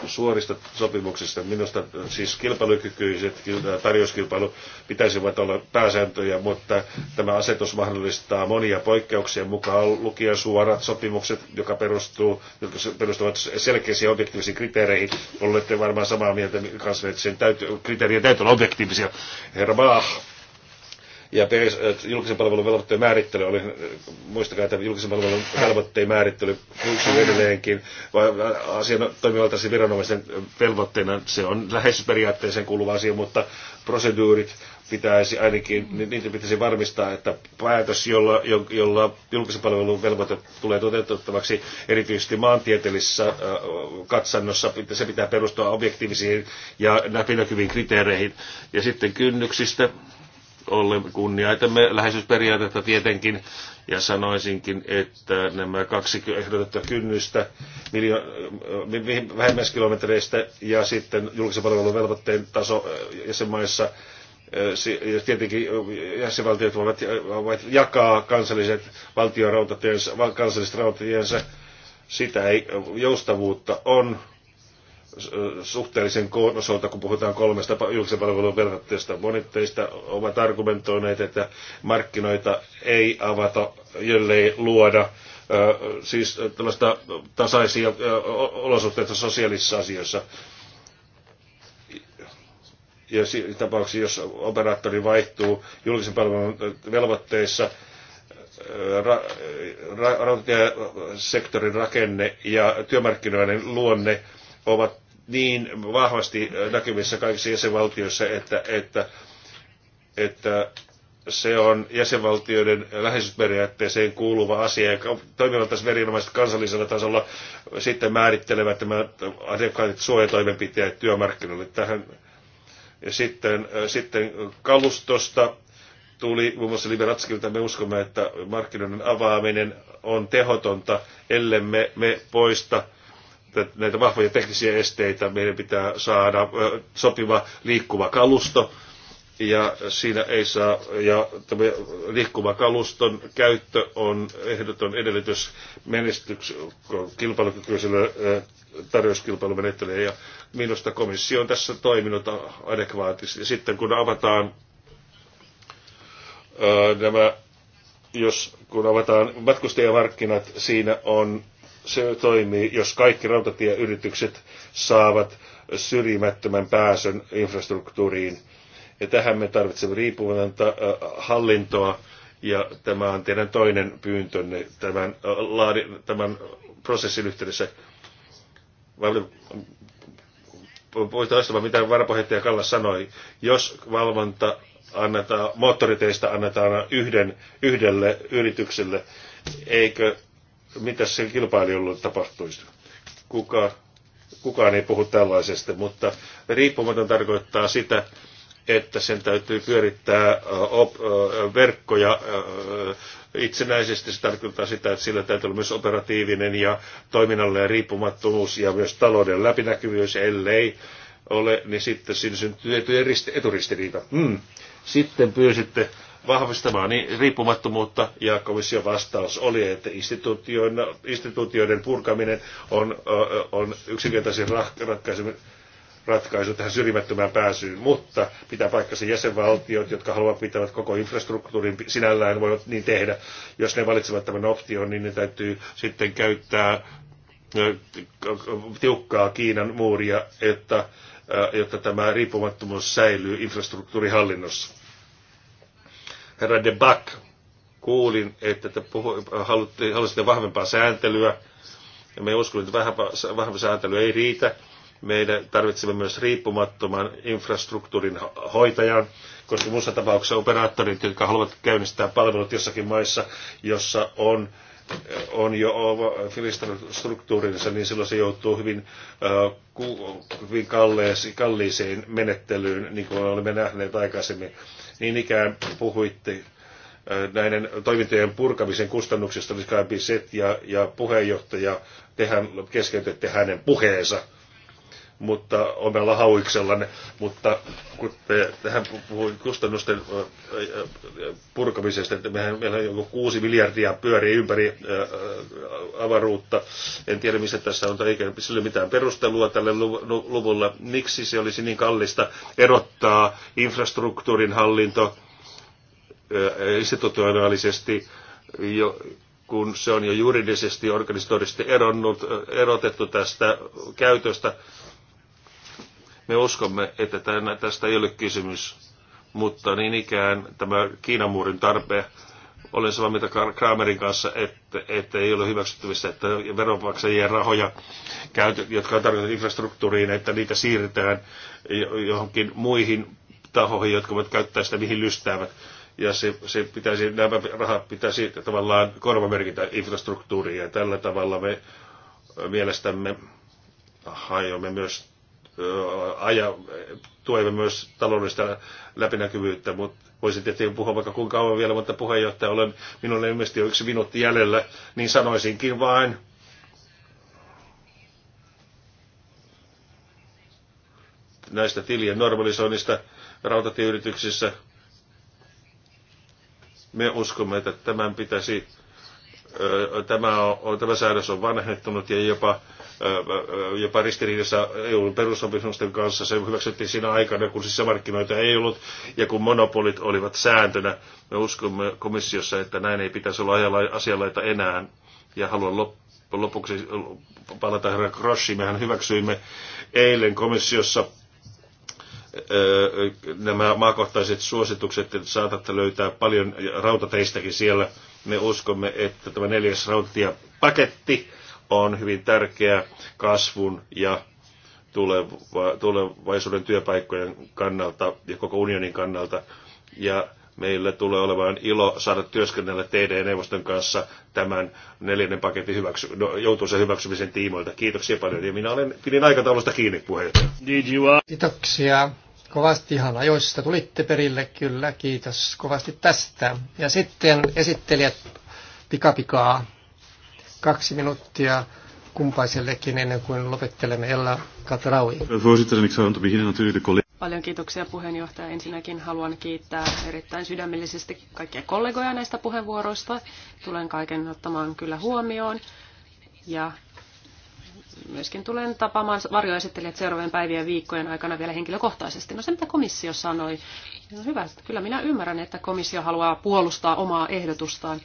suorista sopimuksista. Minusta äh, siis kilpailukykyiset äh, tarjouskilpailu pitäisivät olla pääsääntöjä, mutta tämä asetus mahdollistaa monia poikkeuksia mukaan lukien suorat sopimukset, joka perustuu, jotka perustuvat selkeisiin ja objektiivisiin kriteereihin. Olette varmaan samaa mieltä kanssa, että sen täytyy, kriteerien täytyy olla objektiivisia. Herra Baah ja julkisen palvelun velvoitteen määrittely oli, muistakaa että julkisen palvelun velvoitteen määrittely yksin edelleenkin, vai asian toimivaltaisen viranomaisen velvoitteena se on lähes periaatteeseen kuuluva asia, mutta proseduurit pitäisi ainakin, niitä pitäisi varmistaa, että päätös, jolla, jolla julkisen palvelun velvoite tulee toteutettavaksi erityisesti maantieteellisessä katsannossa, se pitää perustua objektiivisiin ja läpinäkyviin kriteereihin. Ja sitten kynnyksistä, kunnioitamme läheisyysperiaatetta tietenkin, ja sanoisinkin, että nämä kaksi ehdotettua kynnystä miljo- vähemmäiskilometreistä ja sitten julkisen palvelun velvoitteen taso äh, jäsenmaissa, äh, ja tietenkin äh, jäsenvaltiot voivat, jakaa kansalliset valtion kansalliset rautatiensä, sitä ei, joustavuutta on, suhteellisen koon osalta, kun puhutaan kolmesta julkisen palvelun velvoitteesta. Monet teistä ovat argumentoineet, että markkinoita ei avata, jollei luoda siis tällaista tasaisia olosuhteita sosiaalisissa asioissa. Ja tapauksessa, jos operaattori vaihtuu julkisen palvelun velvoitteissa, ra, ra, ra, sektorin rakenne ja työmarkkinoiden luonne ovat niin vahvasti näkyvissä kaikissa jäsenvaltioissa, että, että, että se on jäsenvaltioiden läheisyysperiaatteeseen kuuluva asia, ja tässä verinomaiset kansallisella tasolla sitten määrittelevät nämä asiakkaat suojatoimenpiteet työmarkkinoille. Tähän ja sitten, sitten kalustosta tuli muun muassa Liberatskilta, me uskomme, että markkinoiden avaaminen on tehotonta, me, me poista näitä vahvoja teknisiä esteitä. Meidän pitää saada sopiva liikkuva kalusto ja siinä ei saa, ja tämä liikkuva kaluston käyttö on ehdoton edellytys menestyks kilpailukykyiselle tarjouskilpailumenettelylle ja minusta komissio on tässä toiminut adekvaatisti. Sitten kun avataan nämä, jos kun avataan matkustajamarkkinat, siinä on se toimii, jos kaikki rautatieyritykset saavat syrjimättömän pääsyn infrastruktuuriin. Ja tähän me tarvitsemme riippumatonta hallintoa, ja tämä on teidän toinen pyyntönne tämän, tämän prosessin yhteydessä. Voi toistamaan, mitä varapuheenjohtaja kalla sanoi. Jos valvonta annetaan, moottoriteista annetaan yhden, yhdelle yritykselle, eikö mitä se kilpailijoille tapahtuisi. Kuka, kukaan ei puhu tällaisesta, mutta riippumaton tarkoittaa sitä, että sen täytyy pyörittää op, verkkoja itsenäisesti. Se tarkoittaa sitä, että sillä täytyy olla myös operatiivinen ja toiminnallinen riippumattomuus ja myös talouden läpinäkyvyys, ellei ole, niin sitten siinä syntyy eturistiriita. Mm. Sitten pyysitte vahvistamaan niin riippumattomuutta ja komission vastaus oli, että instituutioiden, instituutioiden purkaminen on, on yksinkertaisin ratkaisu, ratkaisu tähän syrjimättömään pääsyyn, mutta pitää paikkansa jäsenvaltiot, jotka haluavat pitää koko infrastruktuurin sinällään, voivat niin tehdä. Jos ne valitsevat tämän option, niin ne täytyy sitten käyttää tiukkaa Kiinan muuria, että, jotta tämä riippumattomuus säilyy infrastruktuurihallinnossa. Herra de Bac, kuulin, että te puhu, halutte, halusitte vahvempaa sääntelyä. Ja me uskon, että vahva sääntely ei riitä. Meidän tarvitsemme myös riippumattoman infrastruktuurin hoitajan, koska muussa tapauksessa operaattorit, jotka haluavat käynnistää palvelut jossakin maissa, jossa on on jo filistruktuurinsa, niin silloin se joutuu hyvin, hyvin kalliiseen menettelyyn, niin kuin olemme nähneet aikaisemmin. Niin ikään puhuitte näiden toimintojen purkamisen kustannuksista, oli set ja, ja puheenjohtaja, tehän keskeytette hänen puheensa mutta omalla hauiksellanne, mutta kun te, tähän puhuin kustannusten purkamisesta, että mehän, meillä on joku kuusi miljardia pyörii ympäri avaruutta. En tiedä, missä tässä on, eikä sillä mitään perustelua tälle luvulla. Miksi se olisi niin kallista erottaa infrastruktuurin hallinto institutionaalisesti, jo, kun se on jo juridisesti organisatorisesti erotettu tästä käytöstä, me uskomme, että tämän, tästä ei ole kysymys, mutta niin ikään tämä Kiinan muurin tarpe, olen samaa mieltä Kramerin kanssa, että, että ei ole hyväksyttävissä, että veronmaksajien rahoja, jotka on tarkoitettu infrastruktuuriin, että niitä siirretään johonkin muihin tahoihin, jotka voivat käyttää sitä, mihin lystäävät ja se, se pitäisi, nämä rahat pitäisi tavallaan korvamerkitä infrastruktuuriin ja tällä tavalla me mielestämme hajoamme myös aja, tuemme myös taloudellista läpinäkyvyyttä, mutta voisin tietenkin puhua vaikka kuinka kauan vielä, mutta puheenjohtaja, olen, minulle ilmeisesti on yksi minuutti jäljellä, niin sanoisinkin vain, näistä tilien normalisoinnista rautatieyrityksissä. Me uskomme, että tämän pitäisi tämä, on, tämä säädös on vanhentunut ja jopa, jopa ristiriidassa EUn perussopimusten kanssa. Se hyväksyttiin siinä aikana, kun siis sisämarkkinoita ei ollut ja kun monopolit olivat sääntönä. Me uskomme komissiossa, että näin ei pitäisi olla asianlaita enää. Ja haluan lopuksi palata herra Grossi. Mehän hyväksyimme eilen komissiossa nämä maakohtaiset suositukset, että saatatte löytää paljon rautateistäkin siellä – me uskomme, että tämä neljäs rautatiepaketti on hyvin tärkeä kasvun ja tuleva, tulevaisuuden työpaikkojen kannalta ja koko unionin kannalta. Ja meillä tulee olemaan ilo saada työskennellä TD-neuvoston kanssa tämän neljännen paketin hyväksy, no, joutuisen hyväksymisen tiimoilta. Kiitoksia paljon ja minä olen, pidin aikataulusta kiinni puheenjohtaja. Kiitoksia. Kovasti ihan ajoissa tulitte perille, kyllä, kiitos kovasti tästä. Ja sitten esittelijät pikapikaa, kaksi minuuttia kumpaisellekin ennen kuin lopettelemme Ella Katraui. Paljon kiitoksia puheenjohtaja. Ensinnäkin haluan kiittää erittäin sydämellisesti kaikkia kollegoja näistä puheenvuoroista. Tulen kaiken ottamaan kyllä huomioon. Ja myöskin tulen tapaamaan varjoesittelijät seuraavien päivien viikkojen aikana vielä henkilökohtaisesti. No se, mitä komissio sanoi, no hyvä, kyllä minä ymmärrän, että komissio haluaa puolustaa omaa ehdotustaan,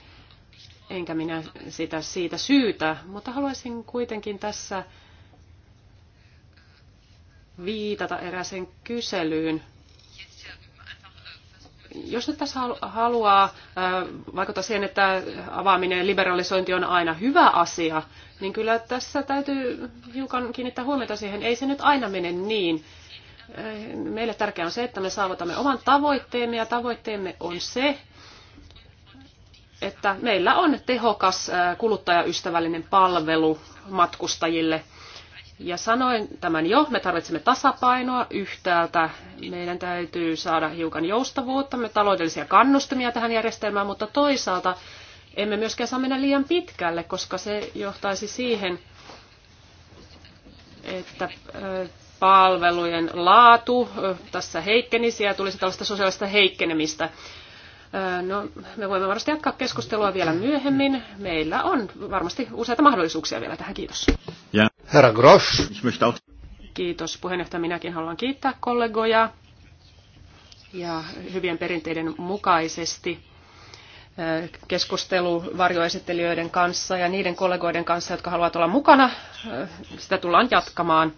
enkä minä sitä siitä syytä, mutta haluaisin kuitenkin tässä viitata erääseen kyselyyn, jos nyt tässä haluaa vaikuttaa siihen, että avaaminen ja liberalisointi on aina hyvä asia, niin kyllä tässä täytyy hiukan kiinnittää huomiota siihen. Ei se nyt aina mene niin. Meille tärkeää on se, että me saavutamme oman tavoitteemme ja tavoitteemme on se, että meillä on tehokas kuluttajaystävällinen palvelu matkustajille – ja sanoin tämän jo, me tarvitsemme tasapainoa yhtäältä. Meidän täytyy saada hiukan joustavuutta, me taloudellisia kannustimia tähän järjestelmään, mutta toisaalta emme myöskään saa mennä liian pitkälle, koska se johtaisi siihen, että palvelujen laatu tässä heikkenisi ja tulisi tällaista sosiaalista heikkenemistä. No, me voimme varmasti jatkaa keskustelua vielä myöhemmin. Meillä on varmasti useita mahdollisuuksia vielä tähän. Kiitos. Ja. Herra Grosch. Kiitos puheenjohtaja. Minäkin haluan kiittää kollegoja ja hyvien perinteiden mukaisesti eh, keskustelu varjoesittelijöiden kanssa ja niiden kollegoiden kanssa, jotka haluavat olla mukana. Eh, sitä tullaan jatkamaan.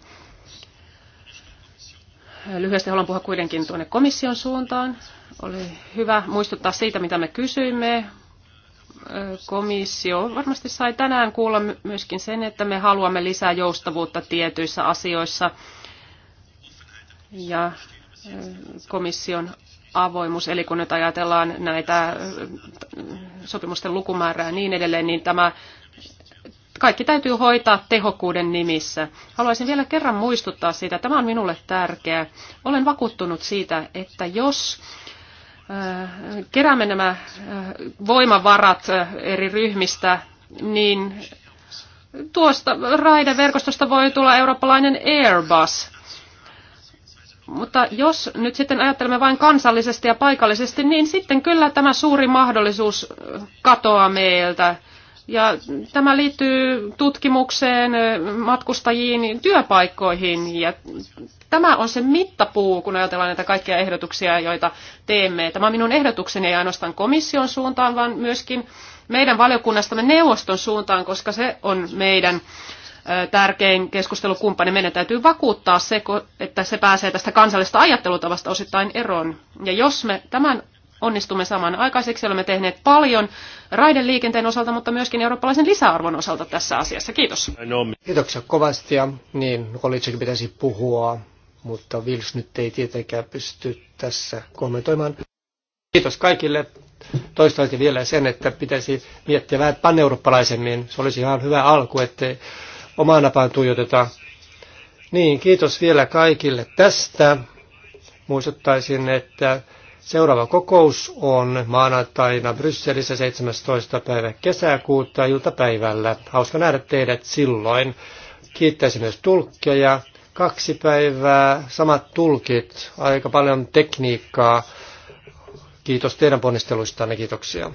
Lyhyesti haluan puhua kuitenkin tuonne komission suuntaan. Oli hyvä muistuttaa siitä, mitä me kysyimme, komissio varmasti sai tänään kuulla myöskin sen, että me haluamme lisää joustavuutta tietyissä asioissa. Ja komission avoimuus, eli kun nyt ajatellaan näitä sopimusten lukumäärää ja niin edelleen, niin tämä kaikki täytyy hoitaa tehokkuuden nimissä. Haluaisin vielä kerran muistuttaa siitä, tämä on minulle tärkeää. Olen vakuuttunut siitä, että jos Äh, keräämme nämä äh, voimavarat äh, eri ryhmistä, niin tuosta raideverkostosta voi tulla eurooppalainen Airbus. Mutta jos nyt sitten ajattelemme vain kansallisesti ja paikallisesti, niin sitten kyllä tämä suuri mahdollisuus katoaa meiltä. Ja tämä liittyy tutkimukseen, matkustajiin, työpaikkoihin. Ja tämä on se mittapuu, kun ajatellaan näitä kaikkia ehdotuksia, joita teemme. Tämä on minun ehdotukseni ei ainoastaan komission suuntaan, vaan myöskin meidän valiokunnastamme neuvoston suuntaan, koska se on meidän tärkein keskustelukumppani. Meidän täytyy vakuuttaa se, että se pääsee tästä kansallisesta ajattelutavasta osittain eroon. Ja jos me tämän onnistumme saman aikaiseksi. Olemme tehneet paljon raideliikenteen osalta, mutta myöskin eurooppalaisen lisäarvon osalta tässä asiassa. Kiitos. Kiitoksia kovasti ja niin Kolitsakin pitäisi puhua, mutta Vils nyt ei tietenkään pysty tässä kommentoimaan. Kiitos kaikille. Toistaisin vielä sen, että pitäisi miettiä vähän paneurooppalaisemmin. Se olisi ihan hyvä alku, ettei omaan napaan tuijoteta. Niin, kiitos vielä kaikille tästä. Muistuttaisin, että Seuraava kokous on maanantaina Brysselissä 17. päivä kesäkuuta iltapäivällä. Hauska nähdä teidät silloin. Kiittäisin myös tulkkeja. Kaksi päivää, samat tulkit, aika paljon tekniikkaa. Kiitos teidän ponnisteluistanne, kiitoksia.